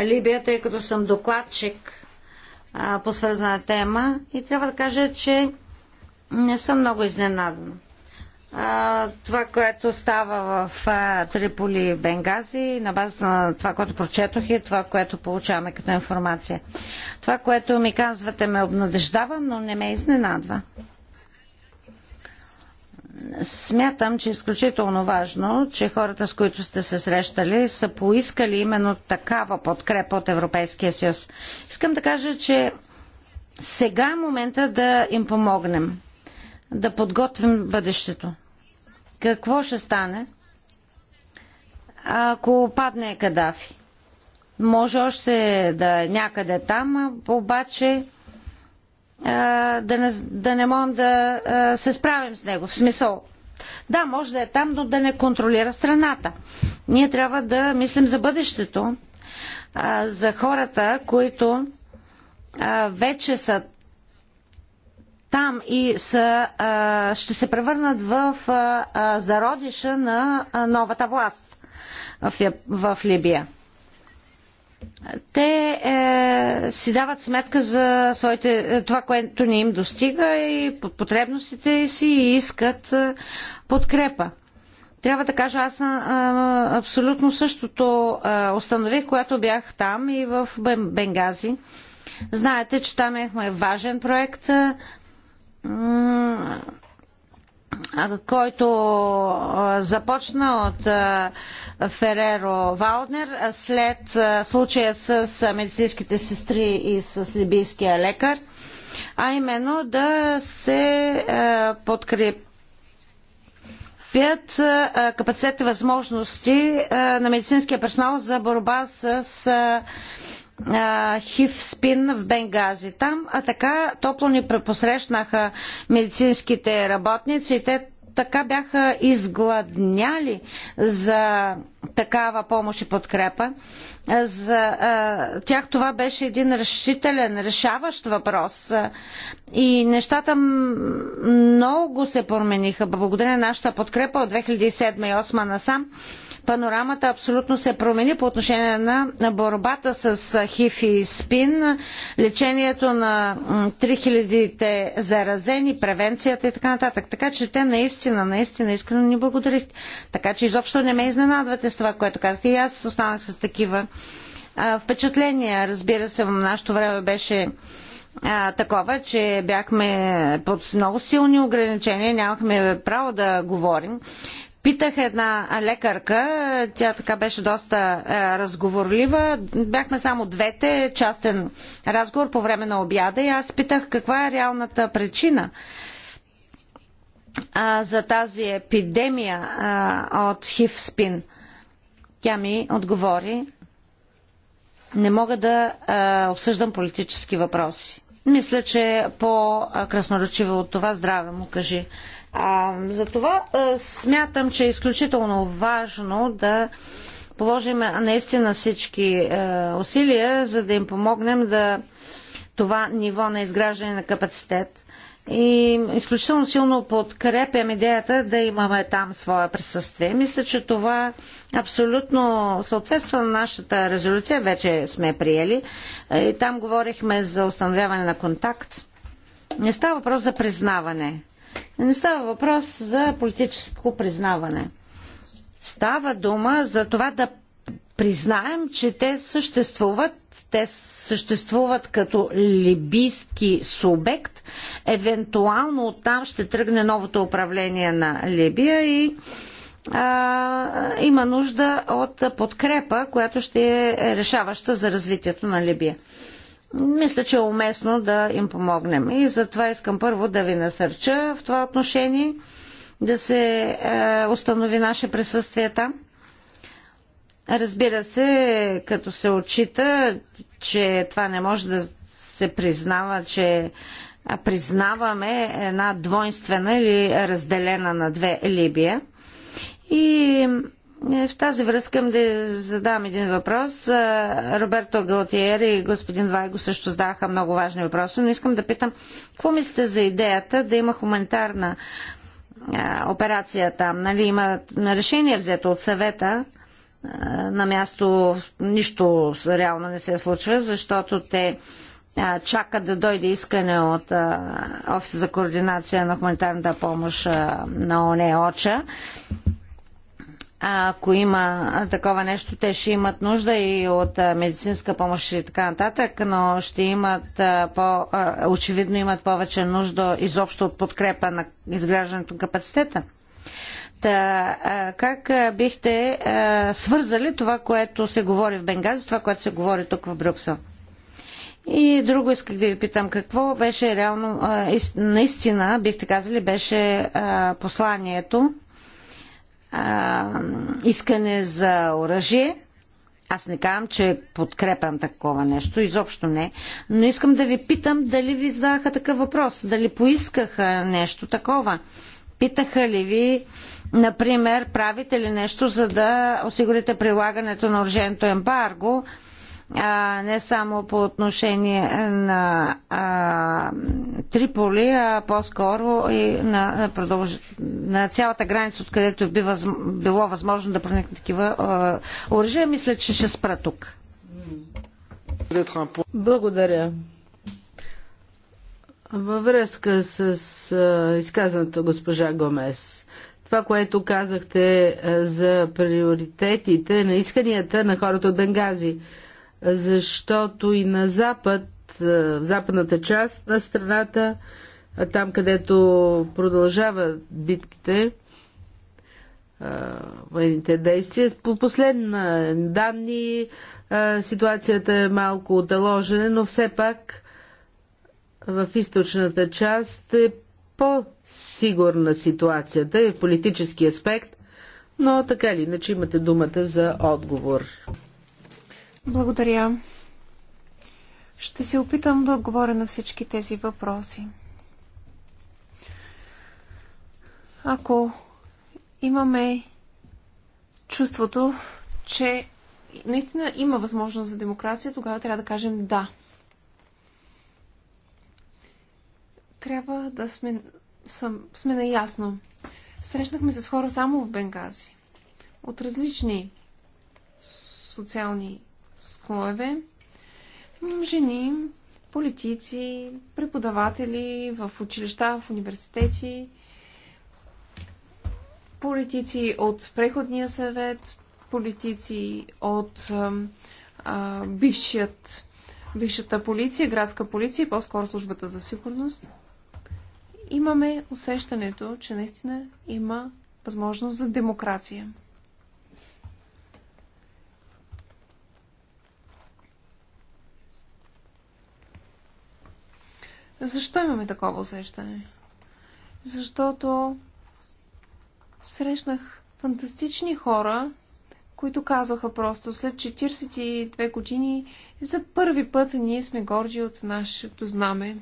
Либия, тъй като съм докладчик по свързана тема и трябва да кажа, че не съм много изненадана това, което става в Триполи и Бенгази, на база на това, което прочетох и това, което получаваме като информация. Това, което ми казвате, ме обнадеждава, но не ме изненадва. Смятам, че е изключително важно, че хората, с които сте се срещали, са поискали именно такава подкрепа от Европейския съюз. Искам да кажа, че сега е момента да им помогнем да подготвим бъдещето. Какво ще стане, ако падне Кадафи? Може още да е някъде там, обаче да не, да не можем да се справим с него. В смисъл, да, може да е там, но да не контролира страната. Ние трябва да мислим за бъдещето, за хората, които вече са там и са, ще се превърнат в зародиша на новата власт в Либия те е, си дават сметка за своите, е, това, което не им достига и потребностите си и искат е, подкрепа. Трябва да кажа, аз е, абсолютно същото е, установих, когато бях там и в Бенгази. Знаете, че там имахме е важен проект. Е, който започна от Фереро Валнер. след случая с медицинските сестри и с либийския лекар, а именно да се подкрепи подкрепят капацитет и възможности на медицинския персонал за борба с хив спин в Бенгази там, а така топло ни препосрещнаха медицинските работници и те така бяха изгладняли за такава помощ и подкрепа. За а, тях това беше един решителен, решаващ въпрос. И нещата много се промениха. Благодаря на нашата подкрепа от 2007 и 2008 насам панорамата абсолютно се промени по отношение на борбата с хив и спин, лечението на 3000-те заразени, превенцията и така нататък. Така че те наистина, наистина искрено ни благодарихте. Така че изобщо не ме изненадвате с това, което казахте. И аз останах с такива а, впечатления. Разбира се, в нашето време беше а, такова, че бяхме под много силни ограничения, нямахме право да говорим Питах една лекарка, тя така беше доста е, разговорлива. Бяхме само двете, частен разговор по време на обяда и аз питах каква е реалната причина а, за тази епидемия а, от хив-спин. Тя ми отговори, не мога да а, е, обсъждам политически въпроси. Мисля, че е по-красноречиво е, от това здраве му кажи а, затова а, смятам, че е изключително важно да положим наистина всички а, усилия, за да им помогнем да това ниво на изграждане на капацитет. И изключително силно подкрепям идеята да имаме там своя присъствие. Мисля, че това абсолютно съответства на нашата резолюция, вече сме приели. И там говорихме за установяване на контакт. Не става въпрос за признаване. Не става въпрос за политическо признаване. Става дума за това да признаем, че те съществуват, те съществуват като либийски субект. Евентуално оттам ще тръгне новото управление на Либия и а, има нужда от подкрепа, която ще е решаваща за развитието на Либия мисля, че е уместно да им помогнем. И затова искам първо да ви насърча в това отношение, да се е, установи наше присъствие там. Разбира се, като се отчита, че това не може да се признава, че признаваме една двойствена или разделена на две Либия. И е, в тази връзка да задам един въпрос. Е, Роберто Галтиер и господин Вайго също задаха много важни въпроси, но искам да питам, какво мислите за идеята да има хуманитарна е, операция там? Нали, има решение взето от съвета, на място нищо реално не се случва, защото те чакат да дойде искане от Офиса за координация на хуманитарната помощ на ОНЕ ОЧА а ако има такова нещо, те ще имат нужда и от медицинска помощ и така нататък, но ще имат по, очевидно имат повече нужда изобщо от подкрепа на изграждането на капацитета. Та, как бихте свързали това, което се говори в Бенгази, това, което се говори тук в Брюксел? И друго исках да ви питам, какво беше реално, наистина, бихте казали, беше посланието искане за оръжие. Аз не казвам, че подкрепям такова нещо, изобщо не. Но искам да ви питам дали ви задаха такъв въпрос, дали поискаха нещо такова. Питаха ли ви, например, правите ли нещо, за да осигурите прилагането на оръженото ембарго? а, не само по отношение на а, Триполи, а по-скоро и на, на, продълж... на цялата граница, откъдето би въз... било възможно да проникне такива оръжия. Мисля, че ще спра тук. Благодаря. Във връзка с а, изказаната госпожа Гомес, това, което казахте а, за приоритетите на исканията на хората от Денгази, защото и на запад, в западната част на страната, там където продължават битките, военните действия. По последни данни ситуацията е малко отложена, но все пак в източната част е по-сигурна ситуацията и в политически аспект, но така или иначе имате думата за отговор. Благодаря. Ще се опитам да отговоря на всички тези въпроси. Ако имаме чувството, че наистина има възможност за демокрация, тогава трябва да кажем да. Трябва да сме, съм, сме наясно. Срещнахме се с хора само в Бенгази. От различни социални клоеве, жени, политици, преподаватели в училища, в университети, политици от Преходния съвет, политици от а, бившият, бившата полиция, градска полиция по-скоро службата за сигурност. Имаме усещането, че наистина има възможност за демокрация. Защо имаме такова усещане? Защото срещнах фантастични хора, които казаха просто след 42 години за първи път ние сме горди от нашето знаме.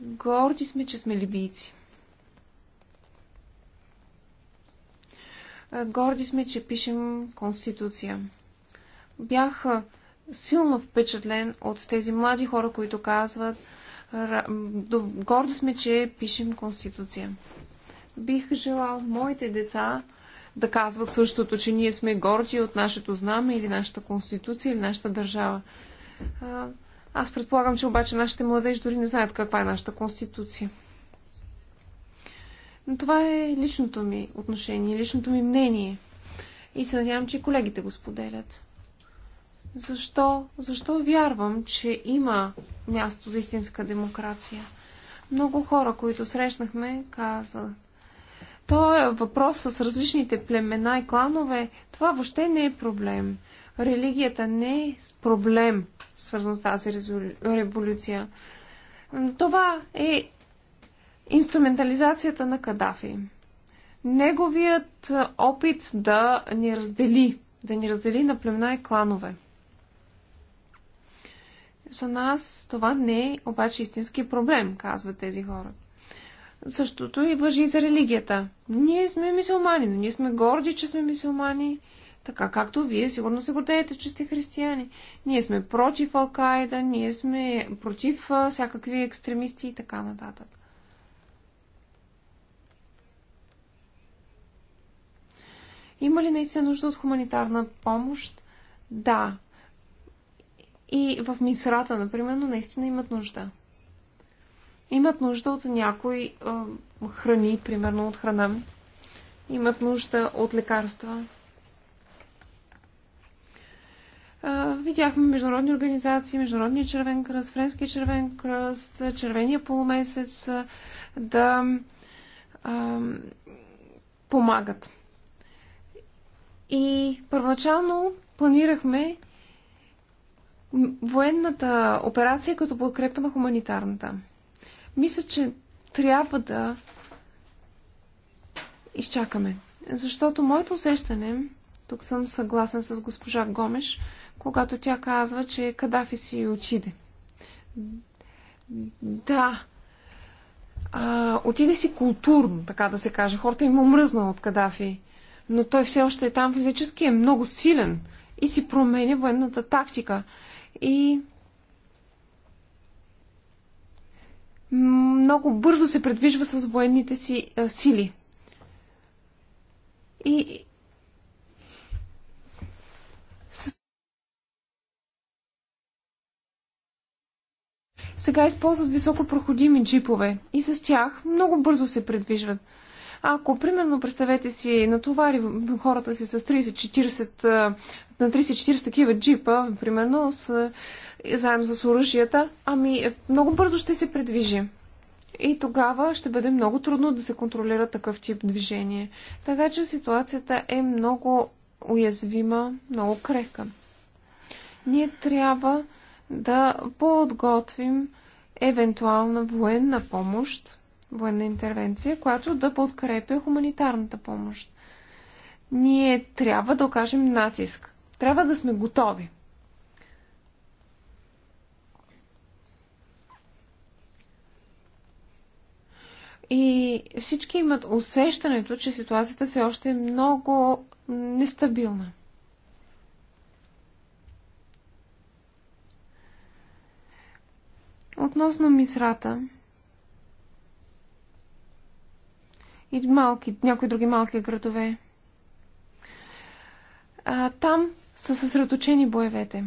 Горди сме, че сме либийци. Горди сме, че пишем Конституция. Бях силно впечатлен от тези млади хора, които казват гордо сме, че пишем Конституция. Бих желал моите деца да казват същото, че ние сме горди от нашето знаме или нашата Конституция или нашата държава. Аз предполагам, че обаче нашите младежи дори не знаят каква е нашата Конституция. Но това е личното ми отношение, личното ми мнение. И се надявам, че колегите го споделят. Защо? Защо вярвам, че има място за истинска демокрация? Много хора, които срещнахме, каза. То е въпрос с различните племена и кланове. Това въобще не е проблем. Религията не е проблем, свързан с тази революция. Това е инструментализацията на Кадафи. Неговият опит да ни раздели, да ни раздели на племена и кланове. За нас това не е обаче истински проблем, казват тези хора. Същото и въжи и за религията. Ние сме мисулмани, но ние сме горди, че сме мисулмани. Така както вие сигурно се гордеете, че сте християни. Ние сме против Алкаида, ние сме против всякакви екстремисти и така нататък. Има ли наистина нужда от хуманитарна помощ? Да, и в Мисрата, например, наистина имат нужда. Имат нужда от някои е, храни, примерно от храна. Имат нужда от лекарства. Е, видяхме международни организации, Международния червен кръст, Френския червен кръст, Червения полумесец да е, помагат. И първоначално планирахме военната операция е като подкрепа на хуманитарната. Мисля, че трябва да изчакаме. Защото моето усещане, тук съм съгласен с госпожа Гомеш, когато тя казва, че Кадафи си отиде. Да, а, отиде си културно, така да се каже. Хората им е омръзна от Кадафи, но той все още е там физически, е много силен и си променя военната тактика и много бързо се предвижва с военните си а, сили. И сега използват високопроходими джипове и с тях много бързо се предвижват. Ако, примерно, представете си, натовари хората си с 30-40, на 30-40 такива джипа, примерно, с, заедно с оръжията, ами е, много бързо ще се предвижи. И тогава ще бъде много трудно да се контролира такъв тип движение. Така че ситуацията е много уязвима, много крека. Ние трябва да подготвим евентуална военна помощ военна интервенция, която да подкрепя хуманитарната помощ. Ние трябва да окажем натиск. Трябва да сме готови. И всички имат усещането, че ситуацията все още е много нестабилна. Относно мисрата, и малки, някои други малки градове. А, там са съсредоточени боевете.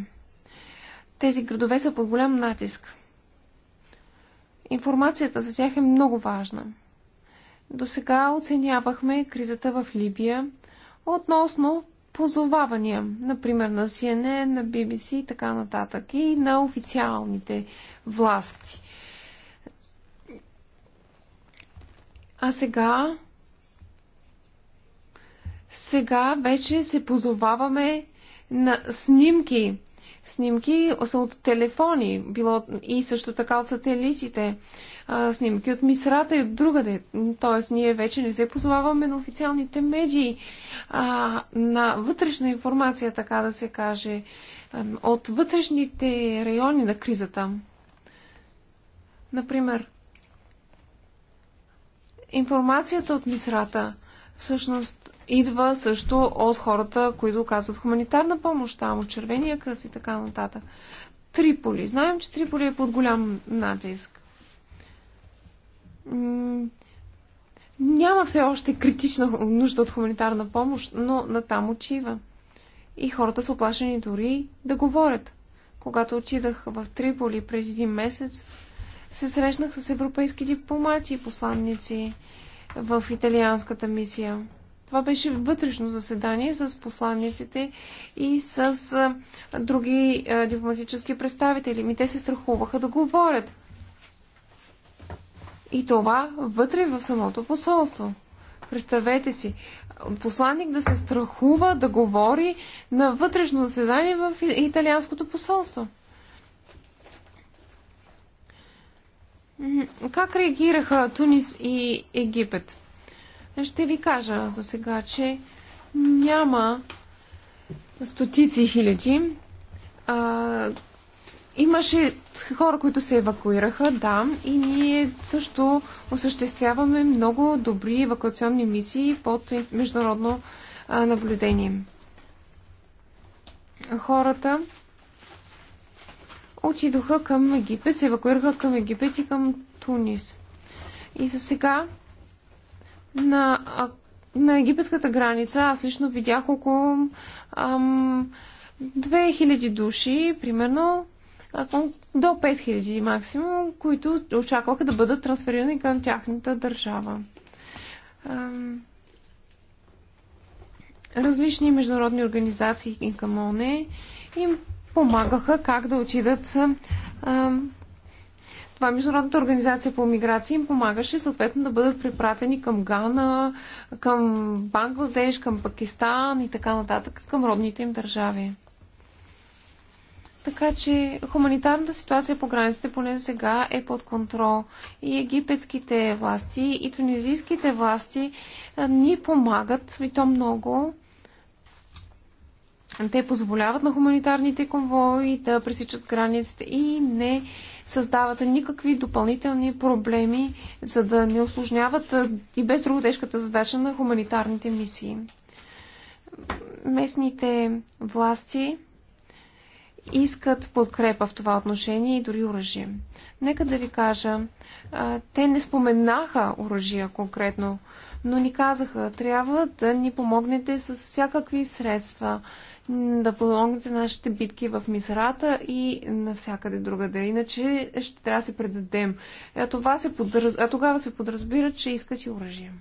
Тези градове са под голям натиск. Информацията за тях е много важна. До сега оценявахме кризата в Либия относно позовавания, например на CNN, на BBC и така нататък, и на официалните власти А сега сега вече се позоваваме на снимки. Снимки са от телефони, било и също така от сателитите, снимки от мисрата и от другаде. Тоест, ние вече не се позоваваме на официалните медии, а на вътрешна информация, така да се каже, от вътрешните райони на кризата. Например, Информацията от мисрата всъщност идва също от хората, които оказват хуманитарна помощ там, от Червения кръст и така нататък. Триполи. Знаем, че Триполи е под голям натиск. Няма все още критична нужда от хуманитарна помощ, но натам отива. И хората са оплашени дори да говорят. Когато отидах в Триполи преди един месец, се срещнах с европейски дипломати и посланници в италианската мисия. Това беше вътрешно заседание с посланниците и с а, други а, дипломатически представители. Ми те се страхуваха да говорят. И това вътре в самото посолство. Представете си, посланник да се страхува да говори на вътрешно заседание в италианското посолство. Как реагираха Тунис и Египет? Ще ви кажа за сега, че няма стотици хиляди. А, имаше хора, които се евакуираха, да, и ние също осъществяваме много добри евакуационни мисии под международно наблюдение. Хората отидоха към Египет, се евакуираха към Египет и към Тунис. И за сега на, на египетската граница аз лично видях около ам, 2000 души, примерно до 5000 максимум, които очакваха да бъдат трансферирани към тяхната държава. Ам, различни международни организации и към ОНЕ им помагаха как да отидат. Това Международната организация по миграция им помагаше съответно да бъдат препратени към Гана, към Бангладеш, към Пакистан и така нататък, към родните им държави. Така че хуманитарната ситуация по границите поне сега е под контрол. И египетските власти, и тунизийските власти ни помагат, и то много. Те позволяват на хуманитарните конвои да пресичат границите и не създават никакви допълнителни проблеми, за да не осложняват и без друго тежката задача на хуманитарните мисии. Местните власти искат подкрепа в това отношение и дори оръжие. Нека да ви кажа, те не споменаха оръжия конкретно, но ни казаха, трябва да ни помогнете с всякакви средства – да подлогнете нашите битки в Мисрата и навсякъде другаде. Иначе ще трябва да се предадем. А, това се подраз... а тогава се подразбира, че искат и оръжие.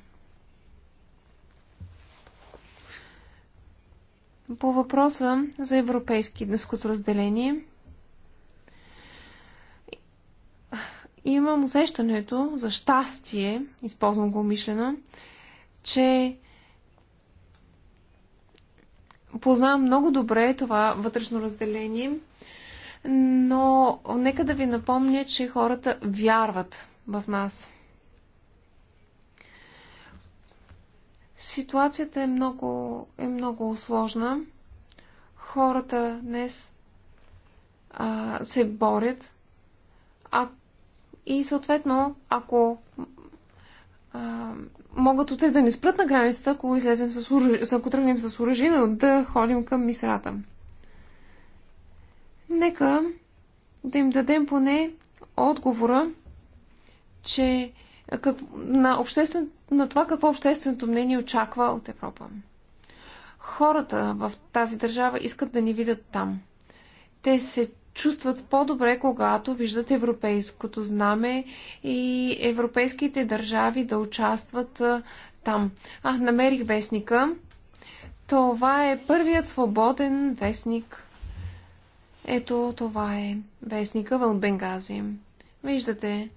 По въпроса за европейски днеското разделение, имам усещането за щастие, използвам го умишлено, че познавам много добре това вътрешно разделение, но нека да ви напомня, че хората вярват в нас. Ситуацията е много, е много сложна. Хората днес а, се борят. А, и съответно, ако могат утре да ни спрат на границата, ако, излезем с уръж... ако тръгнем с оръжие, да, да ходим към мисрата. Нека да им дадем поне отговора, че как, на, обществен, на това какво общественото мнение очаква от Европа. Хората в тази държава искат да ни видят там. Те се чувстват по-добре, когато виждат европейското знаме и европейските държави да участват там. А, намерих вестника. Това е първият свободен вестник. Ето, това е вестника от Бенгази. Виждате,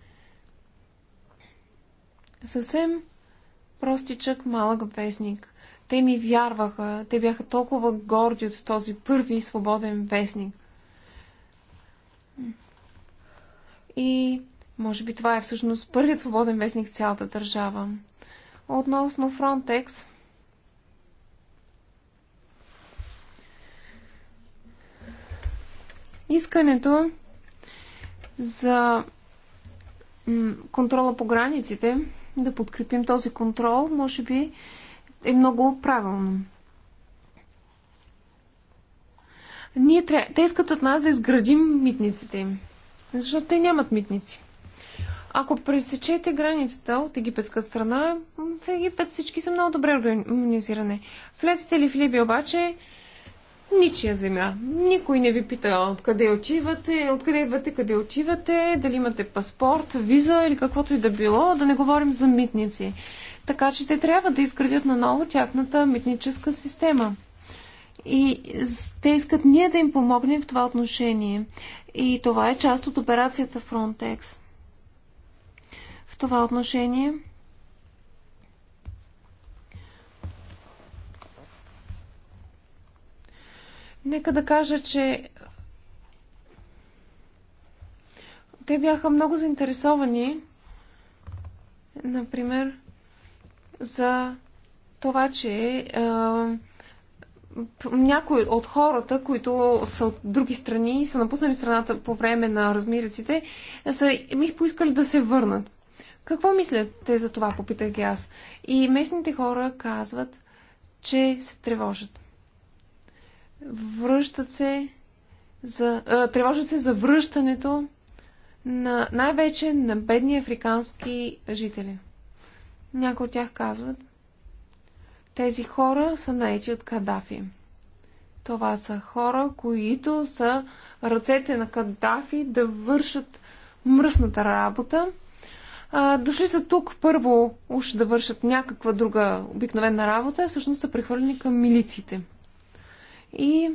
съвсем простичък малък вестник. Те ми вярваха, те бяха толкова горди от този първи свободен вестник. И може би това е всъщност първият свободен вестник в цялата държава. Относно Frontex, искането за контрола по границите, да подкрепим този контрол, може би е много правилно. Ние тря... Те искат от нас да изградим митниците им. Защото те нямат митници. Ако пресечете границата от египетска страна, в Египет всички са много добре организирани. Влезете ли в Либия обаче, ничия земя. Никой не ви пита откъде отивате, откъде идвате, къде отивате, дали имате паспорт, виза или каквото и да било, да не говорим за митници. Така че те трябва да изградят наново тяхната митническа система. И те искат ние да им помогнем в това отношение. И това е част от операцията Frontex. В това отношение нека да кажа, че те бяха много заинтересовани, например, за това, че е, някои от хората, които са от други страни и са напуснали страната по време на размириците, са, ми поискали да се върнат. Какво мислят те за това, попитах ги аз. И местните хора казват, че се тревожат. Връщат се за, а, тревожат се за връщането на най-вече на бедни африкански жители. Някои от тях казват, тези хора са наети от Кадафи. Това са хора, които са ръцете на Кадафи да вършат мръсната работа. А, дошли са тук първо уж да вършат някаква друга обикновена работа, а всъщност са прехвърлени към милиците. И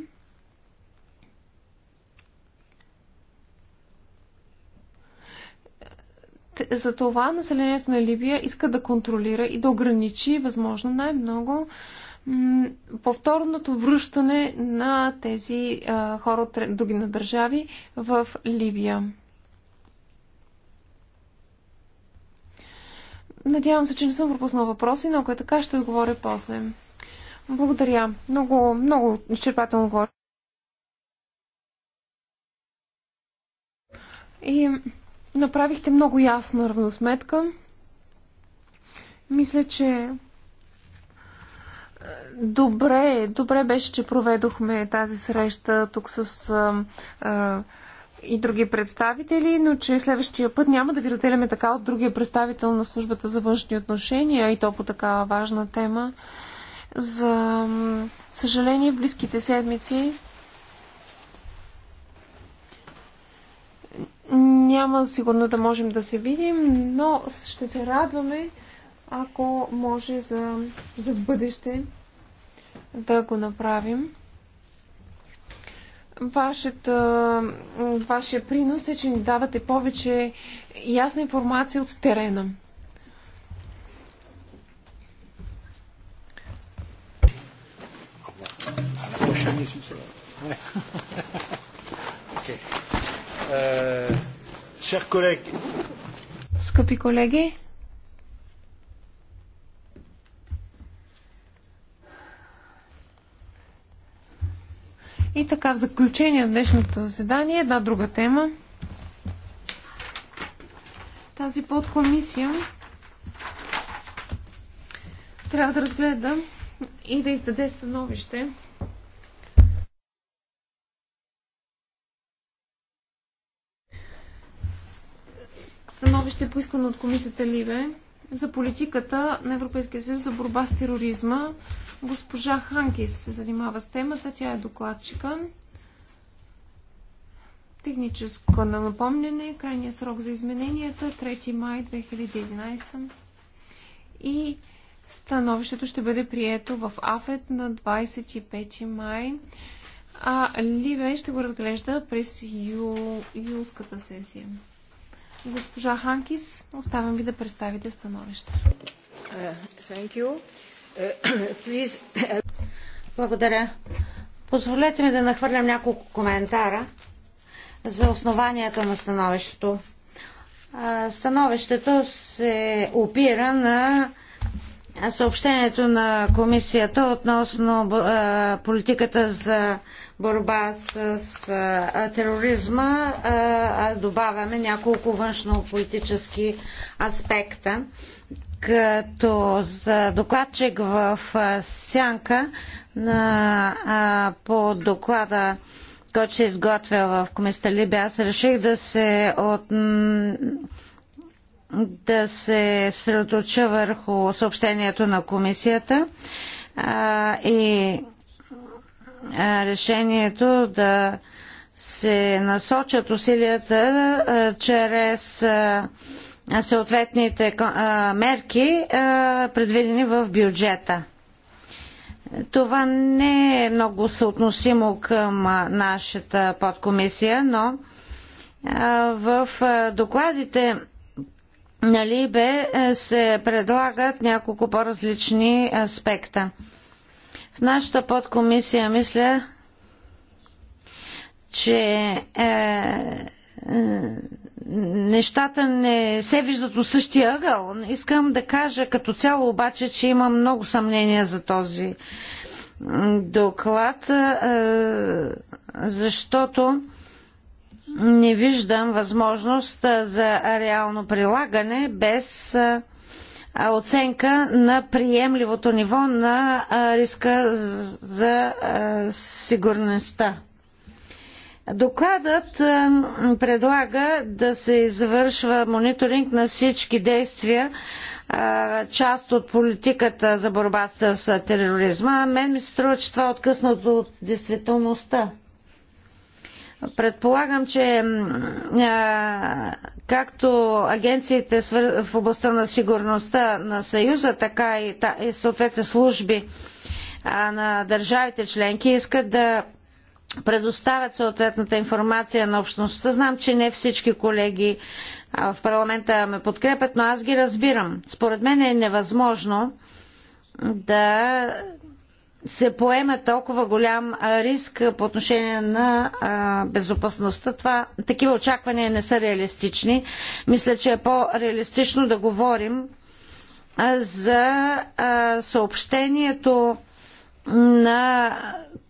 За това населението на Либия иска да контролира и да ограничи възможно най-много повторното връщане на тези а, хора от други на държави в Либия. Надявам се, че не съм пропуснал въпроси, но ако е така, ще отговоря после. Благодаря. Много, много изчерпателно говоря. И Направихте много ясна равносметка. Мисля, че е, добре, добре беше, че проведохме тази среща тук с а, е, а, е, и други представители, но че следващия път няма да ви разделяме така от другия представител на службата за външни отношения и то по така важна тема. За съжаление, в близките седмици Няма сигурно да можем да се видим, но ще се радваме, ако може за, за бъдеще да го направим. Вашата, вашия принос е, че ни давате повече ясна информация от терена. Okay. Chers е, collègues. Скъпи колеги, И така, в заключение на днешното заседание, една друга тема. Тази подкомисия трябва да разгледа и да издаде становище становище поискано от комисията Либе за политиката на Европейския съюз за борба с тероризма. Госпожа Ханкис се занимава с темата, тя е докладчика. Техническо на напомняне, крайния срок за измененията 3 май 2011 и становището ще бъде прието в АФЕТ на 25 май. А Ливе ще го разглежда през ю... юлската сесия. Госпожа Ханкис, оставям ви да представите становище. Uh, uh, uh, Благодаря. Позволете ми да нахвърлям няколко коментара за основанията на становището. Становището се опира на съобщението на комисията относно политиката за борба с, а, тероризма а, а, добавяме няколко външно-политически аспекта. Като за докладчик в сянка на, а, по доклада който се изготвя в комиста Либия, аз реших да се от да се средоточа върху съобщението на комисията а, и е, решението да се насочат усилията е, чрез е, съответните мерки, предвидени в бюджета. Това не е много съотносимо към нашата подкомисия, но в докладите на Либе се предлагат няколко по-различни аспекта. В нашата подкомисия мисля, че е, нещата не се виждат от същия ъгъл. Искам да кажа като цяло обаче, че имам много съмнения за този доклад, е, защото не виждам възможност е, за реално прилагане без е, оценка на приемливото ниво на риска за сигурността. Докладът предлага да се извършва мониторинг на всички действия, част от политиката за борба с тероризма. Мен ми се струва, че това е откъснато от действителността. Предполагам, че а, както агенциите в областта на сигурността на Съюза, така и, та, и съответните служби а, на държавите членки искат да предоставят съответната информация на общността. Знам, че не всички колеги а, в парламента ме подкрепят, но аз ги разбирам. Според мен е невъзможно да се поема толкова голям риск по отношение на а, безопасността. Това, такива очаквания не са реалистични. Мисля, че е по-реалистично да говорим а, за а, съобщението на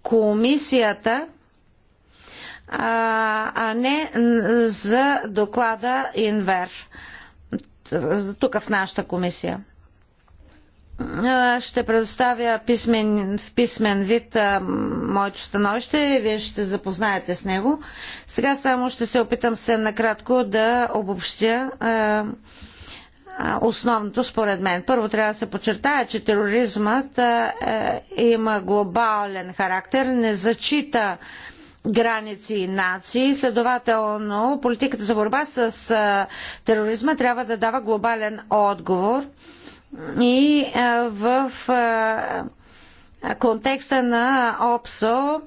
комисията, а не за доклада Инвер. Тук в нашата комисия. Е, ще предоставя писмен, в писмен вид а, е, моето становище. и Вие ще запознаете с него. Сега само ще се опитам съвсем накратко да обобщя а, е, основното според мен. Първо трябва да се подчертая, че тероризмът а, има глобален характер, не зачита граници и нации. Следователно, политиката за борба с тероризма трябва да дава глобален отговор. И в контекста на ОПСО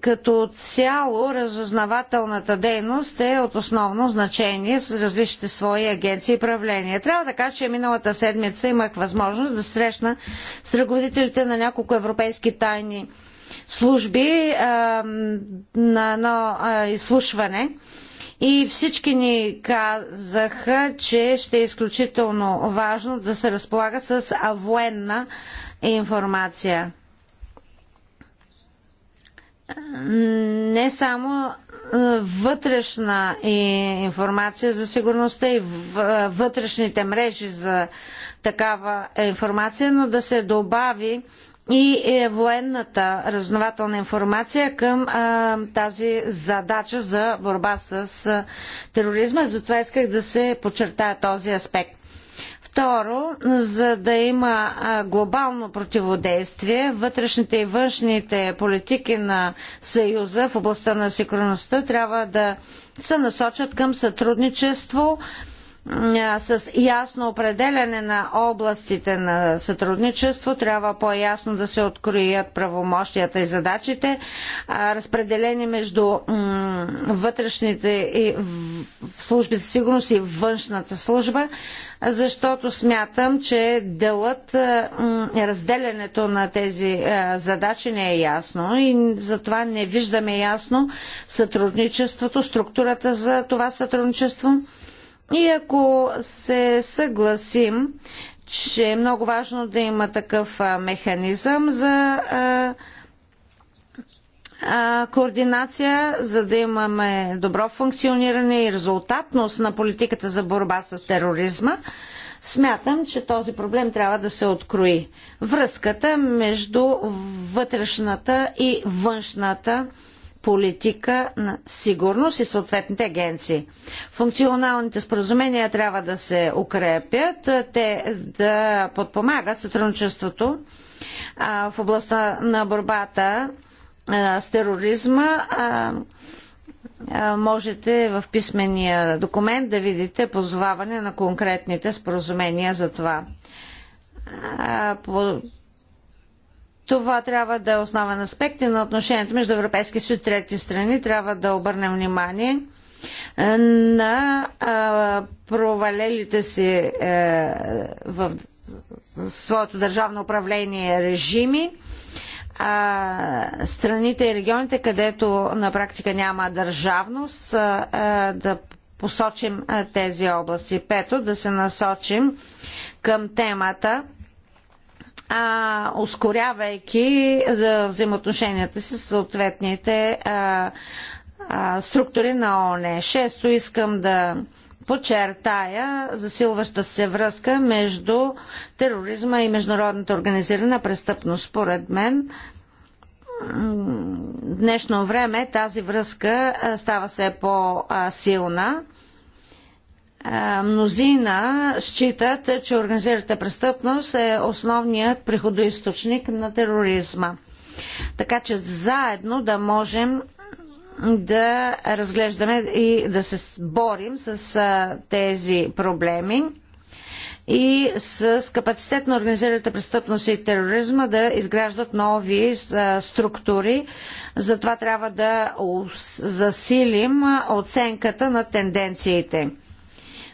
като цяло разузнавателната дейност е от основно значение с различните свои агенции и правления. Трябва да кажа, че миналата седмица имах възможност да срещна с ръководителите на няколко европейски тайни служби на едно изслушване и всички ни казаха, че ще е изключително важно да се разполага с военна информация. Не само вътрешна информация за сигурността и вътрешните мрежи за такава информация, но да се добави и е военната разнователна информация към а, тази задача за борба с а, тероризма. Затова исках да се подчертая този аспект. Второ, за да има глобално противодействие, вътрешните и външните политики на Съюза в областта на сигурността трябва да се насочат към сътрудничество, с ясно определяне на областите на сътрудничество. Трябва по-ясно да се откроят правомощията и задачите, разпределени между вътрешните и служби за сигурност и външната служба, защото смятам, че делът, разделянето на тези задачи не е ясно и затова не виждаме ясно сътрудничеството, структурата за това сътрудничество и ако се съгласим, че е много важно да има такъв механизъм за а, а, координация, за да имаме добро функциониране и резултатност на политиката за борба с тероризма, смятам, че този проблем трябва да се открои. Връзката между вътрешната и външната политика на сигурност и съответните агенции. Функционалните споразумения трябва да се укрепят, те да подпомагат сътрудничеството в областта на борбата с тероризма. можете в писмения документ да видите позоваване на конкретните споразумения за това. По това трябва да е основен аспект и на отношението между Европейски съюз и трети страни. Трябва да обърнем внимание на провалелите си е, в своето държавно управление режими а, страните и регионите, където на практика няма държавност, а, да посочим а, тези области. Пето, да се насочим към темата а, ускорявайки за взаимоотношенията си с съответните а, а, структури на ООН. Шесто искам да подчертая засилваща се връзка между тероризма и международната организирана престъпност. Според мен, днешно време тази връзка става все по-силна мнозина считат, че организираната престъпност е основният приходоисточник на тероризма. Така че заедно да можем да разглеждаме и да се борим с тези проблеми и с капацитет на организираната престъпност и тероризма да изграждат нови структури. Затова трябва да засилим оценката на тенденциите.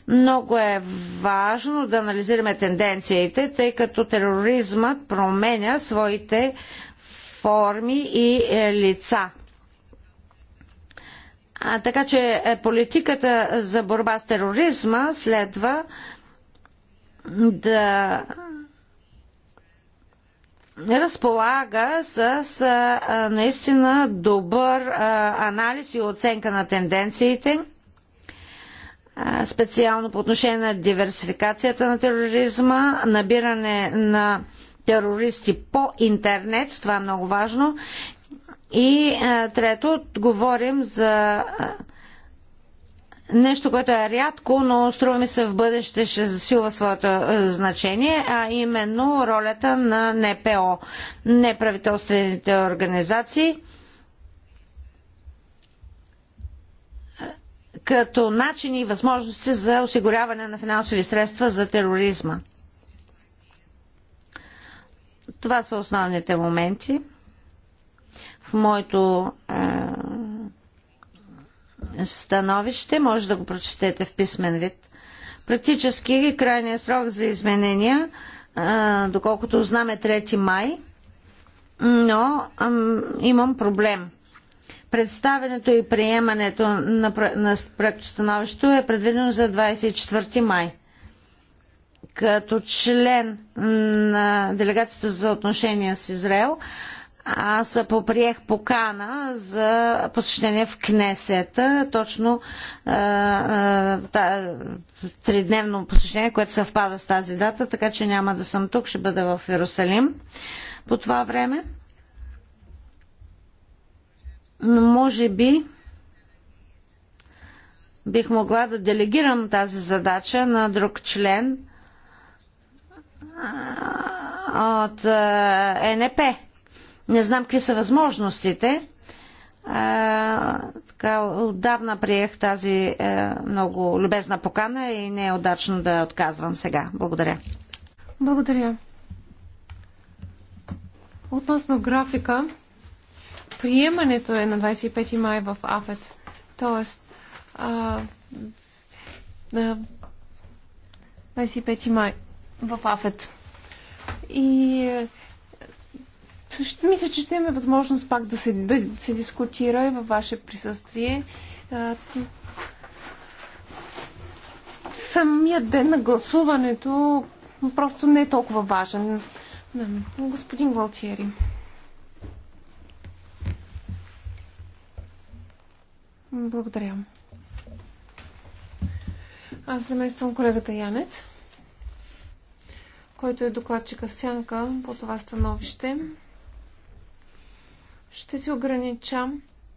Много е важно да анализираме тенденциите, тъй като тероризмът променя своите форми и е, лица. А, така че е, политиката за борба с тероризма следва да разполага с, с е, наистина добър а, анализ и оценка на тенденциите специално по отношение на диверсификацията на тероризма, набиране на терористи по интернет, това е много важно. И трето, говорим за нещо, което е рядко, но струва ми се в бъдеще ще засилва своето значение, а именно ролята на НПО, неправителствените организации – като начини и възможности за осигуряване на финансови средства за тероризма. Това са основните моменти в моето е, становище. Може да го прочетете в писмен вид. Практически крайният срок за изменения, е, доколкото знаме 3 май, но е, имам проблем – Представенето и приемането на, на проектостановището е предвидено за 24 май. Като член на делегацията за отношения с Израел, аз поприех покана за посещение в Кнесета, точно тридневно посещение, което съвпада с тази дата, така че няма да съм тук, ще бъда в Иерусалим по това време. Но може би бих могла да делегирам тази задача на друг член от НП. Не знам какви са възможностите. А, така, отдавна приех тази е, много любезна покана и не е удачно да отказвам сега. Благодаря. Благодаря. Относно графика, Приемането е на 25 май в АФЕТ. Тоест, а, а, 25 май в АФЕТ. И също мисля, че ще имаме възможност пак да се, да се дискутира и във ваше присъствие. А, самият ден на гласуването просто не е толкова важен. Господин Валтиери. Благодаря. Аз замествам колегата Янец, който е докладчика в сянка по това становище. Ще се огранича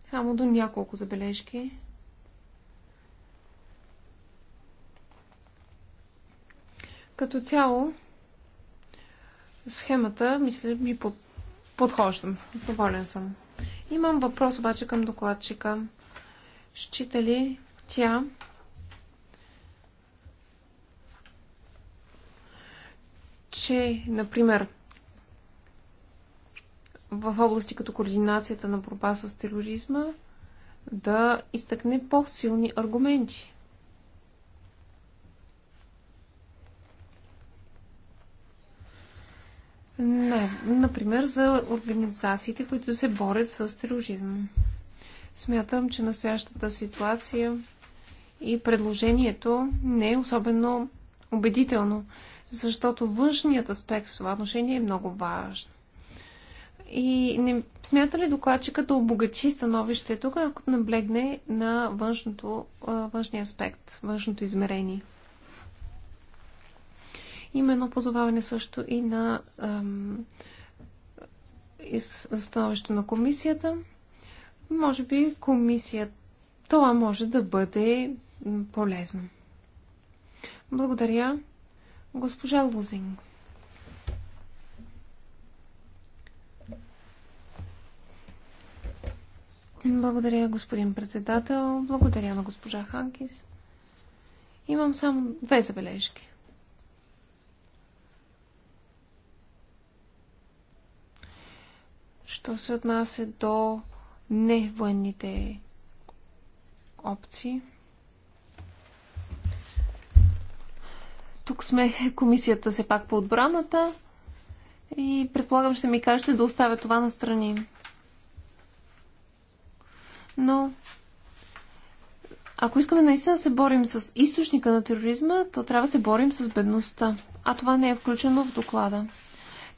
само до няколко забележки. Като цяло, схемата мисля, ми подхождам. Доволен съм. Имам въпрос обаче към докладчика счита ли тя, че, например, в области като координацията на борба с тероризма, да изтъкне по-силни аргументи. Не, например, за организациите, които се борят с тероризъм. Смятам, че настоящата ситуация и предложението не е особено убедително, защото външният аспект в това отношение е много важен. И не смята ли докладчика да обогачи становището, ако наблегне на външното, външния аспект, външното измерение? Има едно позоваване също и на ам, становището на комисията – може би комисията това може да бъде полезно. Благодаря. Госпожа Лузинг. Благодаря, господин председател. Благодаря на госпожа Ханкис. Имам само две забележки. Що се отнася до не военните опции. Тук сме комисията все пак по отбраната и предполагам ще ми кажете да оставя това на страни. Но ако искаме наистина да се борим с източника на тероризма, то трябва да се борим с бедността. А това не е включено в доклада.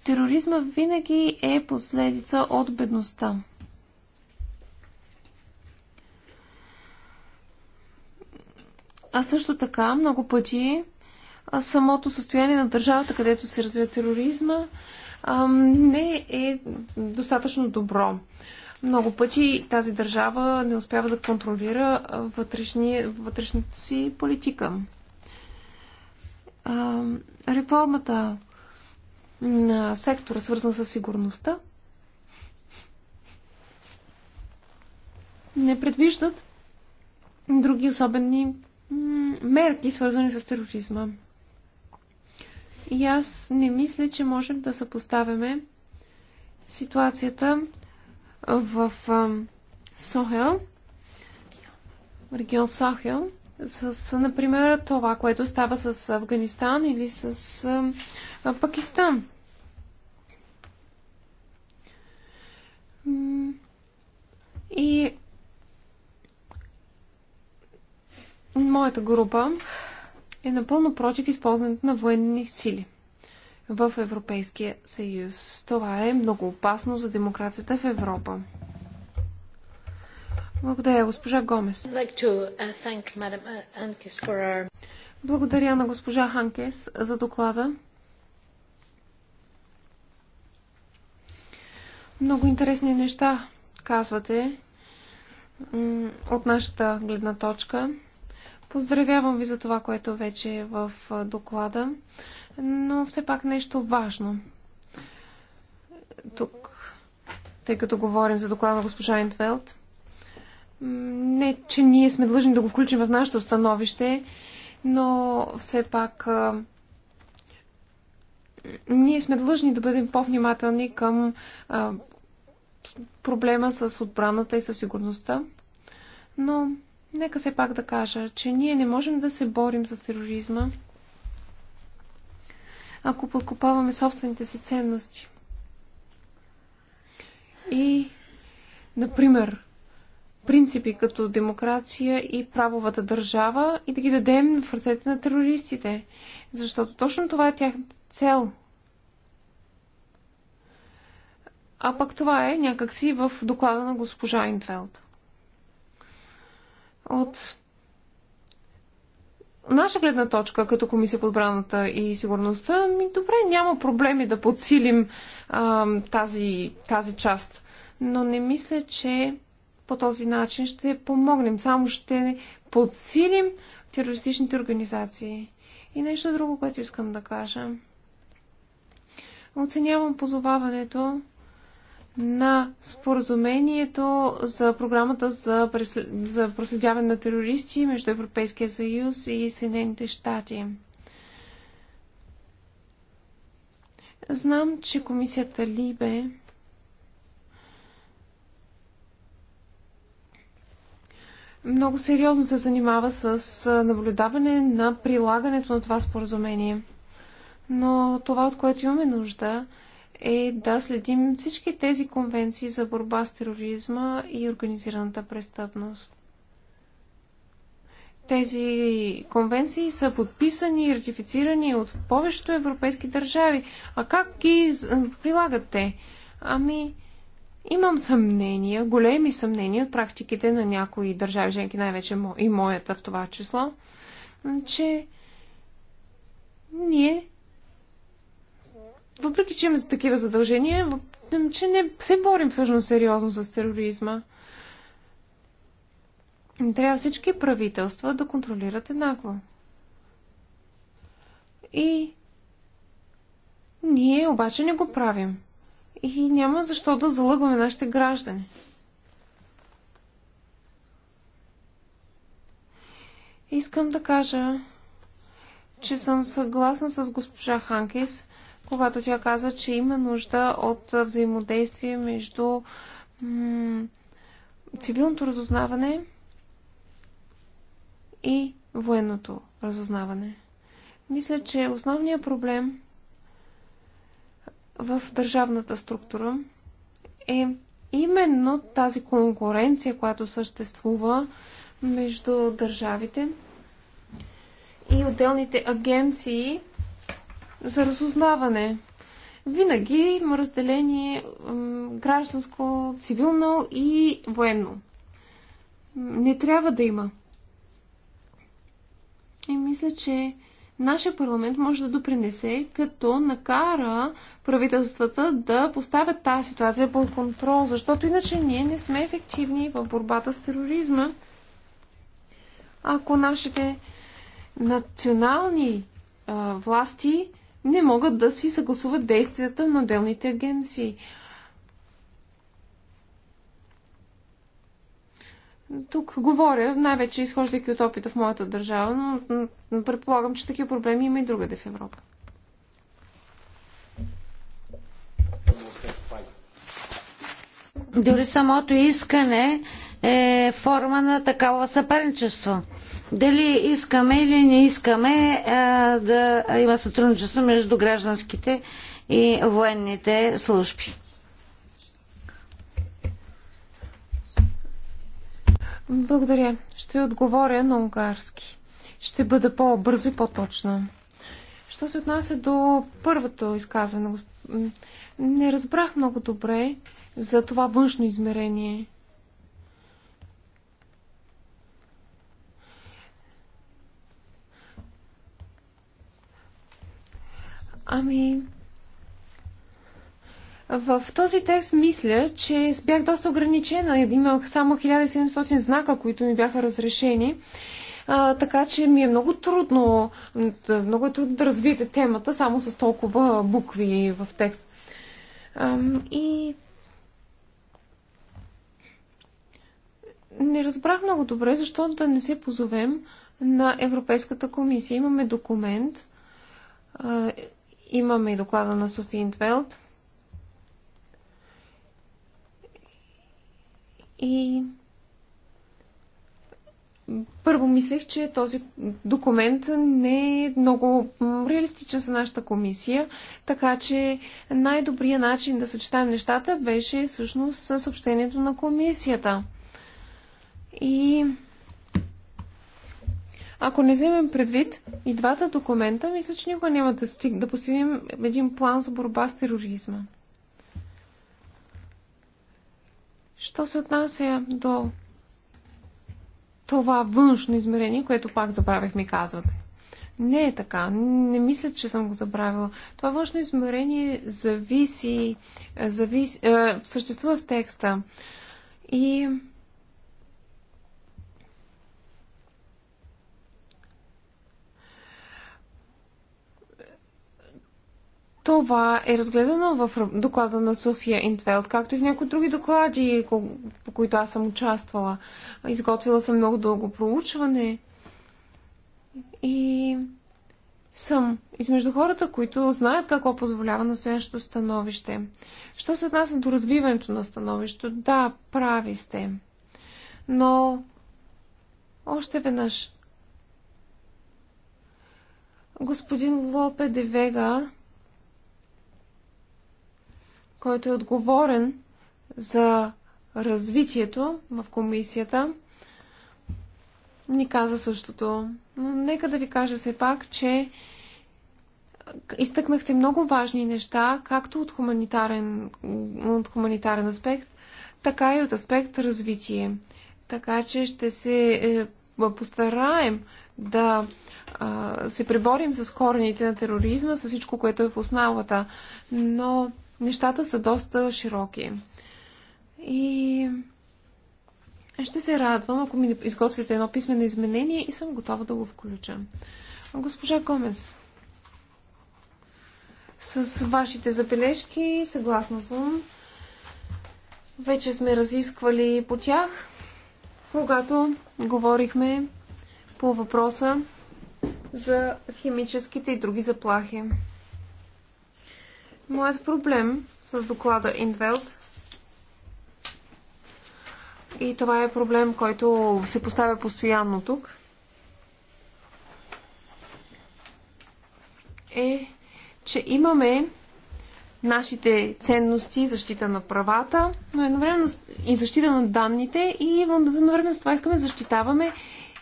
Тероризма винаги е последица от бедността. А също така, много пъти самото състояние на държавата, където се развива тероризма, не е достатъчно добро. Много пъти тази държава не успява да контролира вътрешни, вътрешната си политика. Реформата на сектора, свързан с сигурността, не предвиждат други особени мерки, свързани с тероризма. И аз не мисля, че можем да съпоставяме ситуацията в Сохел, регион Сохел, с, например, това, което става с Афганистан или с Пакистан. И моята група е напълно против използването на военни сили в Европейския съюз. Това е много опасно за демокрацията в Европа. Благодаря, госпожа Гомес. Uh, Благодаря на госпожа Ханкес за доклада. Много интересни неща казвате от нашата гледна точка. Поздравявам ви за това, което вече е в доклада, но все пак нещо важно. Тук, тъй като говорим за доклада на госпожа Ентвелт, не, че ние сме длъжни да го включим в нашето становище, но все пак ние сме длъжни да бъдем по-внимателни към а, проблема с отбраната и със сигурността. Но Нека се пак да кажа, че ние не можем да се борим с тероризма, ако подкопаваме собствените си ценности. И, например, принципи като демокрация и правовата държава и да ги дадем в ръцете на терористите. Защото точно това е тяхната цел. А пък това е някакси в доклада на госпожа Инфелд. От наша гледна точка, като Комисия по отбраната и сигурността, ми добре, няма проблеми да подсилим а, тази, тази част. Но не мисля, че по този начин ще помогнем. Само ще подсилим терористичните организации. И нещо друго, което искам да кажа. Оценявам позоваването на споразумението за програмата за, прес... за проследяване на терористи между Европейския съюз и Съединените щати. Знам, че комисията Либе много сериозно се занимава с наблюдаване на прилагането на това споразумение. Но това, от което имаме нужда, е да следим всички тези конвенции за борба с тероризма и организираната престъпност. Тези конвенции са подписани и ратифицирани от повечето европейски държави. А как ги прилагат те? Ами, имам съмнения, големи съмнения от практиките на някои държави, женки най-вече и моята в това число, че ние въпреки че имаме за такива задължения, че не се борим всъщност сериозно с тероризма. Трябва всички правителства да контролират еднакво. И ние обаче не го правим. И няма защо да залъгваме нашите граждани. Искам да кажа, че съм съгласна с госпожа Ханкис, когато тя каза, че има нужда от взаимодействие между цивилното разузнаване и военното разузнаване. Мисля, че основният проблем в държавната структура е именно тази конкуренция, която съществува между държавите и отделните агенции, за разузнаване. Винаги има разделение гражданско, цивилно и военно. Не трябва да има. И мисля, че нашия парламент може да допринесе, като накара правителствата да поставят тази ситуация под контрол, защото иначе ние не сме ефективни в борбата с тероризма. Ако нашите национални а, власти не могат да си съгласуват действията на отделните агенции. Тук говоря, най-вече изхождайки от опита в моята държава, но предполагам, че такива проблеми има и другаде в Европа. Дори самото искане е форма на такава съперничество дали искаме или не искаме а, да има сътрудничество между гражданските и военните служби. Благодаря. Ще отговоря на унгарски. Ще бъда по-бързо и по-точна. Що се отнася до първото изказване, не разбрах много добре за това външно измерение. Ами, в този текст мисля, че бях доста ограничена. Имах само 1700 знака, които ми бяха разрешени. А, така че ми е много трудно, много е трудно да развиете темата само с толкова букви в текст. А, и не разбрах много добре, защо да не се позовем на Европейската комисия. Имаме документ, Имаме и доклада на Софи Интвелд. И първо мислех, че този документ не е много реалистичен за нашата комисия, така че най-добрият начин да съчетаем нещата беше всъщност съобщението на комисията. И ако не вземем предвид и двата документа, мисля, че никога няма да, стиг, да постигнем един план за борба с тероризма. Що се отнася до това външно измерение, което пак забравих, ми казвате. Не е така. Не мисля, че съм го забравила. Това външно измерение зависи, зависи е, съществува в текста. И Това е разгледано в доклада на София Интвелд, както и в някои други доклади, по които аз съм участвала. Изготвила съм много дълго проучване и съм измежду хората, които знаят какво позволява настоящето становище. Що се отнася до развиването на становището? Да, прави сте. Но още веднъж. Господин Лопе Девега който е отговорен за развитието в комисията, ни каза същото. Но нека да ви кажа все пак, че изтъкнахте много важни неща, както от хуманитарен, от хуманитарен аспект, така и от аспект развитие. Така че ще се е, постараем да се преборим с корените на тероризма, с всичко, което е в основата. Но нещата са доста широки. И ще се радвам, ако ми изготвите едно писмено изменение и съм готова да го включа. Госпожа Гомес, с вашите забележки съгласна съм. Вече сме разисквали по тях, когато говорихме по въпроса за химическите и други заплахи. Моят проблем с доклада Индвелт и това е проблем, който се поставя постоянно тук, е, че имаме нашите ценности, защита на правата, но едновременно и защита на данните и едновременно с това искаме да защитаваме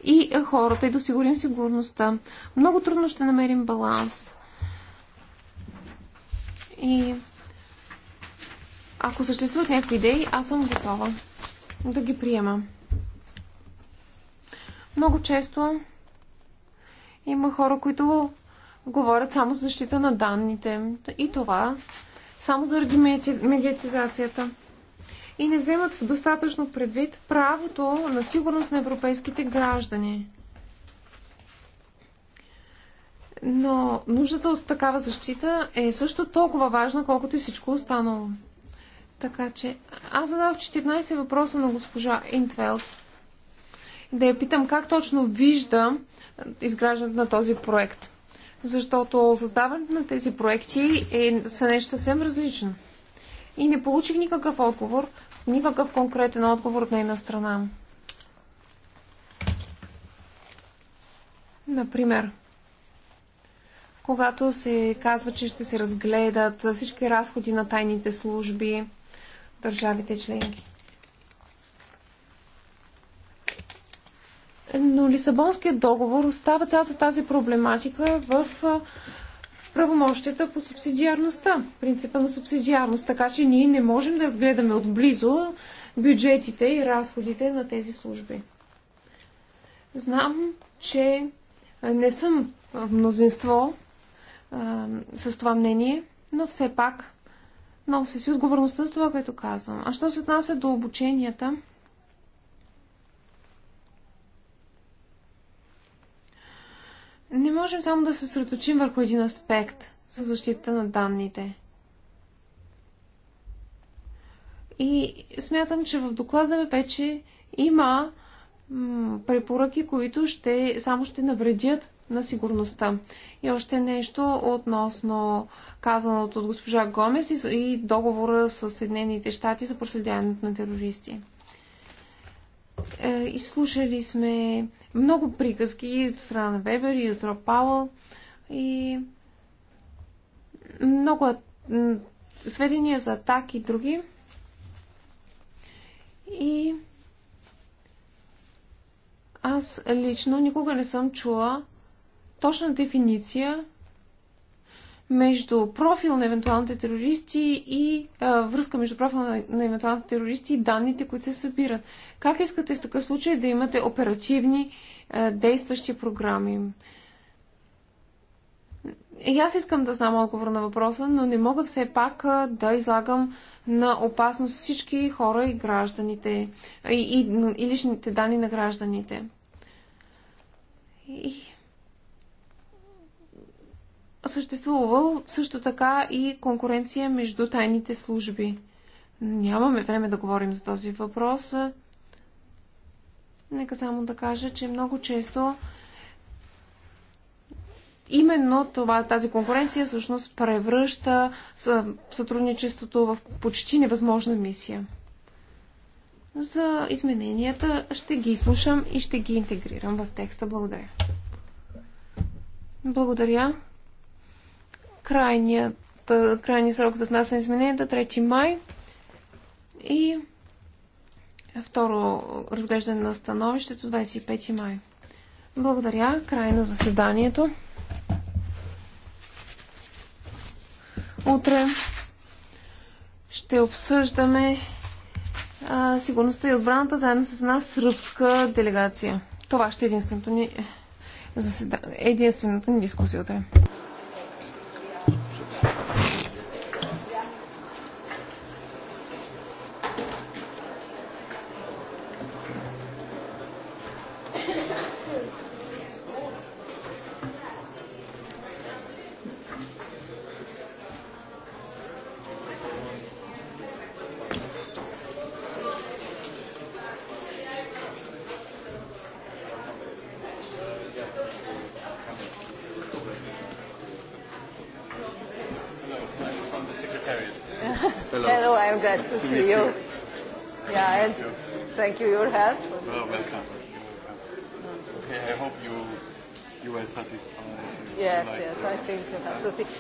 и хората и да осигурим сигурността. Много трудно ще намерим баланс. И ако съществуват някакви идеи, аз съм готова да ги приема. Много често има хора, които говорят само за защита на данните. И това само заради медиатизацията. И не вземат в достатъчно предвид правото на сигурност на европейските граждани. Но нуждата от такава защита е също толкова важна, колкото и всичко останало. Така че, аз зададох 14 въпроса на госпожа Интвелд. Да я питам как точно вижда изграждането на този проект. Защото създаването на тези проекти е, са нещо съвсем различно. И не получих никакъв отговор, никакъв конкретен отговор от нейна страна. Например, когато се казва, че ще се разгледат всички разходи на тайните служби държавите членки. Но Лисабонският договор остава цялата тази проблематика в правомощията по субсидиарността, принципа на субсидиарност, така че ние не можем да разгледаме отблизо бюджетите и разходите на тези служби. Знам, че не съм в мнозинство, а, с това мнение, но все пак нося си отговорността за това, което казвам. А що се отнася до обученията, не можем само да се средоточим върху един аспект за защита на данните. И смятам, че в доклада вече има препоръки, които ще, само ще навредят на сигурността. И още нещо относно казаното от госпожа Гомес и договора с Съединените щати за проследяването на терористи. Е, изслушали сме много приказки и от страна на Вебер и от Роб Пауъл и много сведения за атаки и други. И аз лично никога не съм чула точна дефиниция между профил на евентуалните терористи и а, връзка между профила на, на евентуалните терористи и данните, които се събират. Как искате в такъв случай да имате оперативни а, действащи програми? И аз искам да знам отговор на въпроса, но не мога все пак а, да излагам на опасност всички хора и гражданите и, и, и личните данни на гражданите. И съществувал също така и конкуренция между тайните служби. Нямаме време да говорим за този въпрос. Нека само да кажа, че много често именно това, тази конкуренция всъщност превръща сътрудничеството в почти невъзможна мисия. За измененията ще ги слушам и ще ги интегрирам в текста. Благодаря. Благодаря крайният, крайният срок за внасяне на измененията 3 е май и второ разглеждане на становището 25 май. Благодаря. Край на заседанието. Утре ще обсъждаме а, сигурността и отбраната заедно с една сръбска делегация. Това ще е единственото ни заседание, единствената ни дискусия утре.